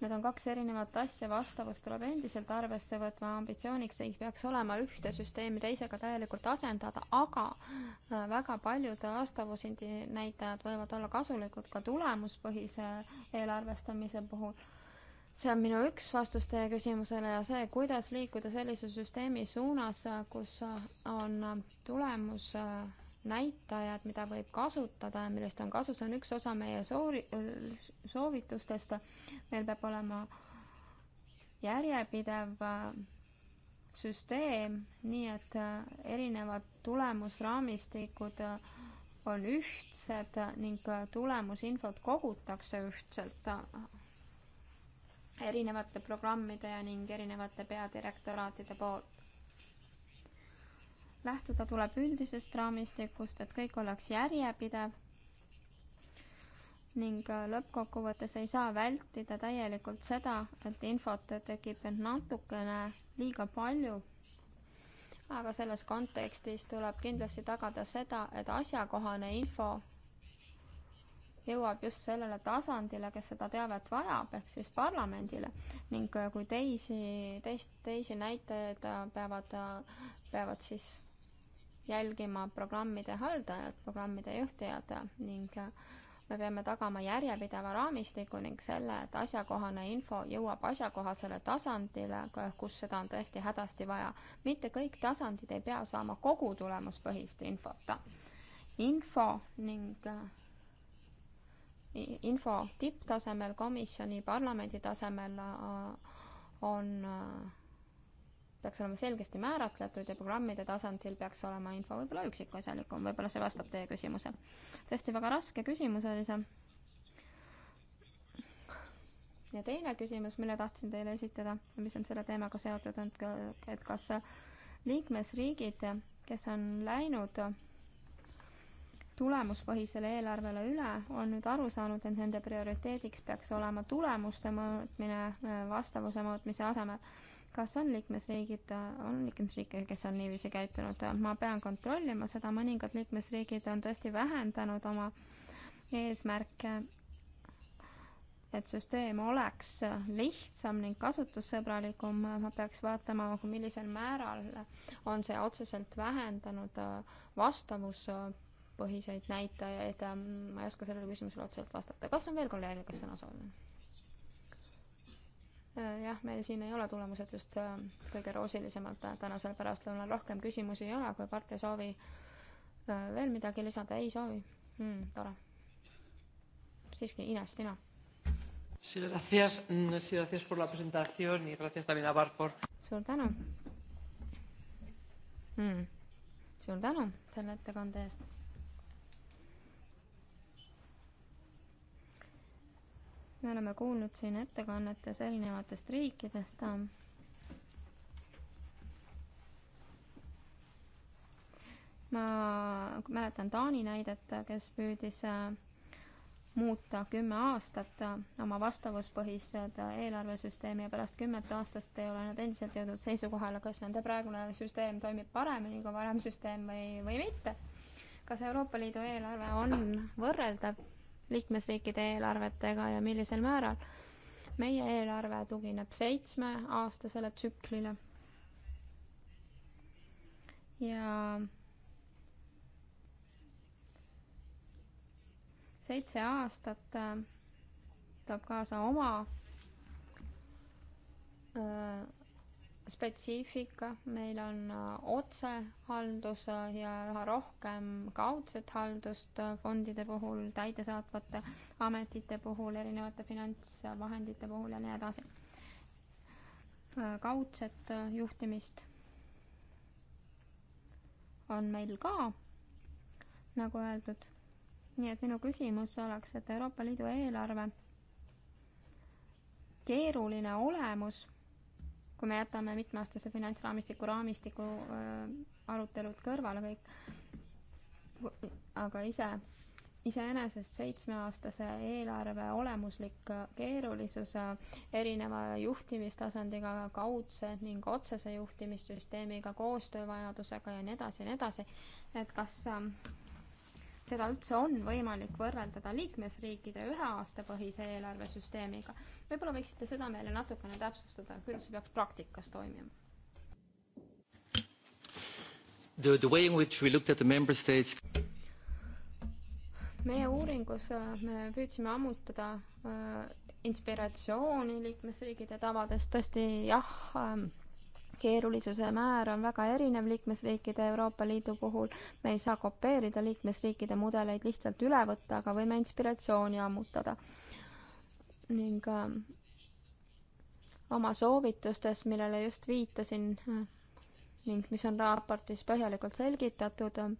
need on kaks erinevat asja, vastavust tuleb endiselt arvesse võtma, ambitsiooniks ei peaks olema ühte süsteemi teisega täielikult asendada, aga äh, väga paljud vastavusnäitajad võivad olla kasulikud ka tulemuspõhise eelarvestamise puhul. see on minu üks vastus teie küsimusele ja see, kuidas liikuda sellise süsteemi suunas, kus on tulemus äh, näitajad, mida võib kasutada ja millest on kasu, see on üks osa meie soori-, soovitustest. meil peab olema järjepidev äh, süsteem, nii et äh, erinevad tulemusraamistikud äh, on ühtsed ning tulemusinfot kogutakse ühtselt erinevate programmide ja ning erinevate peadirektoraatide poolt lähtuda tuleb üldisest raamistikust, et kõik oleks järjepidev ning äh, lõppkokkuvõttes ei saa vältida täielikult seda, et infot tekib natukene liiga palju. aga selles kontekstis tuleb kindlasti tagada seda, et asjakohane info jõuab just sellele tasandile, kes seda teavet vajab, ehk siis parlamendile. ning äh, kui teisi, teist, teisi näitajaid äh, peavad, peavad siis jälgima programmide haldajad, programmide juhtijad ning äh, me peame tagama järjepideva raamistiku ning selle, et asjakohane info jõuab asjakohasele tasandile, kus seda on tõesti hädasti vaja. mitte kõik tasandid ei pea saama kogu tulemuspõhist infot. info ning äh, info tipptasemel, komisjoni, parlamendi tasemel äh, on peaks olema selgesti määratletud ja programmide tasandil peaks olema info võib-olla üksikasjalikum, võib-olla see vastab teie küsimusele. tõesti väga raske küsimus oli see. ja teine küsimus, mille tahtsin teile esitada, mis on selle teemaga seotud, on, et kas liikmesriigid, kes on läinud tulemuspõhisele eelarvele üle, on nüüd aru saanud, et nende prioriteediks peaks olema tulemuste mõõtmine vastavuse mõõtmise asemel kas on liikmesriigid, on liikmesriike, kes on niiviisi käitunud, ma pean kontrollima seda, mõningad liikmesriigid on tõesti vähendanud oma eesmärke, et süsteem oleks lihtsam ning kasutussõbralikum, ma peaks vaatama, millisel määral on see otseselt vähendanud vastavuspõhiseid näitajaid, ma ei oska sellele küsimusele otseselt vastata. kas on veel kolleege, kes sõna soovivad? Äh, jah, meil siin ei ole tulemused just äh, kõige roosilisemad äh, tänasel pärastlõunal, rohkem küsimusi ei ole, kui Mart ei soovi veel midagi lisada, ei soovi mm,. tore. siiski, Ines, sina. Sí, gracias, mm, sí, gracias por la presentación y gracias también a Bart por. suur tänu mm.. suur tänu selle ettekande eest me oleme kuulnud siin ettekannetes erinevatest riikidest. ma mäletan Taani näidet, kes püüdis äh, muuta kümme aastat äh, oma vastavuspõhist äh, eelarvesüsteemi ja pärast kümmet aastast ei ole nad endiselt jõudnud seisukohale, kas nende praegune süsteem toimib paremini kui varem süsteem või, või mitte. kas Euroopa Liidu eelarve on võrreldav liikmesriikide eelarvetega ja millisel määral. meie eelarve tugineb seitsmeaastasele tsüklile. ja seitse aastat äh, toob kaasa oma öö, äh, spetsiifika, meil on äh, otsehaldus äh, ja üha rohkem kaudset haldust äh, fondide puhul, täidesaatvate ametite puhul, erinevate finantsvahendite puhul ja nii edasi. kaudset juhtimist on meil ka, nagu öeldud. nii et minu küsimus oleks, et Euroopa Liidu eelarve keeruline olemus kui me jätame mitmeaastase finantsraamistiku raamistiku äh, arutelud kõrvale kõik, aga ise, iseenesest seitsmeaastase eelarve olemuslik äh, keerulisus äh, erineva juhtimistasandiga, kaudse ning otsese juhtimissüsteemiga, koostöövajadusega ja nii edasi ja nii edasi, et kas seda üldse on võimalik võrreldada liikmesriikide ühe aasta põhise eelarvesüsteemiga. võib-olla võiksite seda meile natukene täpsustada, kuidas see peaks praktikas toimima? The, the way in which we looked at the member states meie uuringus äh, me püüdsime ammutada äh, inspiratsiooni liikmesriikide tavadest, tõesti jah ähm,, keerulisuse määr on väga erinev liikmesriikide Euroopa Liidu puhul. me ei saa kopeerida liikmesriikide mudeleid, lihtsalt üle võtta, aga võime inspiratsiooni ammutada. ning äh, oma soovitustes, millele just viitasin äh, ning mis on raportis põhjalikult selgitatud äh,,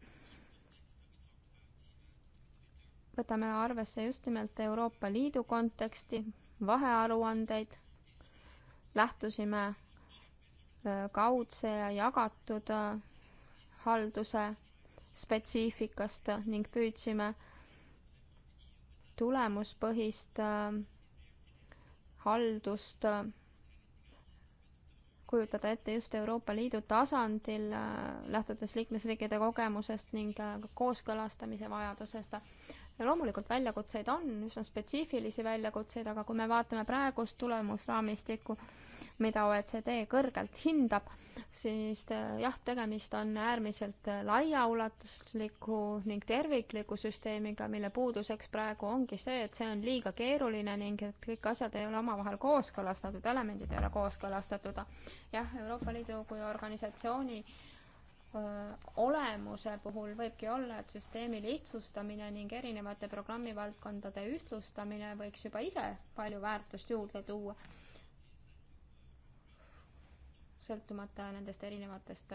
võtame arvesse just nimelt Euroopa Liidu konteksti, vahearuandeid, lähtusime kaudse ja jagatud äh, halduse spetsiifikast ning püüdsime tulemuspõhist äh, haldust äh, kujutada ette just Euroopa Liidu tasandil, lähtudes liikmesriikide kogemusest ning kooskõlastamise vajadusest ja loomulikult väljakutseid on, üsna spetsiifilisi väljakutseid, aga kui me vaatame praegust tulemusraamistikku, mida OECD kõrgelt hindab, siis äh, jah, tegemist on äärmiselt äh, laiaulatusliku ning tervikliku süsteemiga, mille puuduseks praegu ongi see, et see on liiga keeruline ning et kõik asjad ei ole omavahel kooskõlastatud, elemendid ei ole kooskõlastatud. jah, Euroopa Liidu kui organisatsiooni olemuse puhul võibki olla, et süsteemi lihtsustamine ning erinevate programmivaldkondade ühtlustamine võiks juba ise palju väärtust juurde tuua, sõltumata nendest erinevatest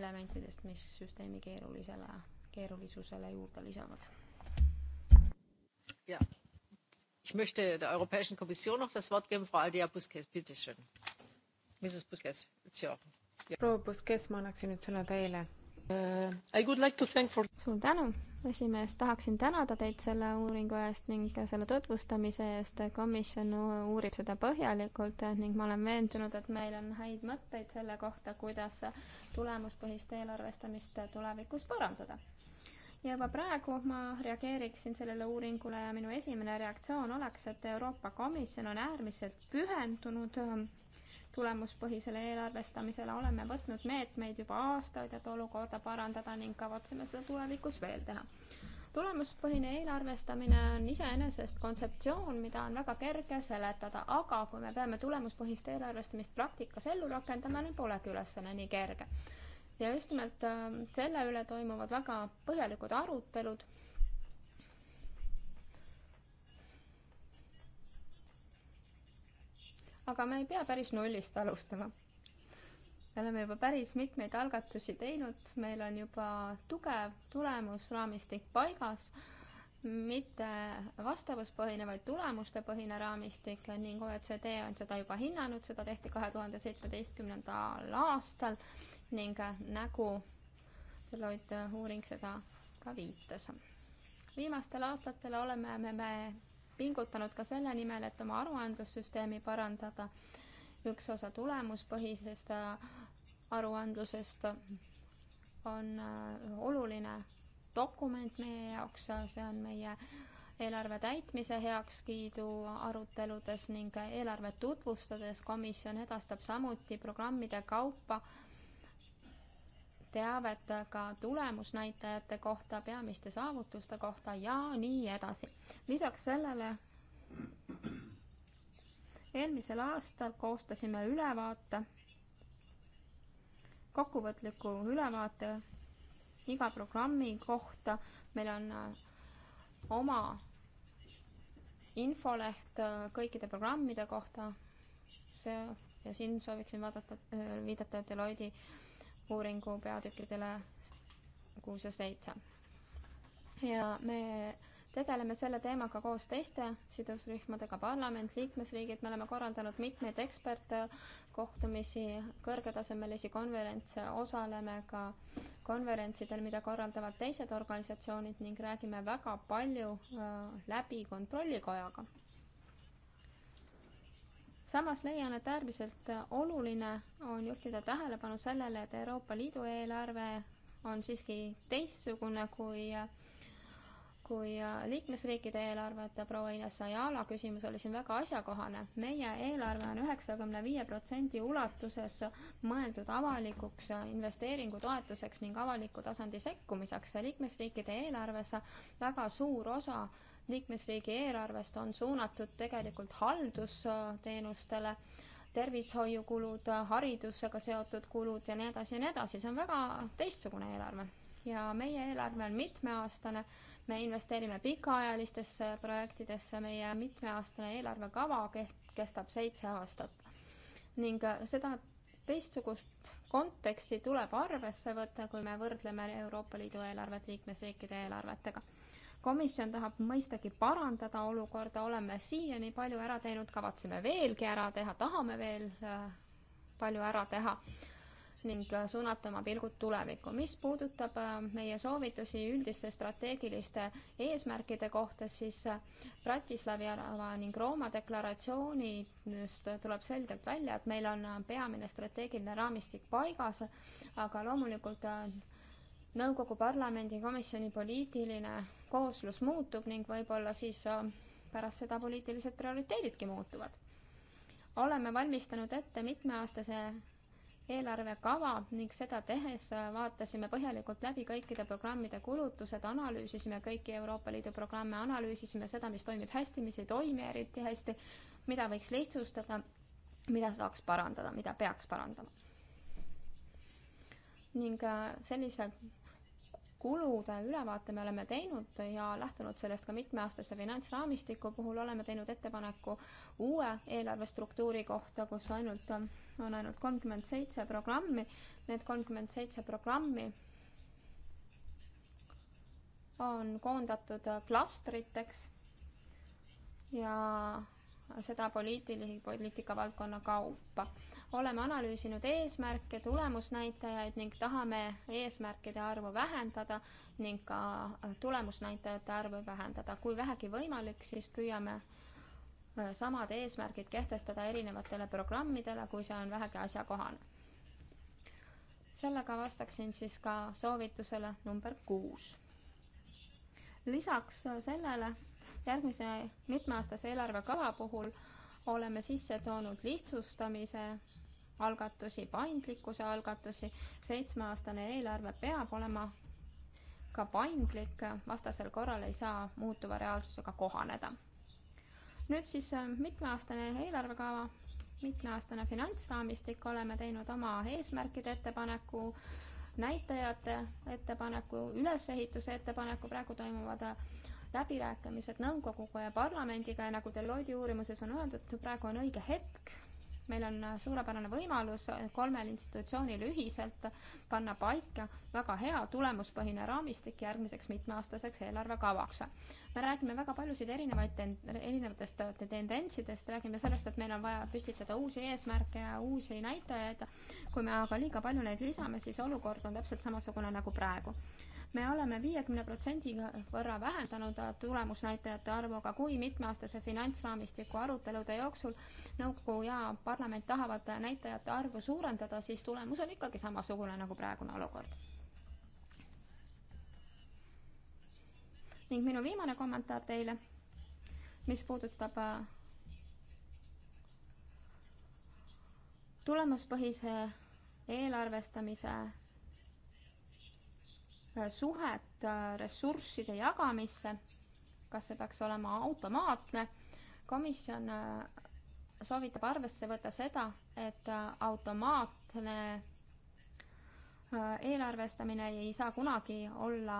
elementidest, mis süsteemi keerulisele, keerulisusele juurde lisavad. jah. Ich möchte der Europäischen Kommission noch das Wort geben, Frau Aldia Busquets, bitteschön. Mrs Busquets, it's your yeah.. proua Busquets, ma annaksin nüüd sõna teile uh,. I would like to thank for. suur tänu, esimees, tahaksin tänada teid selle uuringu eest ning selle tutvustamise eest. komisjon uurib seda põhjalikult ning ma olen veendunud, et meil on häid mõtteid selle kohta, kuidas tulemuspõhist eelarvestamist tulevikus parandada ja juba praegu ma reageeriksin sellele uuringule ja minu esimene reaktsioon oleks, et Euroopa Komisjon on äärmiselt pühendunud um, tulemuspõhisele eelarvestamisele oleme võtnud meetmeid juba aastaid, et olukorda parandada ning kavatseme seda tulevikus veel teha. tulemuspõhine eelarvestamine on iseenesest kontseptsioon, mida on väga kerge seletada, aga kui me peame tulemuspõhist eelarvestamist praktikas ellu rakendama, niin polegi ülesanne nii kerge. ja just nimelt ähm, selle üle toimuvad väga põhjalikud arutelud aga me ei pea päris nullist alustama. me oleme juba päris mitmeid algatusi teinud, meil on juba tugev tulemusraamistik paigas, mitte vastavuspõhinevaid tulemuste põhine raamistik ning OECD on seda juba hinnanud, seda tehti kahe tuhande seitsmeteistkümnendal aastal ning nägu Deloitte uuring seda ka viitas. viimastel aastatel oleme me, me pingutanud ka selle nimel, et oma aruandlussüsteemi parandada. üks osa tulemuspõhisest äh, aruandlusest on äh, oluline dokument meie jaoks, see on meie eelarve täitmise heakskiidu aruteludes ning eelarvet tutvustades komisjon edastab samuti programmide kaupa äh, teavet ka tulemusnäitajate kohta, peamiste saavutuste kohta ja nii edasi. lisaks sellele eelmisel aastal koostasime ülevaate, kokkuvõtliku ülevaate iga programmi kohta. meil on äh, oma infoleht äh, kõikide programmide kohta. see ja siin sooviksin vaadata, äh, viidata Deloitte uuringu peatükkidele kuus ja seitse. ja me tegeleme selle teemaga koos teiste sidusrühmadega, parlament, liikmesriigid, me oleme korraldanud mitmeid ekspertkohtumisi, kõrgetasemelisi konverentse, osaleme ka konverentsidel, mida korraldavad teised organisatsioonid ning räägime väga palju äh, läbi kontrollikojaga samas leian, et äärmiselt oluline on juhtida tähelepanu sellele, et Euroopa Liidu eelarve on siiski teistsugune kui kui liikmesriikide eelarved, proua Ines Ajala küsimus oli siin väga asjakohane. meie eelarve on üheksakümne viie protsendi ulatuses mõeldud avalikuks investeeringutoetuseks ning avaliku tasandi sekkumiseks. liikmesriikide eelarves väga suur osa liikmesriigi eelarvest on suunatud tegelikult haldusteenustele, tervishoiukulud, haridusega seotud kulud ja nii edasi ja nii edasi, see on väga teistsugune eelarve. ja meie eelarve on mitmeaastane, me investeerime pikaajalistesse projektidesse, meie mitmeaastane eelarvekava keht-, kestab seitse aastat. ning seda teistsugust konteksti tuleb arvesse võtta, kui me võrdleme Euroopa Liidu eelarvet liikmesriikide eelarvetega komisjon tahab mõistagi parandada olukorda, oleme siiani palju ära teinud, kavatseme veelgi ära teha, tahame veel äh, palju ära teha ning äh, suunata oma pilgud tulevikku. mis puudutab äh, meie soovitusi üldiste strateegiliste eesmärkide kohta, siis Bratislava ning Rooma deklaratsioonist tuleb selgelt välja, et meil on peamine strateegiline raamistik paigas, aga loomulikult nõukogu parlamendi komisjoni poliitiline kooslus muutub ning võib-olla siis äh, pärast seda poliitilised prioriteedidki muutuvad. oleme valmistanud ette mitmeaastase eelarvekava ning seda tehes äh, vaatasime põhjalikult läbi kõikide programmide kulutused, analüüsisime kõiki Euroopa Liidu programme, analüüsisime seda, mis toimib hästi, mis ei toimi eriti hästi, mida võiks lihtsustada, mida saaks parandada, mida peaks parandama. ning äh, sellise kulude ülevaate me oleme teinud ja lähtunud sellest ka mitmeaastase finantsraamistiku puhul oleme teinud ettepaneku uue eelarvestruktuuri kohta, kus ainult, on ainult kolmkümmend seitse programmi. Need kolmkümmend seitse programmi on koondatud klastriteks ja seda poliitilise poliitikavaldkonna kaupa. oleme analüüsinud eesmärke, tulemusnäitajaid ning tahame eesmärkide arvu vähendada ning ka tulemusnäitajate arvu vähendada. kui vähegi võimalik, siis püüame äh, samad eesmärgid kehtestada erinevatele programmidele, kui see on vähegi asjakohane. sellega vastaksin siis ka soovitusele number kuus. lisaks sellele järgmise mitmeaastase eelarvekava puhul oleme sisse toonud lihtsustamise algatusi, paindlikkuse algatusi, seitsmeaastane eelarve peab olema ka paindlik, vastasel korral ei saa muutuva reaalsusega kohaneda. nüüd siis äh, mitmeaastane eelarvekava, mitmeaastane finantsraamistik, oleme teinud oma eesmärkide ettepaneku, näitajate ettepaneku, ülesehituse ettepaneku, praegu toimuvad äh, läbirääkimised nõukoguga ja parlamendiga ja nagu Deloitte uurimuses on öeldud, praegu on õige hetk, meil on äh, suurepärane võimalus äh, kolmel institutsioonil ühiselt panna paika väga hea tulemuspõhine raamistik järgmiseks mitmeaastaseks eelarvekavaks. me räägime väga paljusid erinevaid ten-, erinevatest äh, tendentsidest, räägime sellest, et meil on vaja püstitada uusi eesmärke ja uusi näitajaid, kui me aga liiga palju neid lisame, siis olukord on täpselt samasugune nagu praegu me oleme viiekümne protsendi võrra vähendanud tulemusnäitajate arvu, aga kui mitmeaastase finantsraamistiku arutelude jooksul nõukogu ja parlament tahavad näitajate arvu suurendada, siis tulemus on ikkagi samasugune nagu praegune olukord. ning minu viimane kommentaar teile, mis puudutab äh, tulemuspõhise eelarvestamise suhet äh, ressursside jagamisse, kas see peaks olema automaatne. komisjon äh, soovitab arvesse võtta seda, et äh, automaatne eelarvestamine ei saa kunagi olla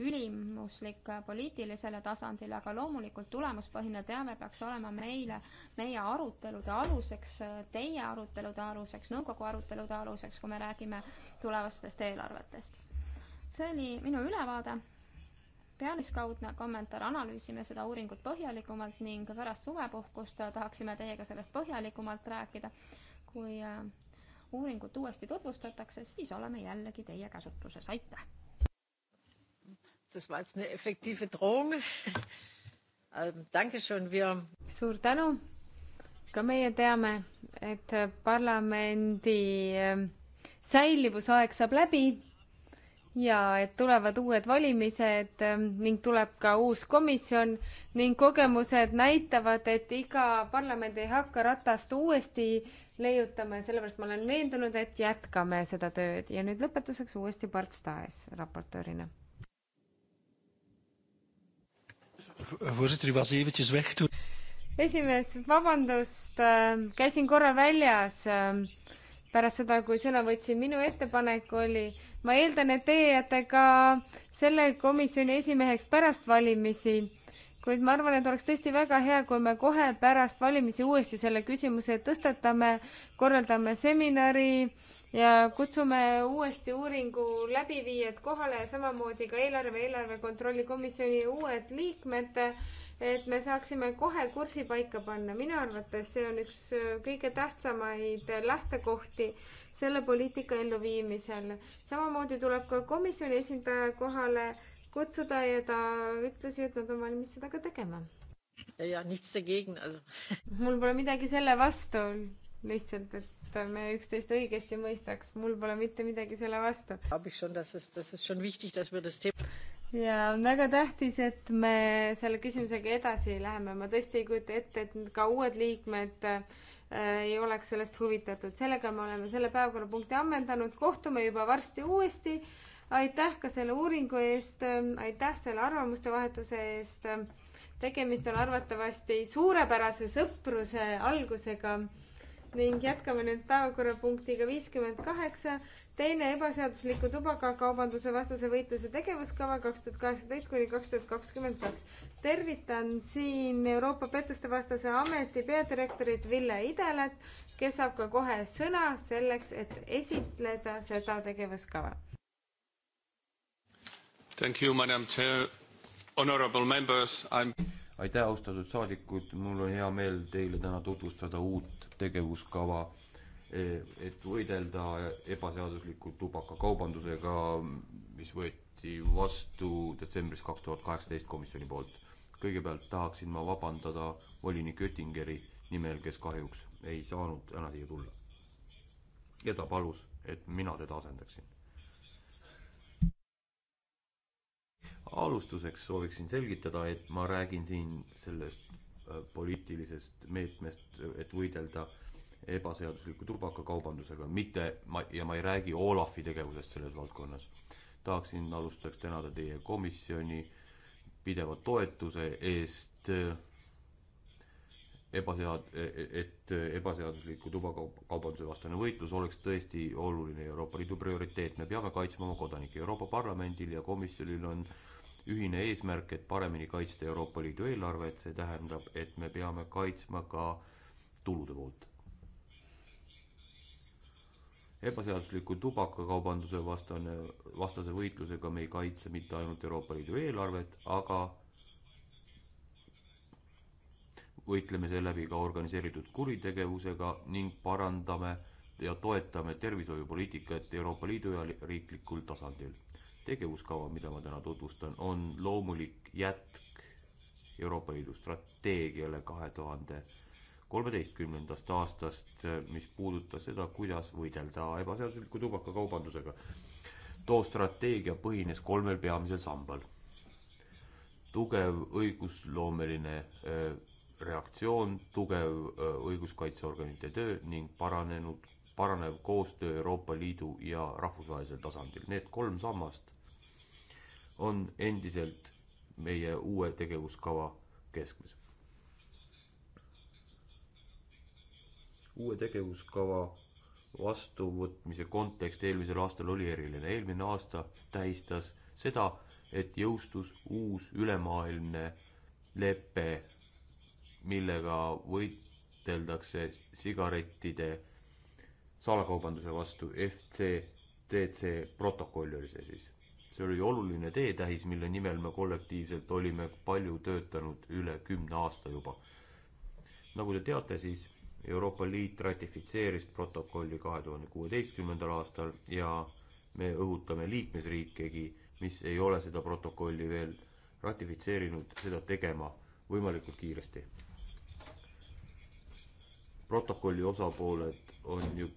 ülimuslik poliitilisele tasandile, aga loomulikult tulemuspõhine teave peaks olema meile, meie arutelude aluseks, teie arutelude aluseks, nõukogu arutelude aluseks, kui me räägime tulevastest eelarvetest see oli minu ülevaade, pealiskaudne kommentaar, analüüsime seda uuringut põhjalikumalt ning pärast suvepuhkust tahaksime teiega sellest põhjalikumalt rääkida. kui äh, uuringut uuesti tutvustatakse, siis oleme jällegi teie käsutuses, aitäh! Das war jetzt eine effektive Drohung. Ähm, Dankeschön, wir. suur tänu. ka meie teame, et parlamendi äh, säilivusaeg saab läbi ja et tulevad uued valimised ähm, ning tuleb ka uus komisjon ning kogemused näitavad, et iga parlament ei hakka ratast uuesti leiutama ja sellepärast ma olen veendunud, et jätkame seda tööd ja nüüd lõpetuseks uuesti Bart Staes raportöörina. esimees, vabandust, ähm, käisin korra väljas ähm, pärast seda, kui sõna võtsin, minu ettepanek oli, ma eeldan, et teie jääte ka selle komisjoni esimeheks pärast valimisi, kuid ma arvan, et oleks tõesti väga hea, kui me kohe pärast valimisi uuesti selle küsimuse tõstatame, korraldame seminari ja kutsume uuesti uuringu läbiviijad kohale ja samamoodi ka eelarve, eelarve kontrolli komisjoni uued liikmed, et me saaksime kohe kursi paika panna. minu arvates see on üks kõige tähtsamaid lähtekohti selle poliitika elluviimisel. samamoodi tuleb ka komisjoni esindaja kohale kutsuda ja ta ütles ju, et nad on valmis seda ka tegema. ja nichts dagegen also. mul pole midagi selle vastu, lihtsalt, et me üksteist õigesti mõistaks, mul pole mitte midagi selle vastu. ja on väga tähtis, et me selle küsimusega edasi läheme, ma tõesti ei kujuta ette, et ka uued liikmed äh, Äh, ei oleks sellest huvitatud. sellega me oleme selle päevakorrapunkti ammendanud, kohtume juba varsti uuesti. aitäh ka selle uuringu eest, aitäh selle arvamuste vahetuse eest. tegemist on arvatavasti suurepärase sõpruse algusega ning jätkame nüüd päevakorrapunktiga viiskümmend kaheksa teine ebaseadusliku tubakakaubanduse vastase võitluse tegevuskava kaks tuhat kaheksateist kuni kaks tuhat kakskümmend kaks. tervitan siin Euroopa Pettuste Vastase Ameti peadirektorit Ville Idelat, kes saab ka kohe sõna selleks, et esitleda seda tegevuskava. Thank you, madam chair, honorable members, I am aitäh, austatud saadikud, mul on hea meel teile täna tutvustada uut tegevuskava Eh, et võidelda ebaseadusliku tubakakaubandusega, mis võeti vastu detsembris kaks tuhat kaheksateist komisjoni poolt. kõigepealt tahaksin ma vabandada volinik Oettingeri nimel, kes kahjuks ei saanud täna siia tulla. ja ta palus, et mina teda asendaksin. alustuseks sooviksin selgitada, et ma räägin siin sellest äh, poliitilisest meetmest, et võidelda äh, ebaseadusliku tubakakaubandusega, mitte ma, ja ma ei räägi Olafi tegevusest selles valdkonnas. tahaksin alustuseks tänada teie komisjoni pideva toetuse eest äh, ebasead-, äh, äh, et ebaseadusliku tubakakaubanduse vastane võitlus oleks tõesti oluline Euroopa Liidu prioriteet, me peame kaitsma oma kodanikke, Euroopa Parlamendil ja komisjonil on ühine eesmärk, et paremini kaitsta Euroopa Liidu eelarvet, see tähendab, et me peame kaitsma ka tulude poolt ebaseadusliku tubakakaubanduse vastane, vastase võitlusega me ei kaitse mitte ainult Euroopa Liidu eelarvet, aga võitleme seeläbi ka organiseeritud kuritegevusega ning parandame ja toetame tervishoiupoliitikat Euroopa Liidu ja riiklikul tasandil. tegevuskava, mida ma täna tutvustan, on loomulik jätk Euroopa Liidu strateegiale kahe tuhande kolmeteistkümnendast aastast, mis puudutas seda, kuidas võidelda ebaseadusliku tubakakaubandusega. too strateegia põhines kolmel peamisel sambal. tugev õigusloomeline äh, reaktsioon, tugev äh, õiguskaitseorganite töö ning paranenud, paranev koostöö Euroopa Liidu ja rahvusvahelisel tasandil. Need kolm sammast on endiselt meie uue tegevuskava keskmes. uue tegevuskava vastuvõtmise kontekst eelmisel aastal oli eriline. eelmine aasta tähistas seda, et jõustus uus ülemaailmne lepe, millega võiteldakse sigarettide salakaubanduse vastu, FCTC protokoll oli see siis. see oli oluline teetähis, mille nimel me kollektiivselt olime palju töötanud, üle kümne aasta juba. nagu te teate, siis Euroopa Liit ratifitseeris protokolli kahe tuhande kuueteistkümnendal aastal ja me õhutame liikmesriikegi, mis ei ole seda protokolli veel ratifitseerinud, seda tegema võimalikult kiiresti. protokolli osapooled on ju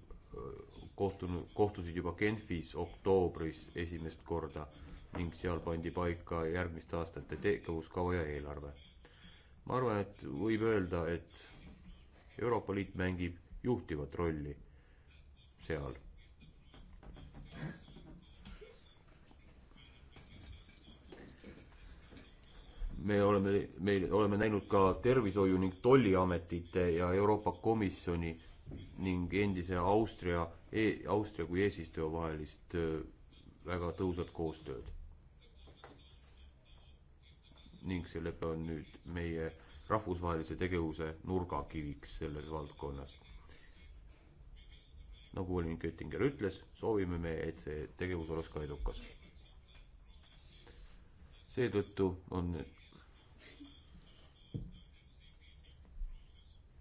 kohtunud, kohtusid juba Genfis oktoobris esimest korda ning seal pandi paika järgmiste aastate tegevuskava ja eelarve. ma arvan, et võib öelda, et Euroopa Liit mängib juhtivat rolli seal. me oleme, me oleme näinud ka Tervishoiu ning Tolliametite ja Euroopa Komisjoni ning endise Austria e, Austria kui eesistuja vahelist väga tõhusat koostööd. ning see lepe on nüüd meie rahvusvahelise tegevuse nurgakiviks selles valdkonnas. nagu volinik Oettinger ütles, soovime me, et see tegevus oleks ka edukas. seetõttu on,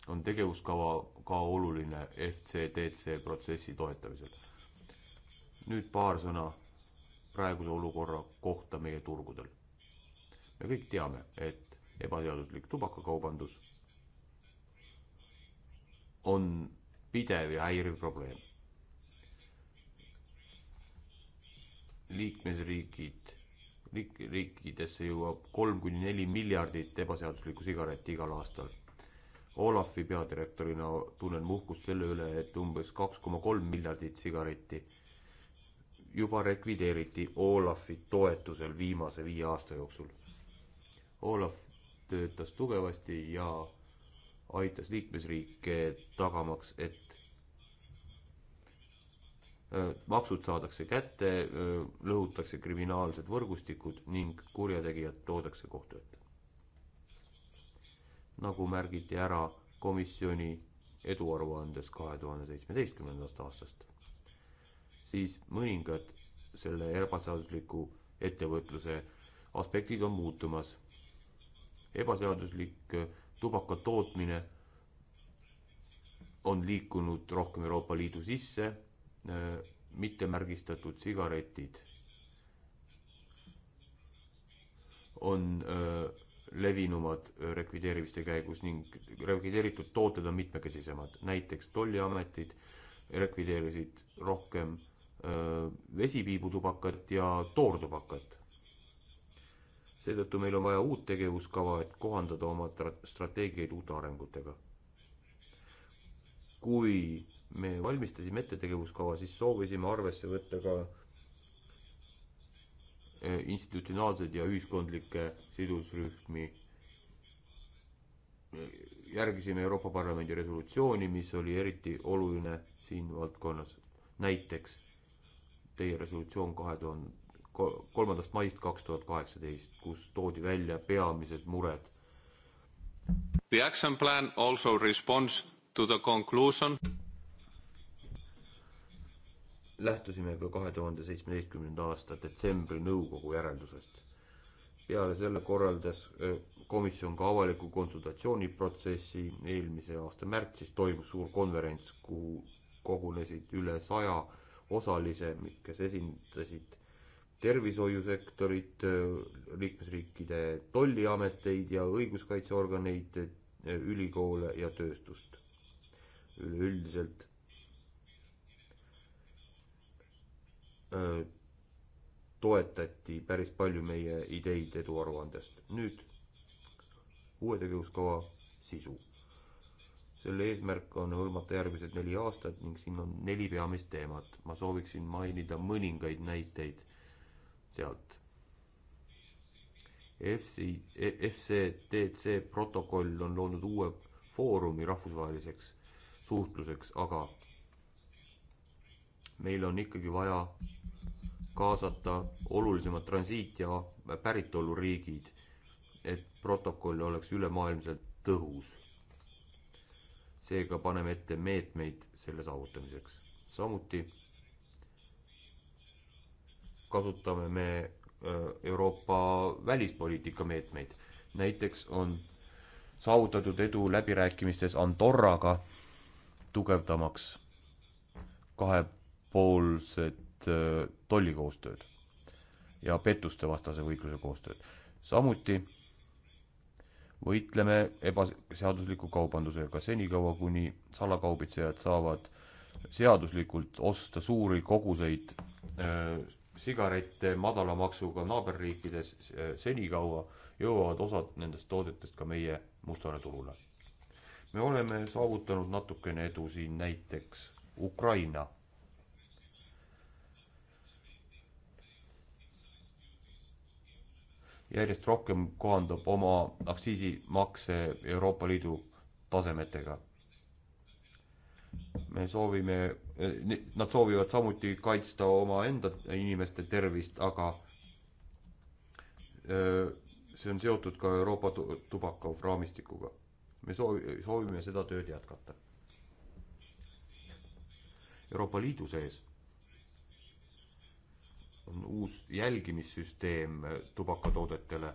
on tegevuskava ka oluline FCDC protsessi toetamisel. nüüd paar sõna praeguse olukorra kohta meie turgudel. me kõik teame, et ebaseaduslik tubakakaubandus on pidev ja häiriv probleem. liikmesriigid, riik, riikidesse jõuab kolm kuni neli miljardit ebaseaduslikku sigareti igal aastal. Olafi peadirektorina tunnen uhkust selle üle, et umbes kaks koma kolm miljardit sigaretti juba rekvideeriti Olafi toetusel viimase viie aasta jooksul. Olaf töötas tugevasti ja aitas liikmesriike tagamaks, et maksud saadakse kätte, lõhutakse kriminaalsed võrgustikud ning kurjategijad toodakse kohtu ette. nagu märgiti ära komisjoni eduaruandes kahe tuhande seitsmeteistkümnendast aastast, siis mõningad selle ebaseadusliku ettevõtluse aspektid on muutumas ebaseaduslik eh, tubaka tootmine on liikunud rohkem Euroopa Liidu sisse, eh, mittemärgistatud sigaretid on öö, eh, levinumad rekvideerimiste käigus ning rekvideeritud tooted on mitmekesisemad, näiteks tolliametid rekvideerisid rohkem öö, vesipiibutubakat ja toortubakat seetõttu meil on vaja uut tegevuskava, et kohandada oma strateegiaid uute arengutega. kui me valmistasime ette tegevuskava, siis soovisime arvesse võtta ka e, institutsionaalseid ja ühiskondlikke sidusrühmi. E, järgisime Euroopa Parlamendi resolutsiooni, mis oli eriti oluline siin valdkonnas. näiteks teie resolutsioon kahe tuhande kolmandast maist kaks tuhat kaheksateist, kus toodi välja peamised mured. The action plan also responds to the conclusion. lähtusime ka kahe tuhande seitsmeteistkümnenda aasta detsembri nõukogu järeldusest. peale selle korraldas komisjon ka avaliku konsultatsiooniprotsessi, eelmise aasta märtsis toimus suur konverents, kuhu kogunesid üle saja osalise, kes esindasid tervishoiusektorit, liikmesriikide tolliameteid ja õiguskaitseorganeid, ülikoole ja tööstust üleüldiselt. toetati päris palju meie ideid eduaruandest. nüüd uue tegevuskava sisu. selle eesmärk on hõlmata järgmised neli aastat ning siin on neli peamist teemat. ma sooviksin mainida mõningaid näiteid sealt. FC, FCTC protokoll on loonud uue foorumi rahvusvaheliseks suhtluseks, aga meil on ikkagi vaja kaasata olulisemad transiit- ja päritoluriigid, et protokoll oleks ülemaailmselt tõhus. seega paneme ette meetmeid selle saavutamiseks. samuti kasutame me Euroopa välispoliitika meetmeid. näiteks on saavutatud edu läbirääkimistes Andorraga, tugevdamaks kahepoolset tollikoostööd ja pettuste vastase võitluse koostööd. samuti võitleme ebaseadusliku kaubandusega senikaua, kuni salakaubitsejad saavad seaduslikult osta suuri koguseid öö, sigarette madala maksuga naaberriikides eh, senikaua jõuavad osad nendest toodetest ka meie mustale turule. me oleme saavutanud natukene edu siin näiteks Ukraina. järjest rohkem kohandab oma aktsiisimakse Euroopa Liidu tasemetega me soovime, eh, nad soovivad samuti kaitsta omaenda inimeste tervist, aga eh, see on seotud ka Euroopa tubakaraamistikuga. me soovi, soovime seda tööd jätkata. Euroopa Liidu sees on uus jälgimissüsteem tubakatoodetele eh,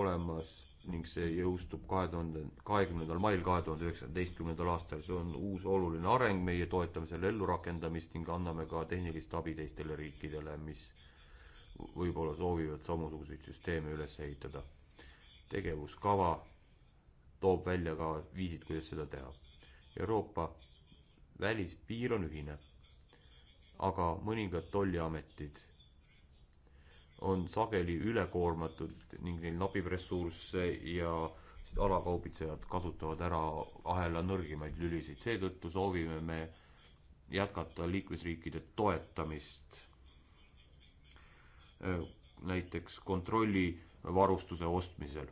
olemas ning see jõustub kahe tuhande kahekümnendal mail kahe tuhande üheksateistkümnendal aastal. see on uus oluline areng, meie toetame selle ellurakendamist ning anname ka tehnilist abi teistele riikidele, mis võib-olla soovivad samasuguseid süsteeme üles ehitada. tegevuskava toob välja ka viisid, kuidas seda teha. Euroopa välispiir on ühine, aga mõningad tolliametid on sageli ülekoormatud ning neil napib ressursse ja alakaubitsejad kasutavad ära ahela nõrgimaid lülisid. seetõttu soovime me jätkata liikmesriikide toetamist näiteks kontrolli varustuse ostmisel.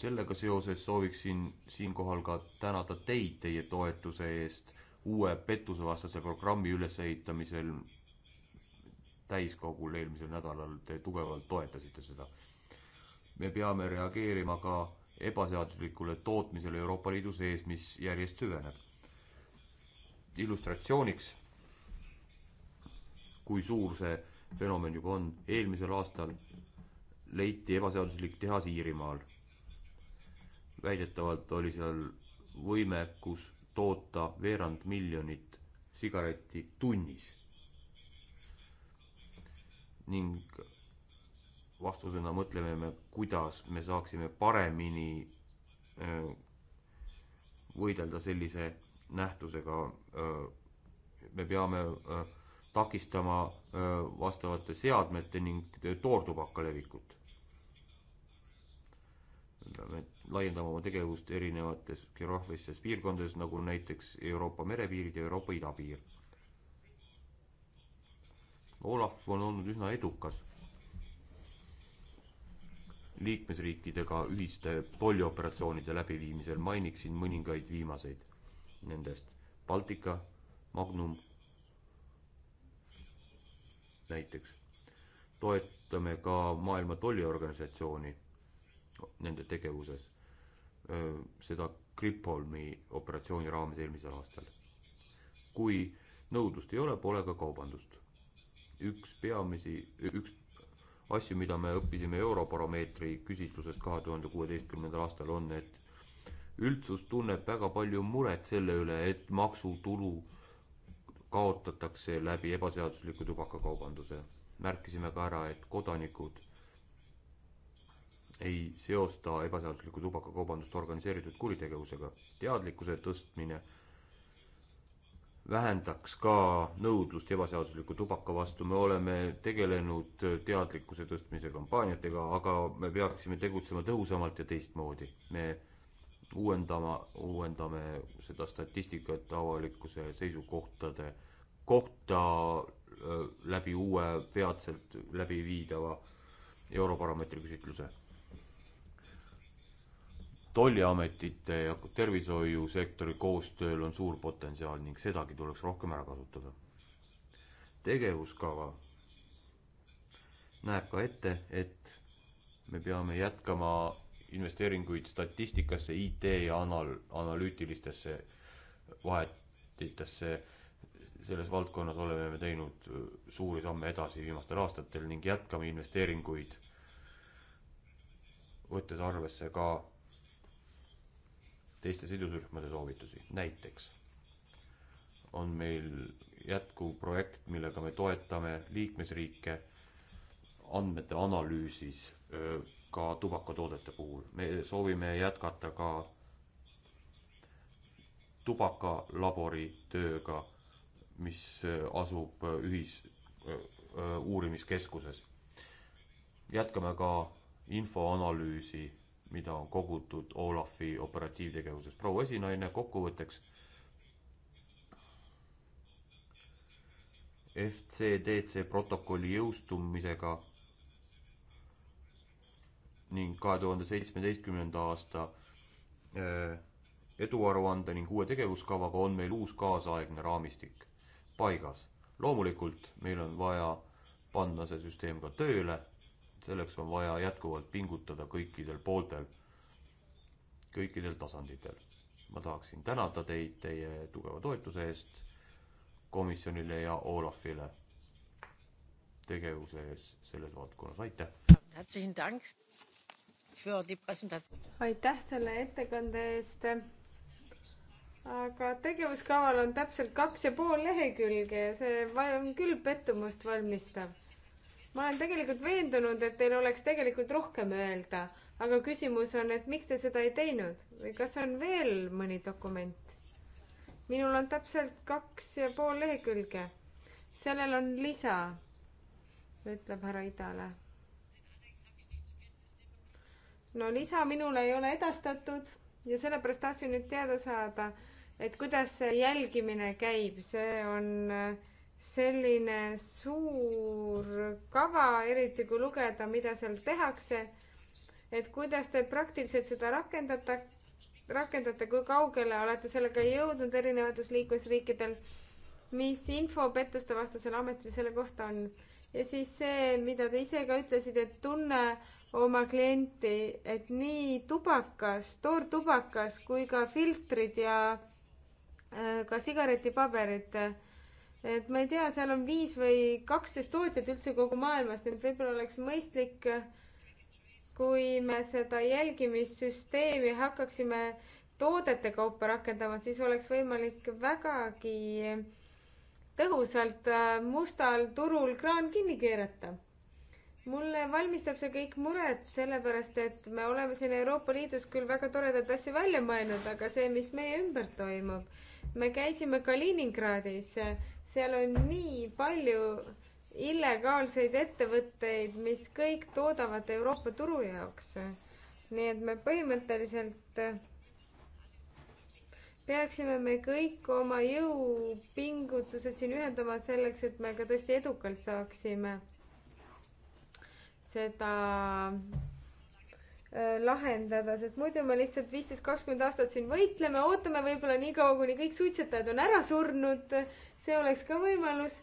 sellega seoses sooviksin siinkohal ka tänada teid teie toetuse eest uue pettusevastase programmi ülesehitamisel täiskogul eelmisel nädalal te tugevalt toetasite seda. me peame reageerima ka ebaseaduslikule tootmisele Euroopa Liidu sees, mis järjest süveneb. illustratsiooniks, kui suur see fenomen juba on, eelmisel aastal leiti ebaseaduslik tehas Iirimaal. väidetavalt oli seal võimekus toota veerand miljonit sigaretti tunnis. ning vastusena mõtleme me, kuidas me saaksime paremini äh, võidelda sellise nähtusega. Äh, me peame äh, takistama vastavate seadmete ning toortubaka levikut. me peame laiendama oma tegevust erinevates geograafilistes piirkondades, nagu näiteks Euroopa merepiirid ja Euroopa idapiir. Olav on olnud üsna edukas liikmesriikidega ühiste tollioperatsioonide läbiviimisel, mainiksin mõningaid viimaseid nendest. Baltika, Magnum näiteks. toetame ka Maailma Tolliorganisatsiooni nende tegevuses seda Gripolmi operatsiooni raames eelmisel aastal. kui nõudlust ei ole, pole ka kaubandust. üks peamisi, üks asju, mida me õppisime Eurobaromeetri küsitlusest kahe tuhande kuueteistkümnendal aastal, on, et üldsus tunneb väga palju muret selle üle, et maksutulu kaotatakse läbi ebaseadusliku tubakakaubanduse. märkisime ka ära, et kodanikud ei seosta ebaseaduslikku tubakakaubandust organiseeritud kuritegevusega. teadlikkuse tõstmine vähendaks ka nõudlust ebaseadusliku tubaka vastu, me oleme tegelenud teadlikkuse tõstmise kampaaniatega, aga me peaksime tegutsema tõhusamalt ja teistmoodi. me uuendama, uuendame seda statistikat avalikkuse seisukohtade kohta äh, läbi uue, peatselt läbi viidava Eurobaromeetri küsitluse tolliametite ja tervishoiusektori koostööl on suur potentsiaal ning sedagi tuleks rohkem ära kasutada. tegevuskava näeb ka ette, et me peame jätkama investeeringuid statistikasse, IT ja anal-, analüütilistesse vahetitesse, selles valdkonnas oleme me teinud suuri samme edasi viimastel aastatel ning jätkame investeeringuid, võttes arvesse ka teiste sidusrühmade soovitusi. näiteks on meil jätkuv projekt, millega me toetame liikmesriike andmete analüüsis ka tubakatoodete puhul. me soovime jätkata ka tubakalabori tööga, mis asub ühis uurimiskeskuses. jätkame ka infoanalüüsi mida on kogutud Olafi operatiivtegevuses. proua esinaine, kokkuvõtteks. FCDC protokolli jõustumisega ning kahe tuhande seitsmeteistkümnenda aasta äh, eduaruande ning uue tegevuskavaga on meil uus kaasaegne raamistik paigas. loomulikult meil on vaja panna see süsteem ka tööle selleks on vaja jätkuvalt pingutada kõikidel pooltel, kõikidel tasanditel. ma tahaksin tänada teid teie tugeva toetuse eest komisjonile ja Olafile tegevuse ees selles valdkonnas, aitäh! aitäh selle ettekande eest aga tegevuskaval on täpselt kaks ja pool lehekülge ja see on küll pettumust valmistav ma olen tegelikult veendunud, et teil oleks tegelikult rohkem öelda, aga küsimus on, et miks te seda ei teinud või kas on veel mõni dokument? minul on täpselt kaks ja pool lehekülge. sellel on lisa, ütleb härra Idale. no lisa minule ei ole edastatud ja sellepärast tahtsin nüüd teada saada, et kuidas see jälgimine käib, see on äh, selline suur kava, eriti kui lugeda, mida seal tehakse, et kuidas te praktiliselt seda rakendate, rakendate, kui kaugele olete sellega jõudnud erinevates liikmesriikidel, mis info pettuste vastasel ametil selle kohta on? ja siis see, mida te ise ka ütlesite, et tunne oma klienti, et nii tubakas, toortubakas kui ka filtrid ja äh, ka sigaretipaberid äh, et ma ei tea, seal on viis või kaksteist tootjat üldse kogu maailmas, nii et võib-olla oleks mõistlik, kui me seda jälgimissüsteemi hakkaksime toodete kaupa rakendama, siis oleks võimalik vägagi tõhusalt äh, mustal turul kraan kinni keerata. mulle valmistab see kõik muret, sellepärast et me oleme siin Euroopa Liidus küll väga toredaid asju välja mõelnud, aga see, mis meie ümber toimub, me käisime Kaliningradis seal on nii palju illegaalseid ettevõtteid, mis kõik toodavad Euroopa turu jaoks. nii et me põhimõtteliselt peaksime me kõik oma jõupingutused siin ühendama selleks, et me ka tõesti edukalt saaksime seda Äh, lahendada, sest muidu me lihtsalt viisteist, kakskümmend aastat siin võitleme, ootame võib-olla nii kaua, kuni kõik suitsetajad on ära surnud. see oleks ka võimalus.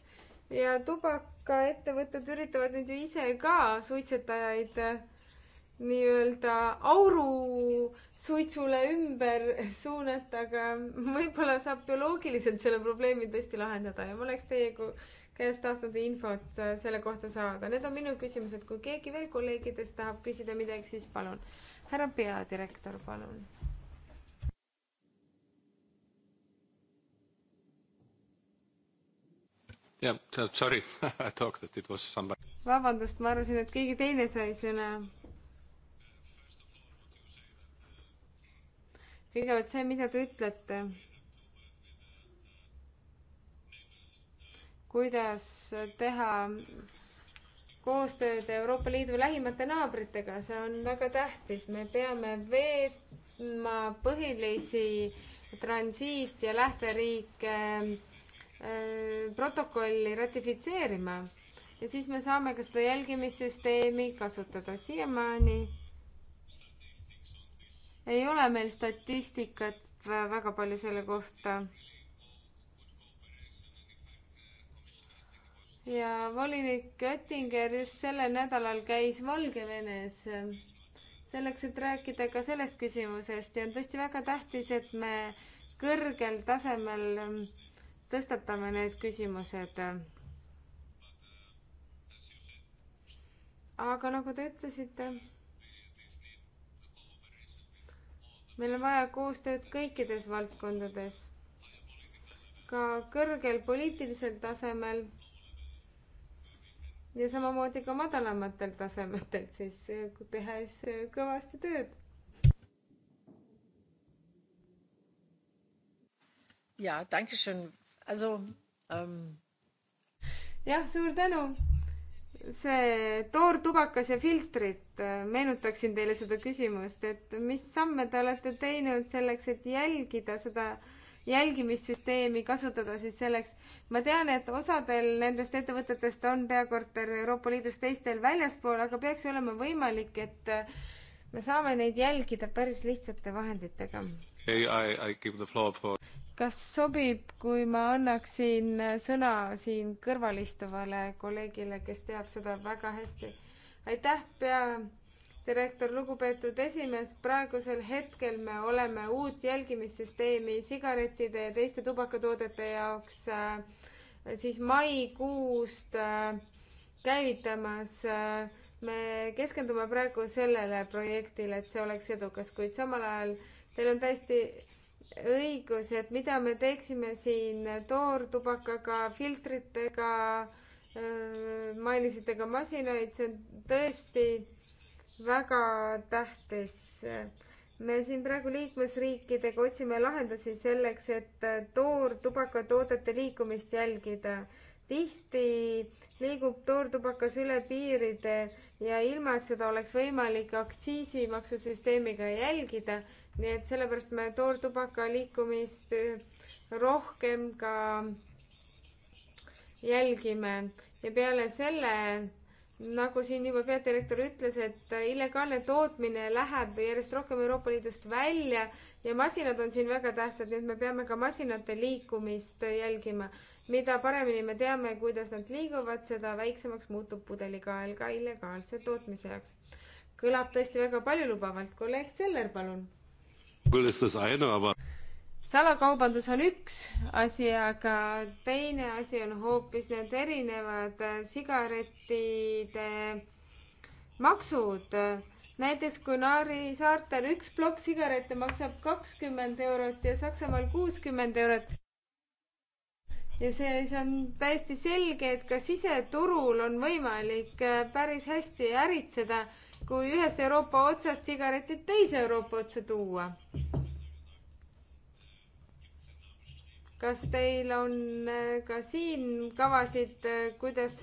ja tubakaettevõtted üritavad nüüd ju ise ka suitsetajaid äh, nii-öelda auru suitsule ümber suunata, aga võib-olla saab bioloogiliselt selle probleemi tõesti lahendada ja ma oleks teiega kui kes tahtnud infot äh, selle kohta saada. Need on minu küsimused, kui keegi veel kolleegidest tahab küsida midagi, siis palun. härra peadirektor, palun. jah yeah,, sorry I thought that it was somebody. vabandust, ma arvasin, et keegi teine sai sõna. kõigepealt see, mida te ütlete kuidas teha koostööd Euroopa Liidu lähimate naabritega, see on väga tähtis, me peame veetma põhilisi transiit- ja lähteriike äh, protokolli ratifitseerima ja siis me saame ka seda jälgimissüsteemi kasutada. siiamaani ei ole meil statistikat väga palju selle kohta ja volinik Oettinger just sellel nädalal käis Valgevenes selleks, et rääkida ka sellest küsimusest ja on tõesti väga tähtis, et me kõrgel tasemel tõstatame need küsimused. aga nagu te ütlesite, meil on vaja koostööd kõikides valdkondades, ka kõrgel poliitilisel tasemel ja samamoodi ka madalamatel tasemetel siis äh, tehes äh, kõvasti tööd. ja, dankeschön, also um.... jah, suur tänu. see toortubakas ja filtrid, äh, meenutaksin teile seda küsimust, et mis samme te olete teinud selleks, et jälgida seda äh, jälgimissüsteemi kasutada siis selleks. ma tean, et osadel nendest ettevõtetest on peakorter Euroopa Liidus, teistel väljaspool, aga peaks olema võimalik, et äh, me saame neid jälgida päris lihtsate vahenditega. kas sobib, kui ma annaksin sõna siin kõrval istuvale kolleegile, kes teab seda väga hästi? aitäh, pea direktor, lugupeetud esimees, praegusel hetkel me oleme uut jälgimissüsteemi sigarettide ja teiste tubakatoodete jaoks äh, siis maikuust äh, käivitamas äh, me keskendume praegu sellele projektile, et see oleks edukas, kuid samal ajal teil on täiesti õigus, et mida me teeksime siin toortubakaga, filtritega, äh, mailisite ka masinaid, see on tõesti väga tähtis. me siin praegu liikmesriikidega otsime lahendusi selleks, et toortubakatoodete liikumist jälgida. tihti liigub toortubakas üle piiride ja ilma, et seda oleks võimalik aktsiisimaksusüsteemiga jälgida, nii et sellepärast me toortubaka liikumist rohkem ka jälgime ja peale selle nagu siin juba peadirektor ütles, et illegaalne tootmine läheb järjest rohkem Euroopa Liidust välja ja masinad on siin väga tähtsad, nii et me peame ka masinate liikumist jälgima. mida paremini me teame, kuidas nad liiguvad, seda väiksemaks muutub pudelikael ka illegaalse tootmise jaoks. kõlab tõesti väga paljulubavalt. kolleeg Seller, palun salakaubandus on üks asi, aga teine asi on hoopis need erinevad äh, sigarettide maksud. näiteks kui Naari saartel üks plokk sigarette maksab kakskümmend eurot ja Saksamaal kuuskümmend eurot ja see, see on täiesti selge, et ka siseturul on võimalik äh, päris hästi äritseda, kui ühest Euroopa otsast sigaretid teise Euroopa otsa tuua. kas teil on äh, ka siin kavasid, äh, kuidas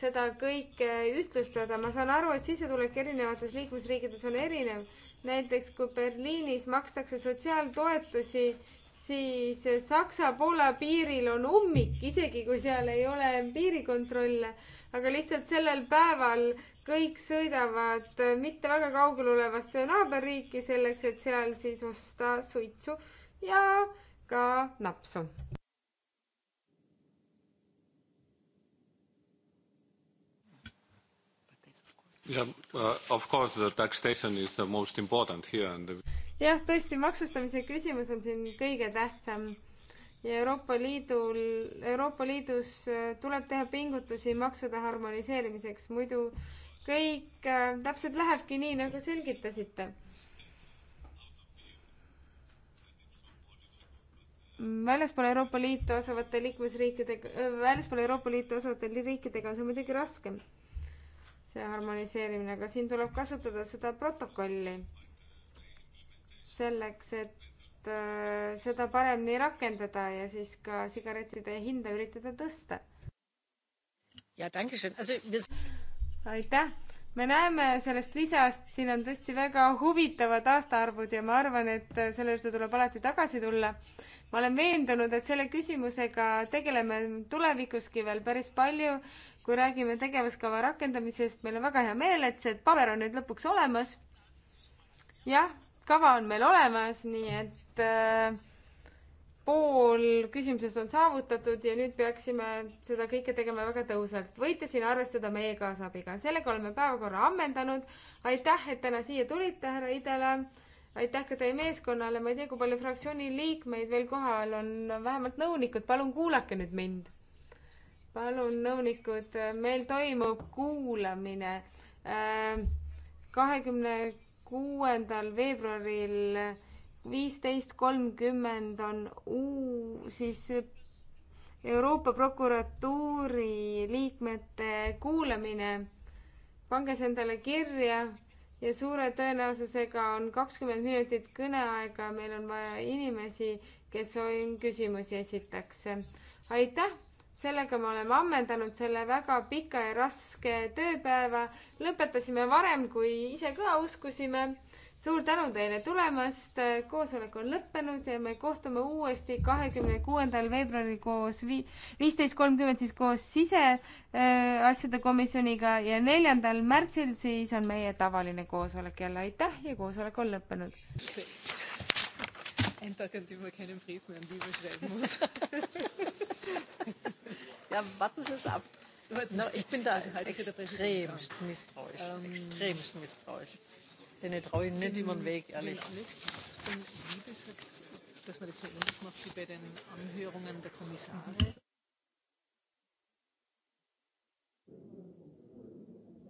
seda kõike ühtlustada, ma saan aru, et sissetulek erinevates liikmesriikides on erinev. näiteks kui Berliinis makstakse sotsiaaltoetusi, siis Saksa-Poola piiril on ummik, isegi kui seal ei ole piirikontrolle, aga lihtsalt sellel päeval kõik sõidavad äh, mitte väga kaugel olevasse naaberriiki selleks, et seal siis osta suitsu ja ka napsu. Uh, jah yeah,, tõesti, maksustamise küsimus on siin kõige tähtsam ja Euroopa Liidul, Euroopa Liidus äh, tuleb teha pingutusi maksude harmoniseerimiseks, muidu kõik äh, täpselt lähebki nii, nagu selgitasite väljaspool Euroopa Liitu asuvate liikmesriikidega, väljaspool Euroopa Liitu asuvate riikidega on see muidugi raskem, see harmoniseerimine, aga siin tuleb kasutada seda protokolli selleks, et äh, seda paremini rakendada ja siis ka sigarettide hinda üritada tõsta. aitäh, me näeme sellest lisast, siin on tõesti väga huvitavad aastaarvud ja ma arvan, et selle juurde tuleb alati tagasi tulla ma olen veendunud, et selle küsimusega tegeleme tulevikuski veel päris palju. kui räägime tegevuskava rakendamisest, meil on väga hea meel, et see paber on nüüd lõpuks olemas. jah, kava on meil olemas, nii et äh, pool küsimusest on saavutatud ja nüüd peaksime seda kõike tegema väga tõhusalt. võite siin arvestada meie kaasabiga. sellega oleme päevakorra ammendanud. aitäh, et täna siia tulite, härra Idele aitäh ka teie meeskonnale, ma ei tea, kui palju fraktsiooni liikmeid veel kohal on, vähemalt nõunikud, palun kuulake nüüd mind. palun, nõunikud, meil toimub kuulamine ähm, kahekümne kuuendal veebruaril viisteist kolmkümmend on uu-, siis Euroopa prokuratuuri liikmete kuulamine. pange see endale kirja ja suure tõenäosusega on kakskümmend minutit kõneaega, meil on vaja inimesi, kes on küsimusi esitaks. aitäh, sellega me oleme ammendanud selle väga pika ja raske tööpäeva. lõpetasime varem, kui ise ka uskusime suur tänu teile tulemast, koosolek on lõppenud ja me kohtume uuesti kahekümne kuuendal veebruaril koos vi-, viisteist kolmkümmend siis koos siseasjade äh, komisjoniga ja neljandal märtsil siis on meie tavaline koosolek jälle, aitäh ja koosolek on lõppenud. En da könnt ihr mir keinen Brief mehr an die schreiben muss. ja, warten Sie es ab. No, ich bin da also halt extremst misstrauisch. Ähm, extremst misstrauisch denen traue ich nicht über den Weg, ehrlich. Dass man das so ähnlich macht wie bei den Anhörungen der Kommissare